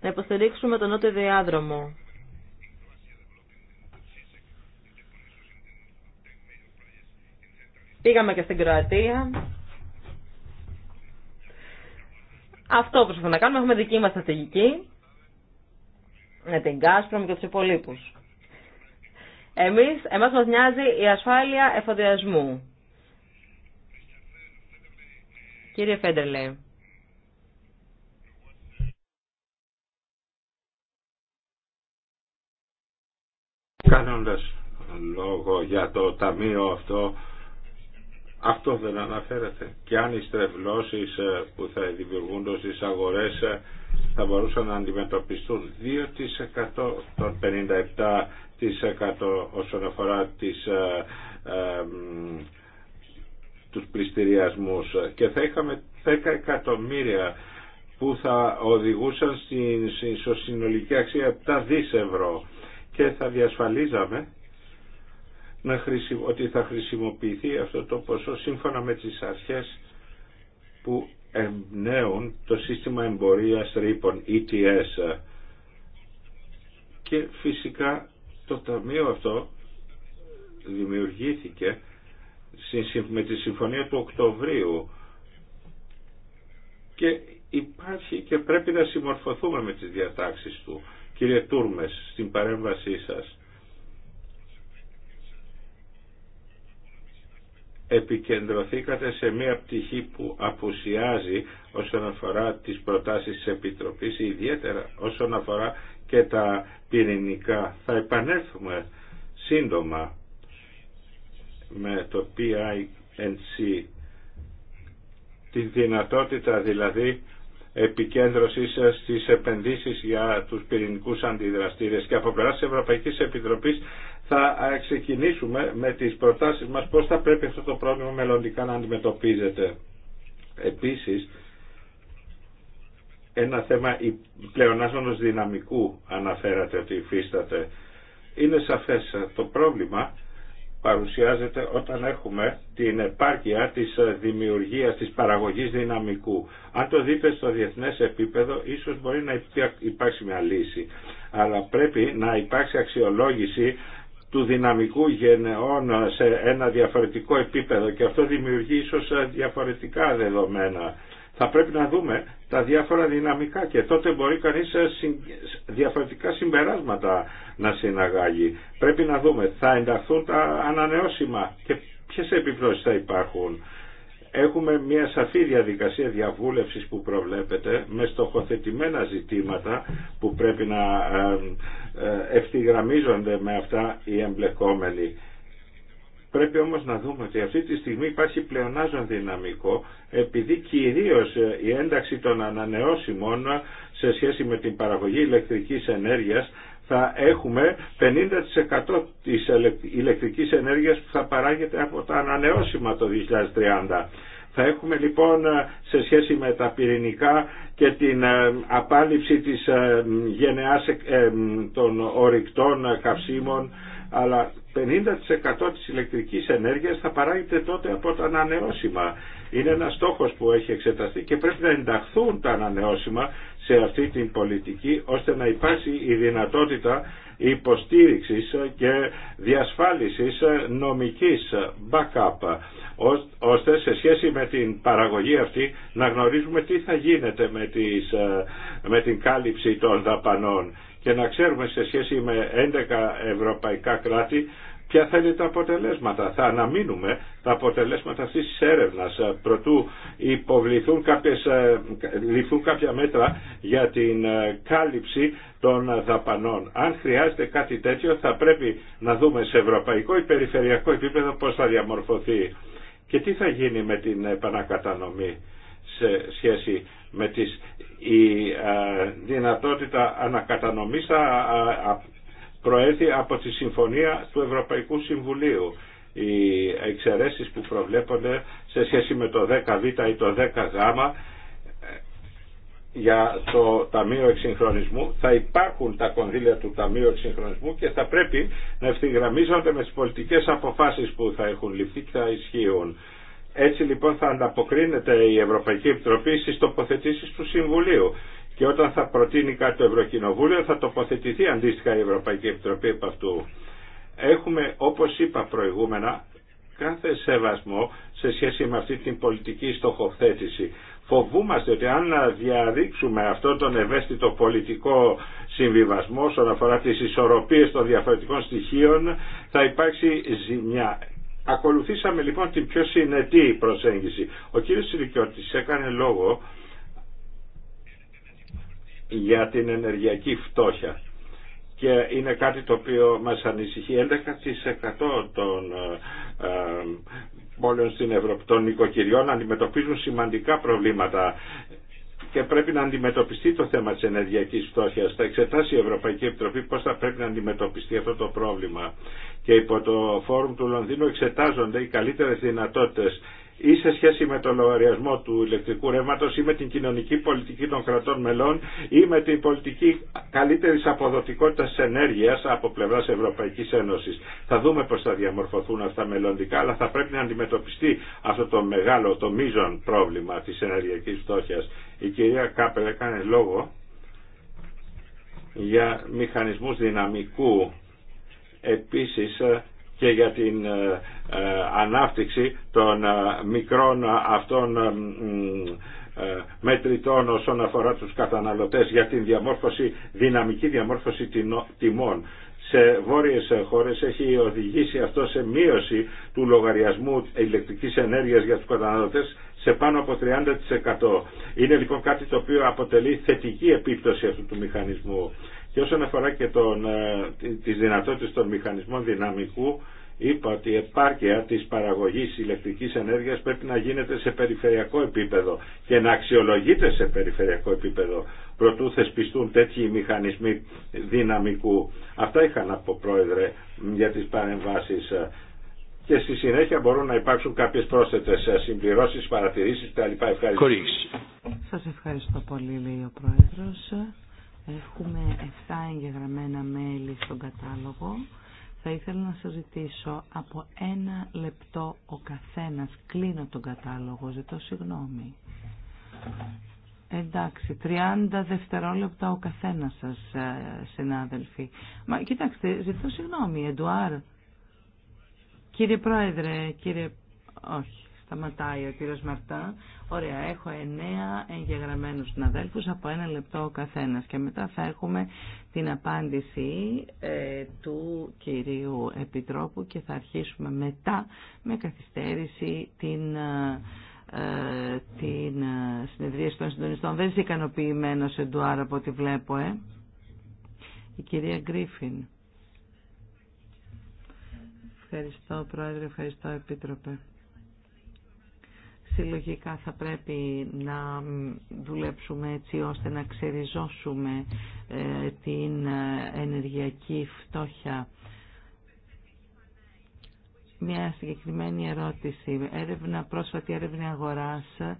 Να υποστηρίξουμε τον νότιο διάδρομο. Πήγαμε και στην Κροατία. Αυτό προσπαθούμε να κάνουμε. Έχουμε δική μας στρατηγική. Με την Gazprom και τους υπολείπους. Εμείς, εμάς μας νοιάζει η ασφάλεια εφοδιασμού. Κύριε Φέντερλε. Κάνοντας λόγο για το ταμείο αυτό, αυτό δεν αναφέρεται. Και αν οι στρεβλώσεις ε, που θα δημιουργούνται στις αγορές ε, θα μπορούσαν να αντιμετωπιστούν 2% των 57% όσον αφορά τις ε, τους πληστηριασμούς και θα είχαμε 10 εκατομμύρια που θα οδηγούσαν στην, συνολική αξία 7 δις ευρώ και θα διασφαλίζαμε να ότι θα χρησιμοποιηθεί αυτό το ποσό σύμφωνα με τις αρχές που εμπνέουν το σύστημα εμπορίας ρήπων ETS και φυσικά το ταμείο αυτό δημιουργήθηκε με τη συμφωνία του Οκτωβρίου και υπάρχει και πρέπει να συμμορφωθούμε με τις διατάξεις του. Κύριε Τούρμες, στην παρέμβασή σας επικεντρωθήκατε σε μία πτυχή που απουσιάζει όσον αφορά τις προτάσεις της Επιτροπής, ιδιαίτερα όσον αφορά και τα πυρηνικά. Θα επανέλθουμε σύντομα με το PINC τη δυνατότητα δηλαδή επικέντρωσης στις επενδύσεις για τους πυρηνικούς αντιδραστήρες και από πλευράς της Ευρωπαϊκής Επιτροπής θα ξεκινήσουμε με τις προτάσεις μας πώς θα πρέπει αυτό το πρόβλημα μελλοντικά να αντιμετωπίζεται. Επίσης, ένα θέμα πλεονάσματος δυναμικού αναφέρατε ότι υφίσταται. Είναι σαφές το πρόβλημα παρουσιάζεται όταν έχουμε την επάρκεια της δημιουργίας, της παραγωγής δυναμικού. Αν το δείτε στο διεθνές επίπεδο, ίσως μπορεί να υπάρξει μια λύση. Αλλά πρέπει να υπάρξει αξιολόγηση του δυναμικού γενεών σε ένα διαφορετικό επίπεδο και αυτό δημιουργεί ίσως διαφορετικά δεδομένα θα πρέπει να δούμε τα διάφορα δυναμικά και τότε μπορεί κανείς ε, διαφορετικά συμπεράσματα να συναγάγει. Πρέπει να δούμε, θα ενταχθούν τα ανανεώσιμα και ποιες επιπτώσεις θα υπάρχουν. Έχουμε μια σαφή διαδικασία διαβούλευσης που προβλέπεται με στοχοθετημένα ζητήματα που πρέπει να ε, ε, ευθυγραμμίζονται με αυτά οι εμπλεκόμενοι Πρέπει όμως να δούμε ότι αυτή τη στιγμή υπάρχει πλεονάζον δυναμικό επειδή κυρίως ε, η ένταξη των ανανεώσιμων ε, σε σχέση με την παραγωγή ηλεκτρικής ενέργειας θα έχουμε 50% της ηλεκτρικής ενέργειας που θα παράγεται από τα ανανεώσιμα το 2030. Θα έχουμε λοιπόν ε, σε σχέση με τα πυρηνικά και την απάλληψη της γενεάς των ορυκτών καυσίμων αλλά 50% της ηλεκτρικής ενέργειας θα παράγεται τότε από τα ανανεώσιμα. Είναι ένας στόχος που έχει εξεταστεί και πρέπει να ενταχθούν τα ανανεώσιμα σε αυτή την πολιτική ώστε να υπάρξει η δυνατότητα υποστήριξης και διασφάλισης νομικής backup ώστε σε σχέση με την παραγωγή αυτή να γνωρίζουμε τι θα γίνεται με, τις, ε, με την κάλυψη των δαπανών και να ξέρουμε σε σχέση με 11 ευρωπαϊκά κράτη ποια θα είναι τα αποτελέσματα. Θα αναμείνουμε τα αποτελέσματα αυτή τη έρευνα προτού υποβληθούν κάποιες, ε, κάποια μέτρα για την ε, κάλυψη των δαπανών. Αν χρειάζεται κάτι τέτοιο θα πρέπει να δούμε σε ευρωπαϊκό ή περιφερειακό επίπεδο πώς θα διαμορφωθεί και τι θα γίνει με την επανακατανομή σε σχέση με τις, η ε, δυνατότητα ανακατανομής θα ε, προέρθει από τη Συμφωνία του Ευρωπαϊκού Συμβουλίου. Οι εξαιρέσεις που προβλέπονται σε σχέση με το 10β ή το 10γ ε, για το Ταμείο Εξυγχρονισμού θα υπάρχουν τα κονδύλια του Ταμείου Εξυγχρονισμού και θα πρέπει να ευθυγραμμίζονται με τις πολιτικές αποφάσεις που θα έχουν ληφθεί και θα ισχύουν. Έτσι λοιπόν θα ανταποκρίνεται η Ευρωπαϊκή Επιτροπή στις τοποθετήσεις του Συμβουλίου και όταν θα προτείνει κάτι το Ευρωκοινοβούλιο θα τοποθετηθεί αντίστοιχα η Ευρωπαϊκή Επιτροπή από αυτού. Έχουμε όπως είπα προηγούμενα κάθε σεβασμό σε σχέση με αυτή την πολιτική στοχοθέτηση. Φοβούμαστε ότι αν διαδείξουμε αυτό τον ευαίσθητο πολιτικό συμβιβασμό όσον αφορά τις ισορροπίες των διαφορετικών στοιχείων θα υπάρξει ζημιά. Ακολουθήσαμε λοιπόν την πιο συνετή προσέγγιση. Ο κύριος Σιλικιώτης έκανε λόγο για την ενεργειακή φτώχεια και είναι κάτι το οποίο μας ανησυχεί 11% των ε, ε, πόλεων στην Ευρώπη των νοικοκυριών αντιμετωπίζουν σημαντικά προβλήματα και πρέπει να αντιμετωπιστεί το θέμα της ενεργειακής φτώχειας. Θα εξετάσει η Ευρωπαϊκή Επιτροπή πώς θα πρέπει να αντιμετωπιστεί αυτό το πρόβλημα. Και υπό το φόρουμ του Λονδίνου εξετάζονται οι καλύτερες δυνατότητες ή σε σχέση με το λογαριασμό του ηλεκτρικού ρεύματο ή με την κοινωνική πολιτική των κρατών μελών ή με την πολιτική καλύτερη αποδοτικότητα ενέργεια από πλευρά Ευρωπαϊκή Ένωση. Θα δούμε πώ θα διαμορφωθούν αυτά μελλοντικά, αλλά θα πρέπει να αντιμετωπιστεί αυτό το μεγάλο, το μείζον πρόβλημα τη ενεργειακή φτώχεια. Η κυρία Κάπελ έκανε λόγο για μηχανισμούς δυναμικού επίσης και για την ε, ε, ανάπτυξη των ε, μικρών αυτών μετρητών όσον αφορά τους καταναλωτές για την διαμόρφωση, δυναμική διαμόρφωση τιμών. Σε βόρειες χώρες έχει οδηγήσει αυτό σε μείωση του λογαριασμού ηλεκτρικής ενέργειας για τους καταναλωτές σε πάνω από 30%. Είναι λοιπόν κάτι το οποίο αποτελεί θετική επίπτωση αυτού του μηχανισμού. Και όσον αφορά και τον, ε, τις δυνατότητες των μηχανισμών δυναμικού, είπα ότι η επάρκεια της παραγωγής ηλεκτρικής ενέργειας πρέπει να γίνεται σε περιφερειακό επίπεδο και να αξιολογείται σε περιφερειακό επίπεδο προτού θεσπιστούν τέτοιοι μηχανισμοί δυναμικού. Αυτά είχα να πω πρόεδρε για τις παρεμβάσεις ε, και στη συνέχεια μπορούν να υπάρξουν κάποιες πρόσθετες ε, συμπληρώσεις, παρατηρήσεις κτλ. Ευχαριστώ. Σας ευχαριστώ πολύ λέει ο Πρόεδρος. Έχουμε 7 εγγεγραμμένα μέλη στον κατάλογο. Θα ήθελα να σας ζητήσω από ένα λεπτό ο καθένας. Κλείνω τον κατάλογο, ζητώ συγγνώμη. Εντάξει, 30 δευτερόλεπτα ο καθένας σας, ε, συνάδελφοι. Μα κοιτάξτε, ζητώ συγγνώμη, Εντουάρ. Κύριε Πρόεδρε, κύριε... Όχι, σταματάει ο κύριος Μαρτά. Ωραία, έχω εννέα εγγεγραμμένους συναδέλφους από ένα λεπτό ο καθένας και μετά θα έχουμε την απάντηση ε, του κυρίου Επιτρόπου και θα αρχίσουμε μετά με καθυστέρηση την ε, την ε, συνεδρίαση των συντονιστών. Δεν είσαι ικανοποιημένο, Εντουάρ, από ό,τι βλέπω, ε. Η κυρία Γκρίφιν. Ευχαριστώ, Πρόεδρε, ευχαριστώ, Επίτροπε συλλογικά θα πρέπει να δουλέψουμε έτσι ώστε να ξεριζώσουμε ε, την ε, ενεργειακή φτώχεια. Μια συγκεκριμένη ερώτηση. Έρευνα, πρόσφατη έρευνα αγοράς ε,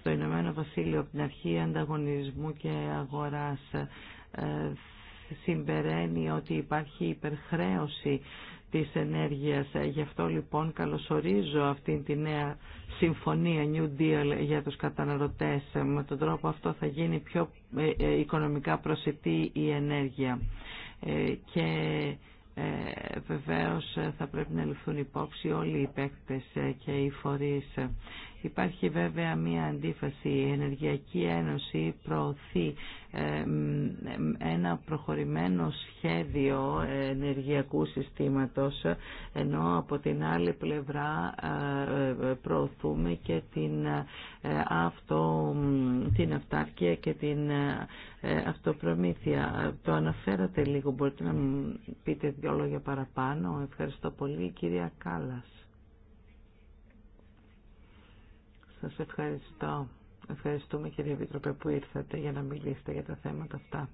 στο Ηνωμένο Βασίλειο από την αρχή ανταγωνισμού και αγοράς συμπεραίνει ότι υπάρχει υπερχρέωση της ενέργειας. Ε, γι' αυτό λοιπόν καλωσορίζω αυτή τη νέα συμφωνία New Deal για τους καταναλωτές. Ε, με τον τρόπο αυτό θα γίνει πιο ε, οικονομικά προσιτή η ενέργεια. Και βεβαίως θα πρέπει να ληφθούν υπόψη όλοι οι παίκτες και οι φορείς. Υπάρχει βέβαια μία αντίφαση. Η Ενεργειακή Ένωση προωθεί ε, ένα προχωρημένο σχέδιο ενεργειακού συστήματος, ενώ από την άλλη πλευρά ε, ε, προωθούμε και την, αυτο, την αυτάρκεια και την αυτοπρομήθεια. Το αναφέρατε λίγο, μπορείτε να πείτε δυο λόγια παραπάνω. Ευχαριστώ πολύ, κυρία Κάλλας. Σας ευχαριστώ. Ευχαριστούμε κύριε Επίτροπε που ήρθατε για να μιλήσετε για τα θέματα αυτά.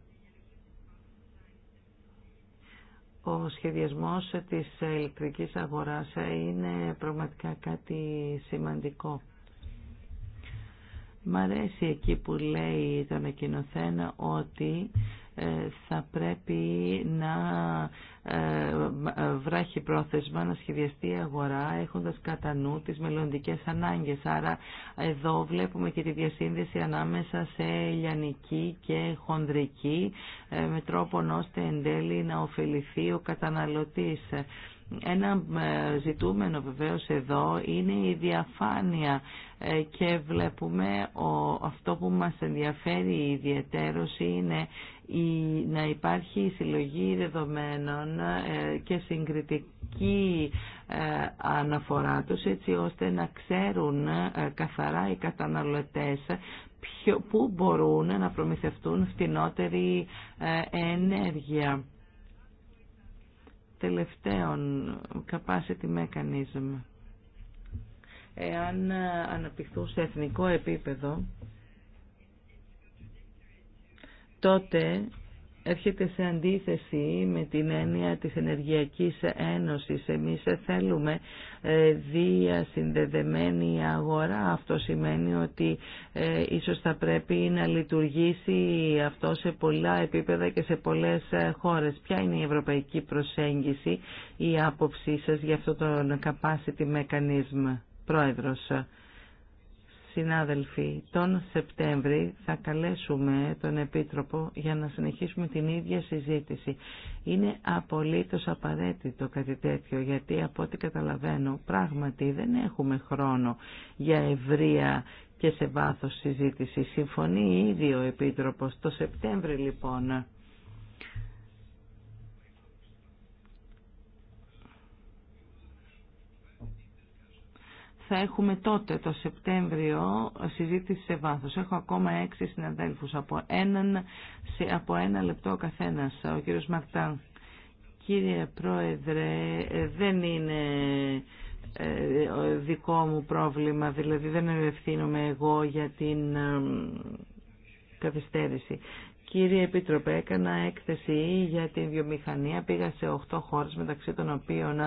Ο σχεδιασμός της ηλεκτρικής αγοράς είναι πραγματικά κάτι σημαντικό. Μ' αρέσει εκεί που λέει το δανακοινοθένα ότι ε, θα πρέπει να ε, βράχει πρόθεσμα να σχεδιαστεί η αγορά έχοντας κατά νου τις μελλοντικές ανάγκες. Άρα εδώ βλέπουμε και τη διασύνδεση ανάμεσα σε λιανική και χονδρική ε, με τρόπο ώστε εν τέλει να ωφεληθεί ο καταναλωτής. Ένα ζητούμενο βεβαίως εδώ είναι η διαφάνεια και βλέπουμε αυτό που μας ενδιαφέρει ιδιαιτέρωση είναι να υπάρχει συλλογή δεδομένων ε, και συγκριτική ε, αναφορά τους έτσι ώστε να ξέρουν ε, καθαρά οι καταναλωτές πού μπορούν να προμηθευτούν φτηνότερη ενέργεια. Τελευταίον, capacity mechanism. Εάν αναπτυχθούν σε εθνικό επίπεδο, τότε έρχεται σε αντίθεση με την έννοια της Ενεργειακής Ένωσης. Εμείς θέλουμε ε, διασυνδεδεμένη αγορά. Αυτό σημαίνει ότι ε, ίσως θα πρέπει να λειτουργήσει αυτό σε πολλά επίπεδα και σε πολλές ε, χώρες. Ποια είναι η ευρωπαϊκή προσέγγιση, η άποψή σας για αυτό το capacity mechanism, πρόεδρος. Συνάδελφοι, τον Σεπτέμβρη θα καλέσουμε τον Επίτροπο για να συνεχίσουμε την ίδια συζήτηση. Είναι απολύτως απαραίτητο κάτι τέτοιο, γιατί από ό,τι καταλαβαίνω πράγματι δεν έχουμε χρόνο για ευρεία και σε βάθος συζήτηση. Συμφωνεί ήδη ο Επίτροπος. Το Σεπτέμβρη λοιπόν θα έχουμε τότε το Σεπτέμβριο συζήτηση σε βάθος. Έχω ακόμα έξι συναδέλφους από, έναν, από ένα λεπτό ο καθένας. Ο κύριος Μαρτάν. Κύριε Πρόεδρε, δεν είναι ε, δικό μου πρόβλημα, δηλαδή δεν ευθύνομαι εγώ για την καθυστέρηση. Κύριε Επίτροπε, έκανα έκθεση για την βιομηχανία. Πήγα σε 8 χώρες, μεταξύ των οποίων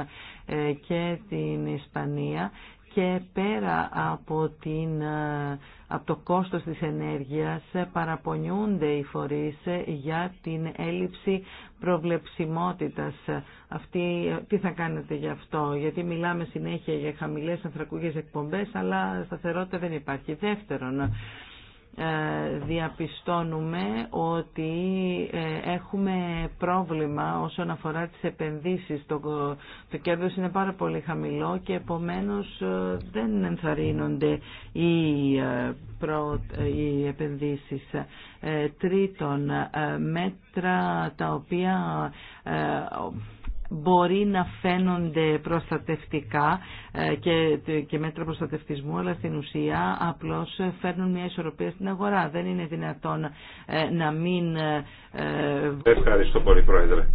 ε, και την Ισπανία και πέρα από, την, ε, το κόστος της ενέργειας ε, παραπονιούνται οι φορείς ε, για την έλλειψη προβλεψιμότητας. Αυτή, τι θα κάνετε γι' αυτό, γιατί μιλάμε συνέχεια για χαμηλές ανθρακούγες εκπομπές, αλλά σταθερότητα δεν υπάρχει. Δεύτερον, ε, διαπιστώνουμε ότι ε, έχουμε πρόβλημα όσον αφορά τις επενδύσεις. Το, το κέρδος είναι πάρα πολύ χαμηλό και επομένως ε, δεν ενθαρρύνονται οι, προ, οι επενδύσεις. Τρίτον, μέτρα τα οποία μπορεί να φαίνονται προστατευτικά ε, και, και μέτρα προστατευτισμού, αλλά στην ουσία απλώς φέρνουν μια ισορροπία στην αγορά. Δεν είναι δυνατόν ε, να μην... Ε, Ευχαριστώ πολύ Πρόεδρε.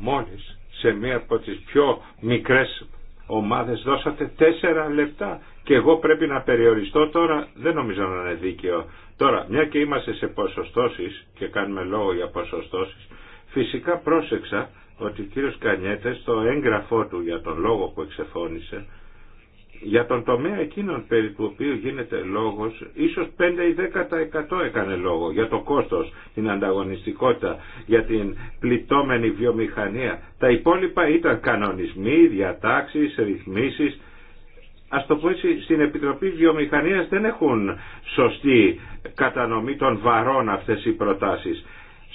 Μόλις σε μία από τις πιο μικρές ομάδες δώσατε τέσσερα λεπτά και εγώ πρέπει να περιοριστώ τώρα, δεν νομίζω να είναι δίκαιο. Τώρα, μια και είμαστε σε ποσοστώσεις και κάνουμε λόγο για ποσοστώσεις, φυσικά πρόσεξα ότι ο κύριος Κανιέτε στο έγγραφό του για τον λόγο που εξεφώνησε για τον τομέα εκείνον περί του οποίου γίνεται λόγος, ίσως 5 ή 10% έκανε λόγο για το κόστος, την ανταγωνιστικότητα, για την πληττόμενη βιομηχανία. Τα υπόλοιπα ήταν κανονισμοί, διατάξεις, ρυθμίσεις. Ας το πω έτσι, στην Επιτροπή Βιομηχανίας δεν έχουν σωστή κατανομή των βαρών αυτές οι προτάσεις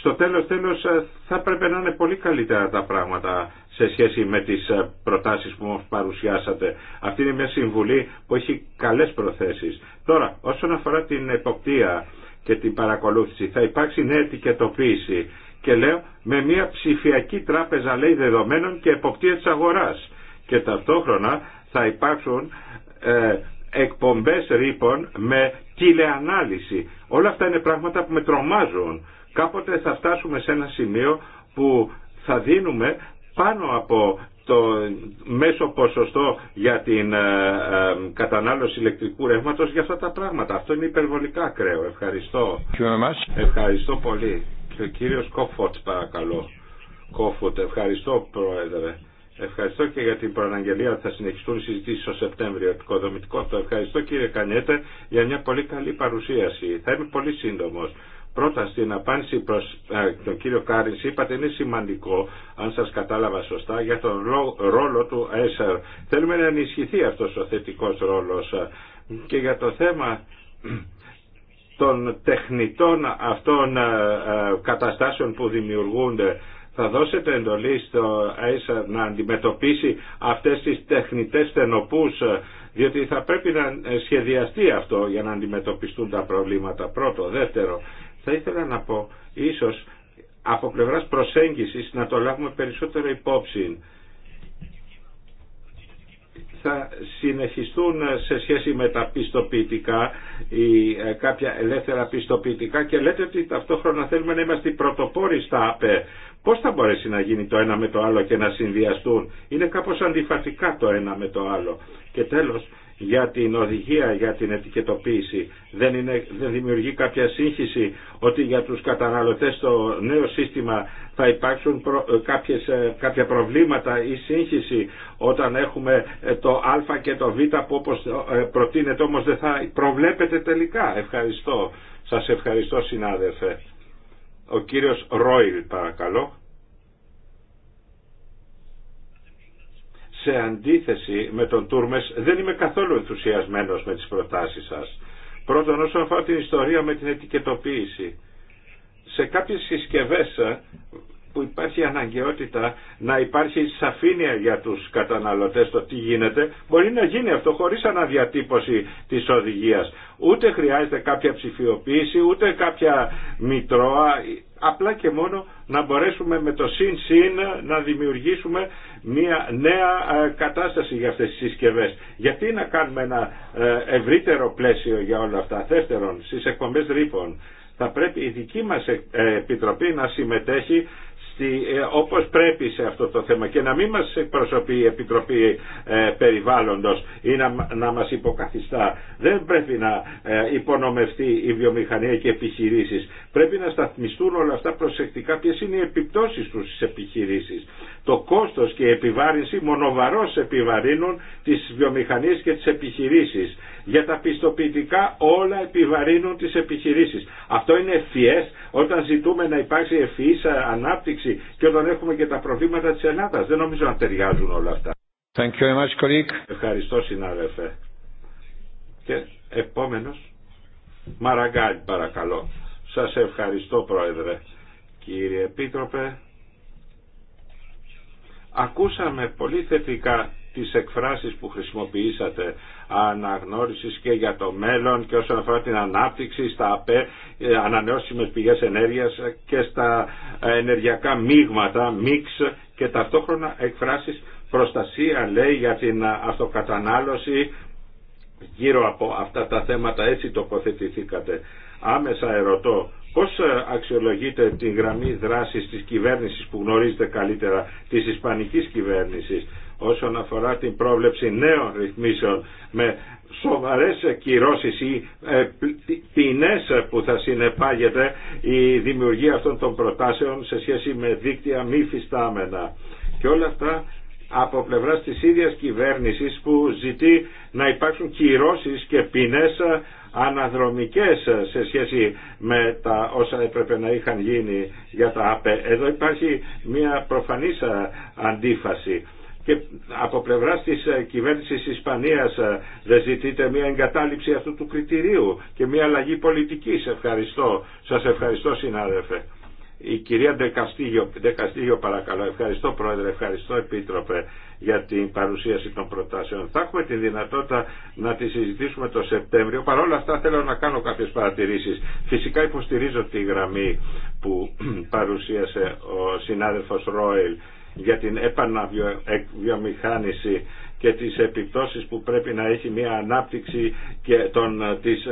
στο τέλος τέλος ε, θα πρέπει να είναι πολύ καλύτερα τα πράγματα σε σχέση με τις ε, προτάσεις που μας παρουσιάσατε. Αυτή είναι μια συμβουλή που έχει καλές προθέσεις. Τώρα, όσον αφορά την εποπτεία και την παρακολούθηση, θα υπάρξει νέα ετικετοποίηση και λέω με μια ψηφιακή τράπεζα λέει δεδομένων και εποπτεία της αγοράς και ταυτόχρονα θα υπάρξουν ε, εκπομπές ρήπων με τηλεανάλυση. Όλα αυτά είναι πράγματα που με τρομάζουν Κάποτε θα φτάσουμε σε ένα σημείο που θα δίνουμε πάνω από το μέσο ποσοστό για την ε, ε, κατανάλωση ηλεκτρικού ρεύματος για αυτά τα πράγματα. Αυτό είναι υπερβολικά ακραίο. Ευχαριστώ. Ευχαριστώ πολύ. Και ο κύριος Κόφωτ παρακαλώ. Κόφωτ, ευχαριστώ πρόεδρε. Ευχαριστώ και για την προαναγγελία ότι θα συνεχιστούν οι συζητήσει το Σεπτέμβριο. Επικοδομητικό Ευχαριστώ κύριε Κανιέτε για μια πολύ καλή παρουσίαση. Θα είμαι πολύ σύντομο. Πρώτα στην απάντηση προς ε, τον κύριο Κάρινς είπατε είναι σημαντικό, αν σας κατάλαβα σωστά, για τον ρόλο του ΕΣΑΡ. Θέλουμε να ενισχυθεί αυτός ο θετικός ρόλος και για το θέμα των τεχνητών αυτών ε, ε, καταστάσεων που δημιουργούνται θα δώσετε εντολή στο ΑΕΣΑΡ να αντιμετωπίσει αυτές τις τεχνητές στενοπούς διότι θα πρέπει να σχεδιαστεί αυτό για να αντιμετωπιστούν τα προβλήματα. Πρώτο. Δεύτερο, θα ήθελα να πω, ίσως από πλευράς προσέγγισης να το λάβουμε περισσότερο υπόψη. Θα συνεχιστούν σε σχέση με τα πιστοποιητικά ή ε, κάποια ελεύθερα πιστοποιητικά και λέτε ότι ταυτόχρονα θέλουμε να είμαστε πρωτοπόροι στα ΑΠΕ. Πώς θα μπορέσει να γίνει το ένα με το άλλο και να συνδυαστούν. Είναι κάπως αντιφατικά το ένα με το άλλο. Και τέλος, για την οδηγία για την ετικετοποίηση δεν, είναι, δεν δημιουργεί κάποια σύγχυση ότι για τους καταναλωτές το νέο σύστημα θα υπάρξουν ε, κάποιες, ε, κάποια προβλήματα ή σύγχυση όταν έχουμε ε, το α και το β που όπως προτείνεται όμως δεν θα προβλέπεται τελικά. Ευχαριστώ. Σας ευχαριστώ συνάδελφε. Ο κύριος Ρόιλ παρακαλώ. σε αντίθεση με τον Τούρμες δεν είμαι καθόλου ενθουσιασμένος με τις προτάσεις σας. Πρώτον όσον αφορά την ιστορία με την ετικετοποίηση. Σε κάποιες συσκευές ε, που υπάρχει αναγκαιότητα να υπάρχει σαφήνεια για τους καταναλωτές το τι γίνεται, μπορεί να γίνει αυτό χωρίς αναδιατύπωση της οδηγίας. Ούτε χρειάζεται κάποια ψηφιοποίηση, ούτε κάποια μητρώα, απλά και μόνο να μπορέσουμε με το συν-συν να δημιουργήσουμε μια νέα ε, κατάσταση για αυτές τις συσκευές. Γιατί να κάνουμε ένα ε, ευρύτερο πλαίσιο για όλα αυτά. Δεύτερον, στις εκπομπές ρήπων θα πρέπει η δική μας ε, Επιτροπή να συμμετέχει στη, ε, όπως πρέπει σε αυτό το θέμα και να μην μας εκπροσωπεί η Επιτροπή ε, Περιβάλλοντος ή να, μας υποκαθιστά. Δεν πρέπει να ε, υπονομευτεί η βιομηχανία και οι επιχειρήσεις. Πρέπει να σταθμιστούν όλα αυτά προσεκτικά ποιες είναι οι επιπτώσεις τους στις επιχειρήσεις. Το κόστος και η επιβάρυνση μονοβαρός επιβαρύνουν τις βιομηχανίες και τις επιχειρήσεις. Για τα πιστοποιητικά όλα επιβαρύνουν τις επιχειρήσεις. Αυτό είναι ευφυές όταν ζητούμε να υπάρξει ευφυής ανάπτυξη και όταν έχουμε και τα προβλήματα της Ελλάδας. Δεν νομίζω να ταιριάζουν όλα αυτά. Thank you very much, Ευχαριστώ συνάδελφε. Και επόμενος. Μαραγκάλ παρακαλώ. Σας ευχαριστώ πρόεδρε. Κύριε Επίτροπε, ακούσαμε πολύ θετικά τις εκφράσεις που χρησιμοποιήσατε αναγνώρισης και για το μέλλον και όσον αφορά την ανάπτυξη στα ΑΠΕ, ε, ανανεώσιμες πηγές ενέργειας και στα ε, ενεργειακά μείγματα, μίξ και ταυτόχρονα εκφράσεις προστασία λέει για την αυτοκατανάλωση γύρω από αυτά τα θέματα έτσι τοποθετηθήκατε. Άμεσα ερωτώ πώς ε, αξιολογείτε την γραμμή δράσης της κυβέρνησης που γνωρίζετε καλύτερα της Ισπανικής κυβέρνησης όσον αφορά την πρόβλεψη νέων ρυθμίσεων με σοβαρές κυρώσεις ή ε, ποινές που θα συνεπάγεται η δημιουργία αυτών των προτάσεων σε σχέση με δίκτυα μη φυστάμενα. Και όλα αυτά από πλευράς της ίδιας κυβέρνησης που ζητεί να υπάρξουν κυρώσεις και ποινές αναδρομικές σε σχέση με τα όσα έπρεπε να είχαν γίνει για τα ΑΠΕ. Εδώ υπάρχει μια προφανής ε, αντίφαση και από πλευράς της ε, κυβέρνησης της Ισπανίας ε, δεν ζητείτε μια εγκατάλειψη αυτού του κριτηρίου και μια αλλαγή πολιτικής. Ευχαριστώ. Σας ευχαριστώ συνάδελφε. Η κυρία Ντεκαστήγιο, παρακαλώ. Ευχαριστώ Πρόεδρε, ευχαριστώ Επίτροπε για την παρουσίαση των προτάσεων. Θα έχουμε τη δυνατότητα να τη συζητήσουμε το Σεπτέμβριο. Παρ' όλα αυτά θέλω να κάνω κάποιες παρατηρήσεις. Φυσικά υποστηρίζω τη γραμμή που παρουσίασε ο συνάδελφος Ρόιλ για την επαναβιομηχάνηση και τις επιπτώσεις που πρέπει να έχει μια ανάπτυξη και των, της,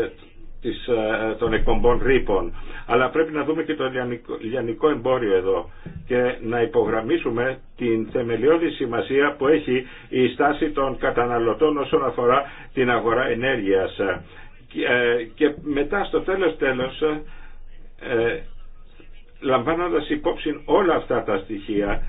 των εκπομπών ρήπων. Αλλά πρέπει να δούμε και το λιανικό, εμπόριο εδώ και να υπογραμμίσουμε την θεμελιώδη σημασία που έχει η στάση των καταναλωτών όσον αφορά την αγορά ενέργειας. Και, ε, μετά στο τέλος τέλος ε, λαμβάνοντας υπόψη όλα αυτά τα στοιχεία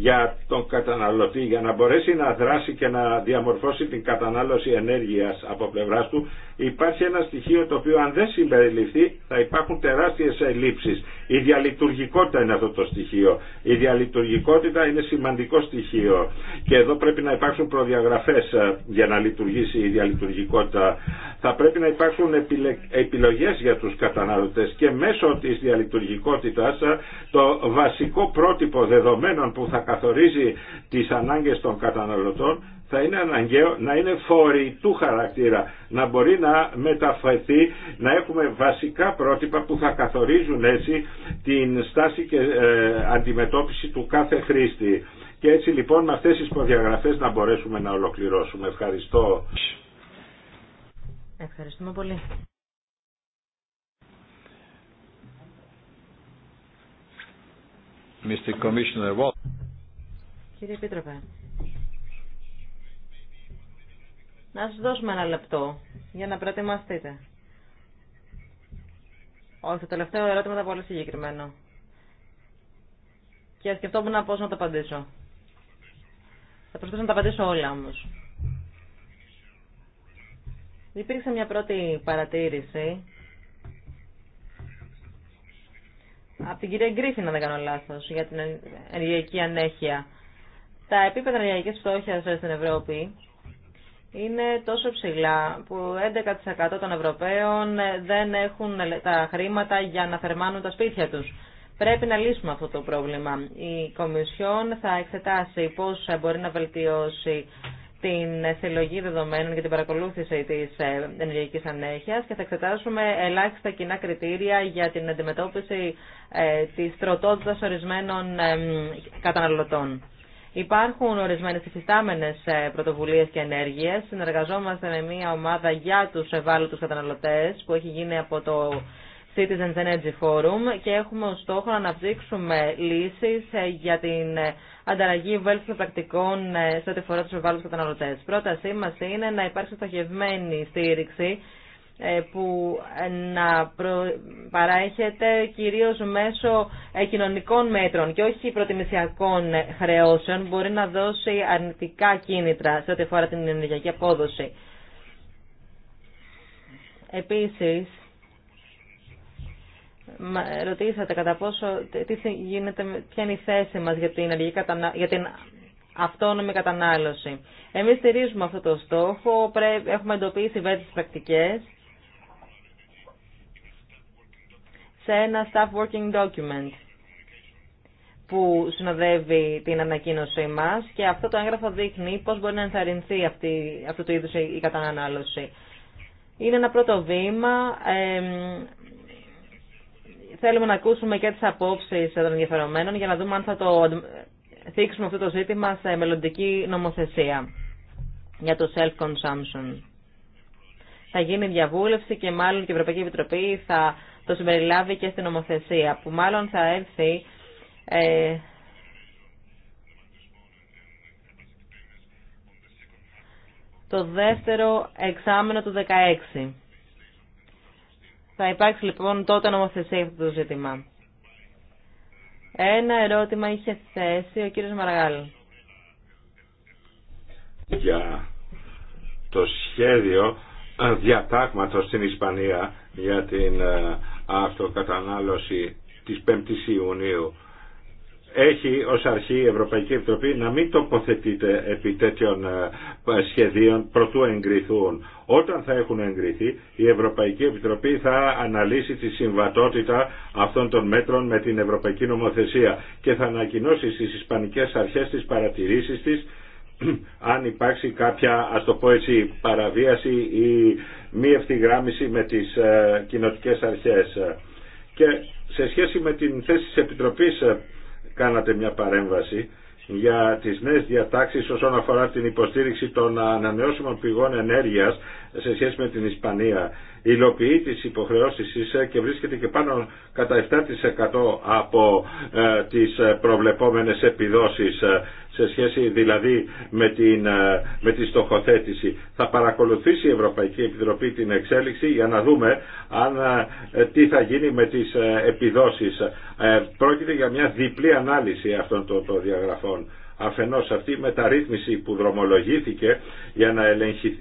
για τον καταναλωτή για να μπορέσει να δράσει και να διαμορφώσει την κατανάλωση ενέργειας από πλευράς του υπάρχει ένα στοιχείο το οποίο αν δεν συμπεριληφθεί θα υπάρχουν τεράστιες ελλείψεις. Η διαλειτουργικότητα είναι αυτό το στοιχείο. Η διαλειτουργικότητα είναι σημαντικό στοιχείο και εδώ πρέπει να υπάρξουν προδιαγραφές ε, για να λειτουργήσει η διαλειτουργικότητα. Θα πρέπει να υπάρξουν επιλογές για τους καταναλωτές και μέσω της διαλειτουργικότητας ε, το βασικό πρότυπο δεδομένων που θα καθορίζει τις ανάγκες των καταναλωτών θα είναι αναγκαίο να είναι φορητού χαρακτήρα, να μπορεί να μεταφερθεί, να έχουμε βασικά πρότυπα που θα καθορίζουν έτσι την στάση και ε, αντιμετώπιση του κάθε χρήστη. Και έτσι λοιπόν με αυτές τις προδιαγραφές να μπορέσουμε να ολοκληρώσουμε. Ευχαριστώ. Ευχαριστούμε πολύ. Mr. Commissioner Κύριε Επίτροπε, να σας δώσουμε ένα λεπτό για να προετοιμαστείτε. Όχι, το τελευταίο ερώτημα ήταν πολύ συγκεκριμένο. Και σκεφτόμουν πώς να το απαντήσω. Θα προσπαθήσω να τα απαντήσω όλα όμως. Υπήρξε μια πρώτη παρατήρηση από την κυρία Γκρίφιν, αν δεν κάνω λάθος, για την ενεργειακή ανέχεια τα επίπεδα ενεργειακής φτώχεια στην Ευρώπη είναι τόσο ψηλά που 11% των Ευρωπαίων δεν έχουν τα χρήματα για να θερμάνουν τα σπίτια τους. Πρέπει να λύσουμε αυτό το πρόβλημα. Η Κομισιόν θα εξετάσει πώς μπορεί να βελτιώσει την συλλογή δεδομένων για την παρακολούθηση της ε, ενεργειακής ανέχειας και θα εξετάσουμε ελάχιστα κοινά κριτήρια για την αντιμετώπιση ε, της τροτότητας ορισμένων ε, καταναλωτών. Υπάρχουν ορισμένες υφιστάμενες ε, πρωτοβουλίες και ενέργειες. Συνεργαζόμαστε με μια ομάδα για τους ευάλωτους καταναλωτές που έχει γίνει από το Citizens Energy Forum και έχουμε ως στόχο να αναπτύξουμε λύσεις ε, για την ε, ανταλλαγή βέλτιστων πρακτικών σε ό,τι φορά τους ευάλωτους καταναλωτές. Πρότασή μας είναι να υπάρξει στοχευμένη στήριξη ε, που ε, να παραέχεται κυρίως μέσω ε, κοινωνικών μέτρων και όχι προτιμησιακών χρεώσεων μπορεί να δώσει αρνητικά κίνητρα σε ό,τι αφορά την ενεργειακή απόδοση. Επίσης, ρωτήσατε κατά πόσο, τι γίνεται, ποια είναι η θέση μας για την, για την αυτόνομη κατανάλωση. Εμείς στηρίζουμε αυτό το στόχο, έχουμε εντοπίσει βέβαιες πρακτικές σε ένα staff working document που συνοδεύει την ανακοίνωσή μας και αυτό το έγγραφο δείχνει πώς μπορεί να ενθαρρυνθεί αυτή, αυτού του είδους η κατανάλωση. Είναι ένα πρώτο βήμα. θέλουμε να ακούσουμε και τις απόψεις των ενδιαφερομένων για να δούμε αν θα το θίξουμε αυτό το ζήτημα σε μελλοντική νομοθεσία για το self-consumption. Θα γίνει διαβούλευση και μάλλον και η Ευρωπαϊκή Επιτροπή θα το συμπεριλάβει και στην νομοθεσία, που μάλλον θα έρθει ε, το δεύτερο εξάμενο του 16. Θα υπάρξει λοιπόν τότε νομοθεσία αυτό το ζήτημα. Ένα ερώτημα είχε θέσει ο κύριος Μαραγάλη. Για το σχέδιο ε, διατάγματος στην Ισπανία για την ε, αυτοκατανάλωση της 5ης Ιουνίου έχει ως αρχή η Ευρωπαϊκή Επιτροπή να μην τοποθετείται επί τέτοιων ε, σχεδίων προτού εγκριθούν. Όταν θα έχουν εγκριθεί, η Ευρωπαϊκή Επιτροπή θα αναλύσει τη συμβατότητα αυτών των μέτρων με την Ευρωπαϊκή Νομοθεσία και θα ανακοινώσει στις Ισπανικές Αρχές τις παρατηρήσεις της αν υπάρξει κάποια ας το πω έτσι παραβίαση ή μη ευθυγράμμιση με τις ε, κοινοτικές αρχές. Και σε σχέση με την θέση της Επιτροπής ε, κάνατε μια παρέμβαση για τις νέες διατάξεις όσον αφορά την υποστήριξη των ανανεώσιμων πηγών ενέργειας σε σχέση με την Ισπανία υλοποιεί τις υποχρεώσεις της και βρίσκεται και πάνω κατά 7% από ε, τις προβλεπόμενες επιδόσεις ε, σε σχέση δηλαδή με, την, ε, με τη στοχοθέτηση. Θα παρακολουθήσει η Ευρωπαϊκή Επιτροπή την εξέλιξη για να δούμε αν, τι θα γίνει με τις επιδόσεις. Πρόκειται για μια διπλή ανάλυση αυτών των διαγραφών. Αφενός αυτή η μεταρρύθμιση που δρομολογήθηκε για να,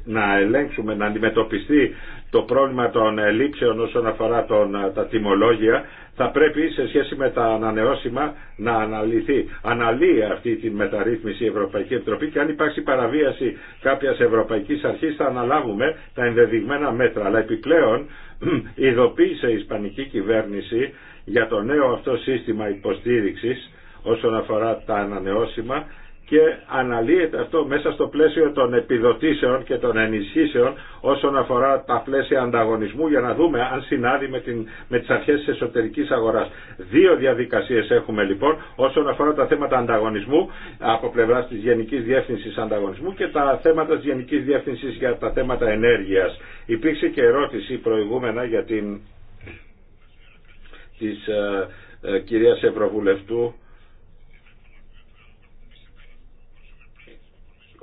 να ελέγξουμε, να αντιμετωπιστεί το πρόβλημα των ελλείψεων όσον αφορά τον, τα τιμολόγια θα πρέπει σε σχέση με τα ανανεώσιμα να αναλυθεί. Αναλύει αυτή τη μεταρρύθμιση η Ευρωπαϊκή Επιτροπή και αν υπάρξει παραβίαση κάποιας ευρωπαϊκής αρχής θα αναλάβουμε τα ενδεδειγμένα μέτρα. Αλλά επιπλέον ειδοποίησε η Ισπανική κυβέρνηση για το νέο αυτό σύστημα υποστήριξης όσον αφορά τα ανανεώσιμα και αναλύεται αυτό μέσα στο πλαίσιο των επιδοτήσεων και των ενισχύσεων όσον αφορά τα πλαίσια ανταγωνισμού για να δούμε αν συνάδει με, την, με τις αρχές της εσωτερικής αγοράς. Δύο διαδικασίες έχουμε λοιπόν όσον αφορά τα θέματα ανταγωνισμού από πλευράς της Γενικής Διεύθυνσης Ανταγωνισμού και τα θέματα της Γενικής Διεύθυνσης για τα θέματα ενέργειας. Υπήρξε και ερώτηση προηγούμενα για την της ε, ε κυρίας Ευρωβουλευτού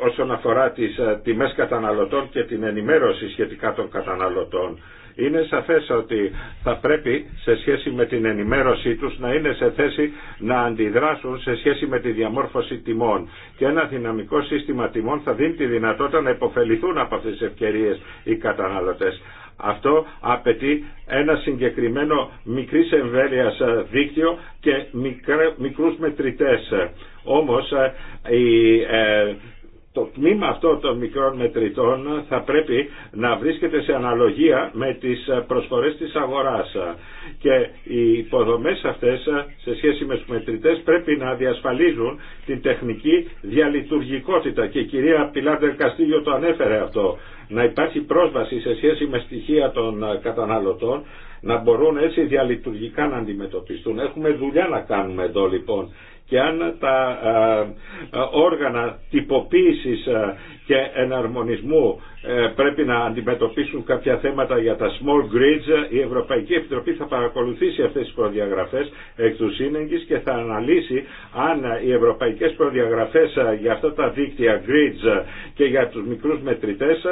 όσον αφορά τις ε, τιμές καταναλωτών και την ενημέρωση σχετικά των καταναλωτών. Είναι σαφές ότι θα πρέπει σε σχέση με την ενημέρωσή τους να είναι σε θέση να αντιδράσουν σε σχέση με τη διαμόρφωση τιμών. Και ένα δυναμικό σύστημα τιμών θα δίνει τη δυνατότητα να υποφεληθούν από αυτές τις ευκαιρίες οι καταναλωτές. Αυτό απαιτεί ένα συγκεκριμένο μικρής εμβέλειας ε, δίκτυο και μικρούς μετρητές. Όμως ε, η το τμήμα αυτό των μικρών μετρητών θα πρέπει να βρίσκεται σε αναλογία με τις προσφορές της αγοράς και οι υποδομές αυτές σε σχέση με τους μετρητές πρέπει να διασφαλίζουν την τεχνική διαλειτουργικότητα και η κυρία Πιλάντερ Καστίγιο το ανέφερε αυτό να υπάρχει πρόσβαση σε σχέση με στοιχεία των καταναλωτών να μπορούν έτσι διαλειτουργικά να αντιμετωπιστούν. Έχουμε δουλειά να κάνουμε εδώ λοιπόν και αν τα ε, ε, όργανα τυποποίησης ε, και εναρμονισμού πρέπει να αντιμετωπίσουν κάποια θέματα για τα small grids, η Ευρωπαϊκή Επιτροπή θα παρακολουθήσει αυτές τις προδιαγραφές εκ του σύνεγγης και θα αναλύσει αν οι ευρωπαϊκές προδιαγραφές για αυτά τα δίκτυα grids και για τους μικρούς μετρητές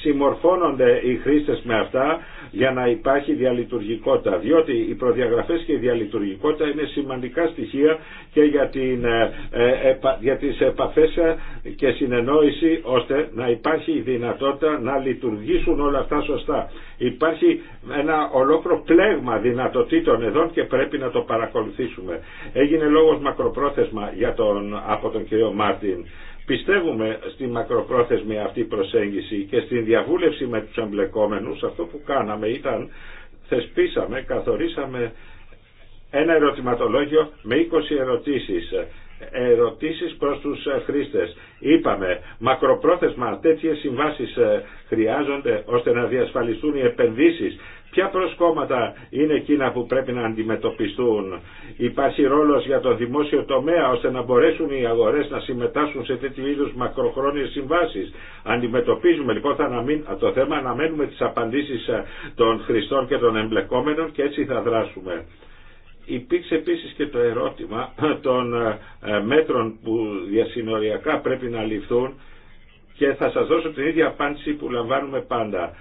συμμορφώνονται οι χρήστες με αυτά για να υπάρχει διαλειτουργικότητα. Διότι οι προδιαγραφές και η διαλειτουργικότητα είναι σημαντικά στοιχεία και για, την, ε, ε, για τις επαφές ε, και συνεννόηση ώστε να υπάρχει η δυνατότητα να λειτουργήσουν όλα αυτά σωστά. Υπάρχει ένα ολόκληρο πλέγμα δυνατοτήτων εδώ και πρέπει να το παρακολουθήσουμε. Έγινε λόγος μακροπρόθεσμα για τον, από τον κ. Μάρτιν Πιστεύουμε στη μακροπρόθεσμη αυτή προσέγγιση και στην διαβούλευση με τους εμπλεκόμενους αυτό που κάναμε ήταν θεσπίσαμε, καθορίσαμε ένα ερωτηματολόγιο με 20 ερωτήσεις ερωτήσεις προς τους χρήστες. Είπαμε, μακροπρόθεσμα τέτοιες συμβάσεις ε, χρειάζονται ώστε να διασφαλιστούν οι επενδύσεις Ποια προσκόμματα είναι εκείνα που πρέπει να αντιμετωπιστούν. Υπάρχει ρόλος για το δημόσιο τομέα ώστε να μπορέσουν οι αγορές να συμμετάσχουν σε τέτοιου είδους μακροχρόνιες συμβάσεις. Αντιμετωπίζουμε λοιπόν το θέμα, μένουμε τις απαντήσεις ε, των χρηστών και των εμπλεκόμενων και έτσι θα δράσουμε. Υπήρξε επίσης και το ερώτημα των ε, ε, μέτρων που διασυνοριακά πρέπει να ληφθούν και θα σας δώσω την ίδια απάντηση που λαμβάνουμε πάντα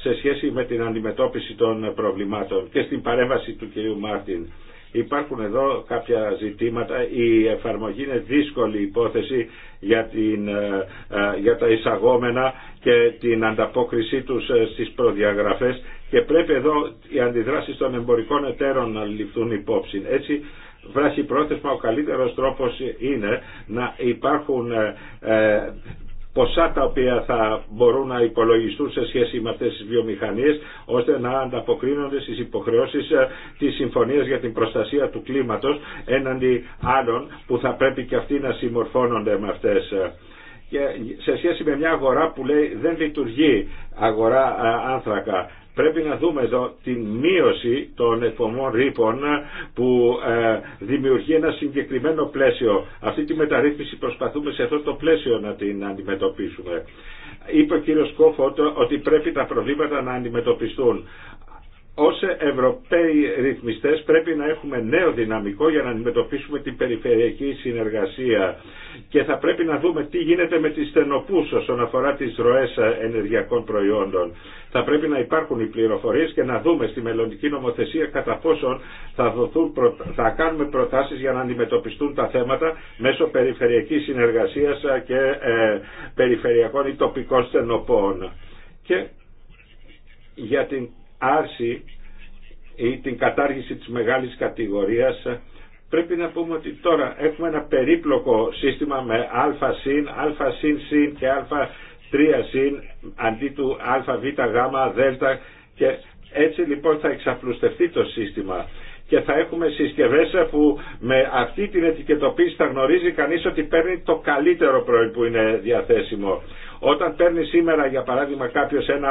σε σχέση με την αντιμετώπιση των προβλημάτων και στην παρέμβαση του κυρίου Μάρτιν. Υπάρχουν εδώ κάποια ζητήματα, η εφαρμογή είναι δύσκολη υπόθεση για, την, ε, ε, για τα εισαγόμενα και την ανταπόκρισή τους ε, στις προδιαγραφές και πρέπει εδώ οι αντιδράσεις των εμπορικών εταίρων να ληφθούν υπόψη. Έτσι βράχει πρόθεσμα ο καλύτερος τρόπος είναι να υπάρχουν ποσά τα οποία θα μπορούν να υπολογιστούν σε σχέση με αυτές τις βιομηχανίες ώστε να ανταποκρίνονται στις υποχρεώσεις ε, της Συμφωνίας για την Προστασία του Κλίματος έναντι άλλων που θα πρέπει και αυτοί να συμμορφώνονται με αυτές ε, και σε σχέση με μια αγορά που λέει δεν λειτουργεί αγορά ε, άνθρακα Πρέπει να δούμε εδώ την μείωση των εφομών ρήπων που ε, δημιουργεί ένα συγκεκριμένο πλαίσιο. Αυτή τη μεταρρύθμιση προσπαθούμε σε αυτό το πλαίσιο να την αντιμετωπίσουμε. Είπε ο κύριος Κόφωτ ότι πρέπει τα προβλήματα να αντιμετωπιστούν ως Ευρωπαίοι ρυθμιστές πρέπει να έχουμε νέο δυναμικό για να αντιμετωπίσουμε την περιφερειακή συνεργασία και θα πρέπει να δούμε τι γίνεται με τις στενοπούς όσον αφορά τις ροές ενεργειακών προϊόντων. Θα πρέπει να υπάρχουν οι πληροφορίες και να δούμε στη μελλοντική νομοθεσία κατά πόσον θα, θα κάνουμε προτάσεις για να αντιμετωπιστούν τα θέματα μέσω περιφερειακής συνεργασίας και ε, περιφερειακών ή τοπικών στενοπών. Και για την άρση ή την κατάργηση της μεγάλης κατηγορίας πρέπει να πούμε ότι τώρα έχουμε ένα περίπλοκο σύστημα με α συν, α συν συν και α 3 συν αντί του α β γ δ και έτσι λοιπόν θα εξαπλουστευτεί το σύστημα και θα έχουμε συσκευές που με αυτή την ετικετοποίηση θα γνωρίζει κανείς ότι παίρνει το καλύτερο προϊόν που είναι διαθέσιμο. Όταν παίρνει σήμερα για παράδειγμα κάποιος ένα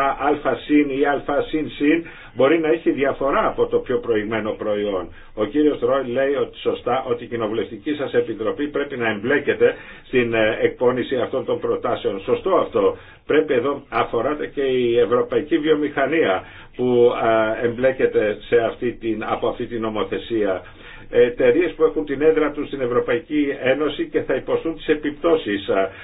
α συν ή α συν συν μπορεί να έχει διαφορά από το πιο προηγμένο προϊόν. Ο κύριος Ρόι λέει ότι σωστά ότι η κοινοβουλευτική σας επιτροπή πρέπει να εμπλέκεται στην ε, εκπόνηση αυτών των προτάσεων. Σωστό αυτό. Πρέπει εδώ αφοράται και η ευρωπαϊκή βιομηχανία που ε, εμπλέκεται σε αυτή την, από αυτή την νομοθεσία εταιρείε που έχουν την έδρα του στην Ευρωπαϊκή Ένωση και θα υποστούν τι επιπτώσει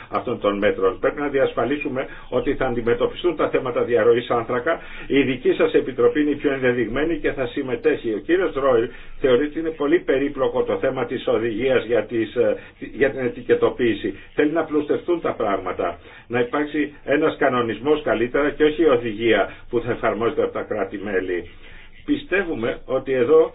αυτών των μέτρων. Πρέπει να διασφαλίσουμε ότι θα αντιμετωπιστούν τα θέματα διαρροή άνθρακα. Η δική σα επιτροπή είναι η πιο ενδεδειγμένη και θα συμμετέχει. Ο κύριο Ρόιλ θεωρεί ότι είναι πολύ περίπλοκο το θέμα τη οδηγία για, ε, για την ετικετοποίηση. Θέλει να πλουστευτούν τα πράγματα. Να υπάρξει ένα κανονισμό καλύτερα και όχι οδηγία που θα εφαρμόζεται από τα κράτη-μέλη. Πιστεύουμε ότι εδώ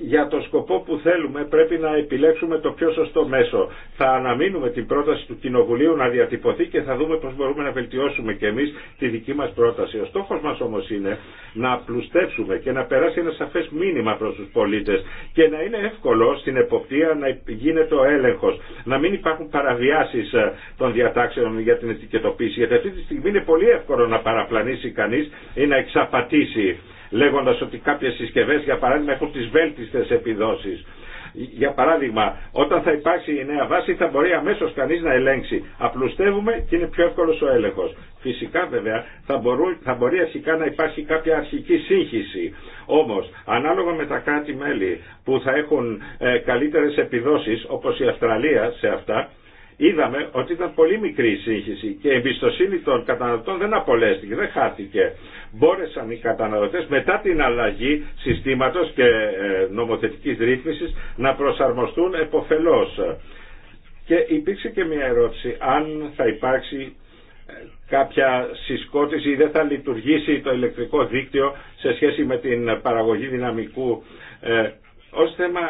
για το σκοπό που θέλουμε πρέπει να επιλέξουμε το πιο σωστό μέσο. Θα αναμείνουμε την πρόταση του Κοινοβουλίου να διατυπωθεί και θα δούμε πώς μπορούμε να βελτιώσουμε και εμείς τη δική μας πρόταση. Ο στόχος μας όμως είναι να πλουστεύσουμε και να περάσει ένα σαφές μήνυμα προς τους πολίτες και να είναι εύκολο στην εποπτεία να γίνεται ο έλεγχος, να μην υπάρχουν παραβιάσεις ε, των διατάξεων για την ετικετοποίηση, γιατί αυτή τη στιγμή είναι πολύ εύκολο να παραπλανήσει κανείς ή να εξαπατήσει λέγοντας ότι κάποιες συσκευές για παράδειγμα έχουν τις βέλτιστες επιδόσεις. Για παράδειγμα, όταν θα υπάρξει η νέα βάση θα μπορεί αμέσω κανεί να ελέγξει. Απλουστεύουμε και είναι πιο εύκολο ο έλεγχο. Φυσικά βέβαια θα, μπορούν, θα μπορεί αρχικά να υπάρχει κάποια αρχική σύγχυση. Όμω, ανάλογα με τα κράτη-μέλη που θα έχουν ε, καλύτερε επιδόσει, όπω η Αυστραλία σε αυτά, είδαμε ότι ήταν πολύ μικρή η σύγχυση και η εμπιστοσύνη των καταναλωτών δεν απολέστηκε, δεν χάθηκε. Μπόρεσαν οι καταναλωτές μετά την αλλαγή συστήματος και ε, νομοθετικής ρύθμισης να προσαρμοστούν εποφελώς. Και υπήρξε και μια ερώτηση αν θα υπάρξει ε, κάποια συσκότηση ή δεν θα λειτουργήσει το ηλεκτρικό δίκτυο σε σχέση με την παραγωγή δυναμικού ε, ως θέμα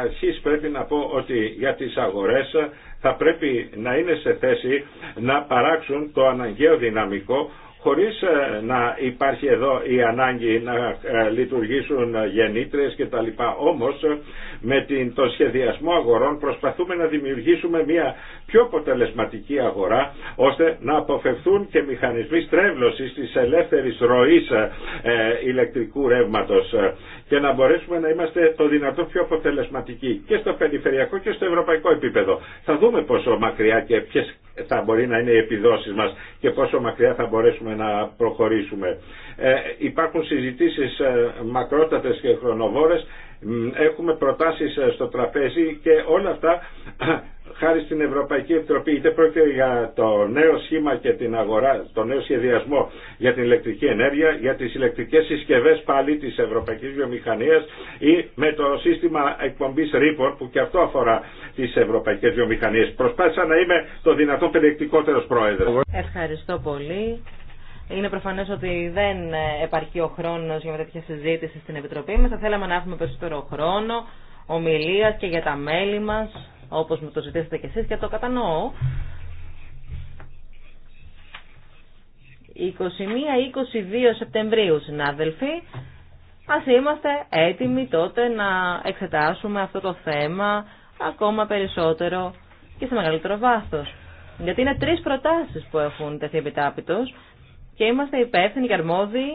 αρχής πρέπει να πω ότι για τις αγορές θα πρέπει να είναι σε θέση να παράξουν το αναγκαίο δυναμικό χωρίς ε, να υπάρχει εδώ η ανάγκη να ε, λειτουργήσουν γεννήτρες και τα λοιπά. Όμως ε, με την, τον σχεδιασμό αγορών προσπαθούμε να δημιουργήσουμε μια πιο αποτελεσματική αγορά ώστε να αποφευθούν και μηχανισμοί στρέβλωσης της ελεύθερης ροής ηλεκτρικού ρεύματος και να μπορέσουμε να είμαστε το δυνατό πιο αποτελεσματικοί και στο περιφερειακό και στο ευρωπαϊκό επίπεδο. Θα δούμε πόσο μακριά και ποιες θα μπορεί να είναι οι επιδόσεις μας και πόσο μακριά θα μπορέσουμε να προχωρήσουμε. Ε, υπάρχουν συζητήσεις ε, μακρότατες και χρονοβόρες, έχουμε προτάσεις ε, στο τραπέζι και όλα αυτά χάρη στην Ευρωπαϊκή Επιτροπή, είτε πρόκειται για το νέο σχήμα και την αγορά, το νέο σχεδιασμό για την ηλεκτρική ενέργεια, για τις ηλεκτρικές συσκευές πάλι της Ευρωπαϊκής Βιομηχανίας ή με το σύστημα εκπομπής ρήπων που και αυτό αφορά τις Ευρωπαϊκές Βιομηχανίες. Προσπάθησα να είμαι το δυνατό περιεκτικότερος πρόεδρος. Ευχαριστώ πολύ. Είναι προφανέ ότι δεν επαρκεί ο χρόνο για μια τέτοια συζήτηση στην Επιτροπή μα. Θα θέλαμε να έχουμε περισσότερο χρόνο ομιλία και για τα μέλη μα όπως μου το ζητήσατε κι εσείς και το κατανοώ. 21-22 Σεπτεμβρίου, συνάδελφοι, ας είμαστε έτοιμοι τότε να εξετάσουμε αυτό το θέμα ακόμα περισσότερο και σε μεγαλύτερο βάθος. Γιατί είναι τρεις προτάσεις που έχουν τεθεί επιτάπητος και είμαστε υπεύθυνοι και αρμόδιοι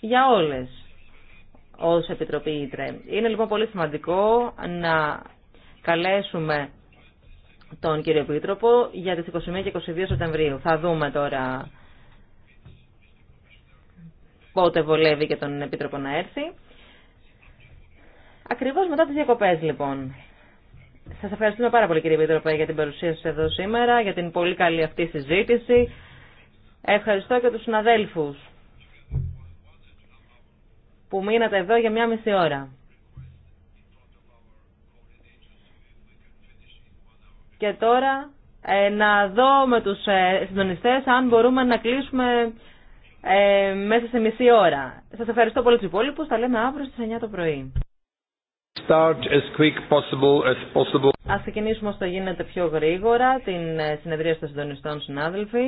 για όλες ως Επιτροπή Ήτρε. Είναι λοιπόν πολύ σημαντικό να καλέσουμε τον κύριο Επίτροπο για τις 21 και 22 Σεπτεμβρίου. Θα δούμε τώρα πότε βολεύει και τον Επίτροπο να έρθει. Ακριβώς μετά τις διακοπές λοιπόν. Σας ευχαριστούμε πάρα πολύ κύριε Επίτροπο, για την παρουσία σας εδώ σήμερα, για την πολύ καλή αυτή συζήτηση. Ευχαριστώ και τους συναδέλφους που μείνατε εδώ για μια μισή ώρα. Και τώρα ε, να δω με τους ε, συντονιστές αν μπορούμε να κλείσουμε ε, μέσα σε μισή ώρα. Σας ευχαριστώ πολύ τους υπόλοιπους. Τα λέμε αύριο στις 9 το πρωί. Start as quick possible as possible. Ας ξεκινήσουμε όσο γίνεται πιο γρήγορα την ε, συνεδρία των συντονιστών συνάδελφοι.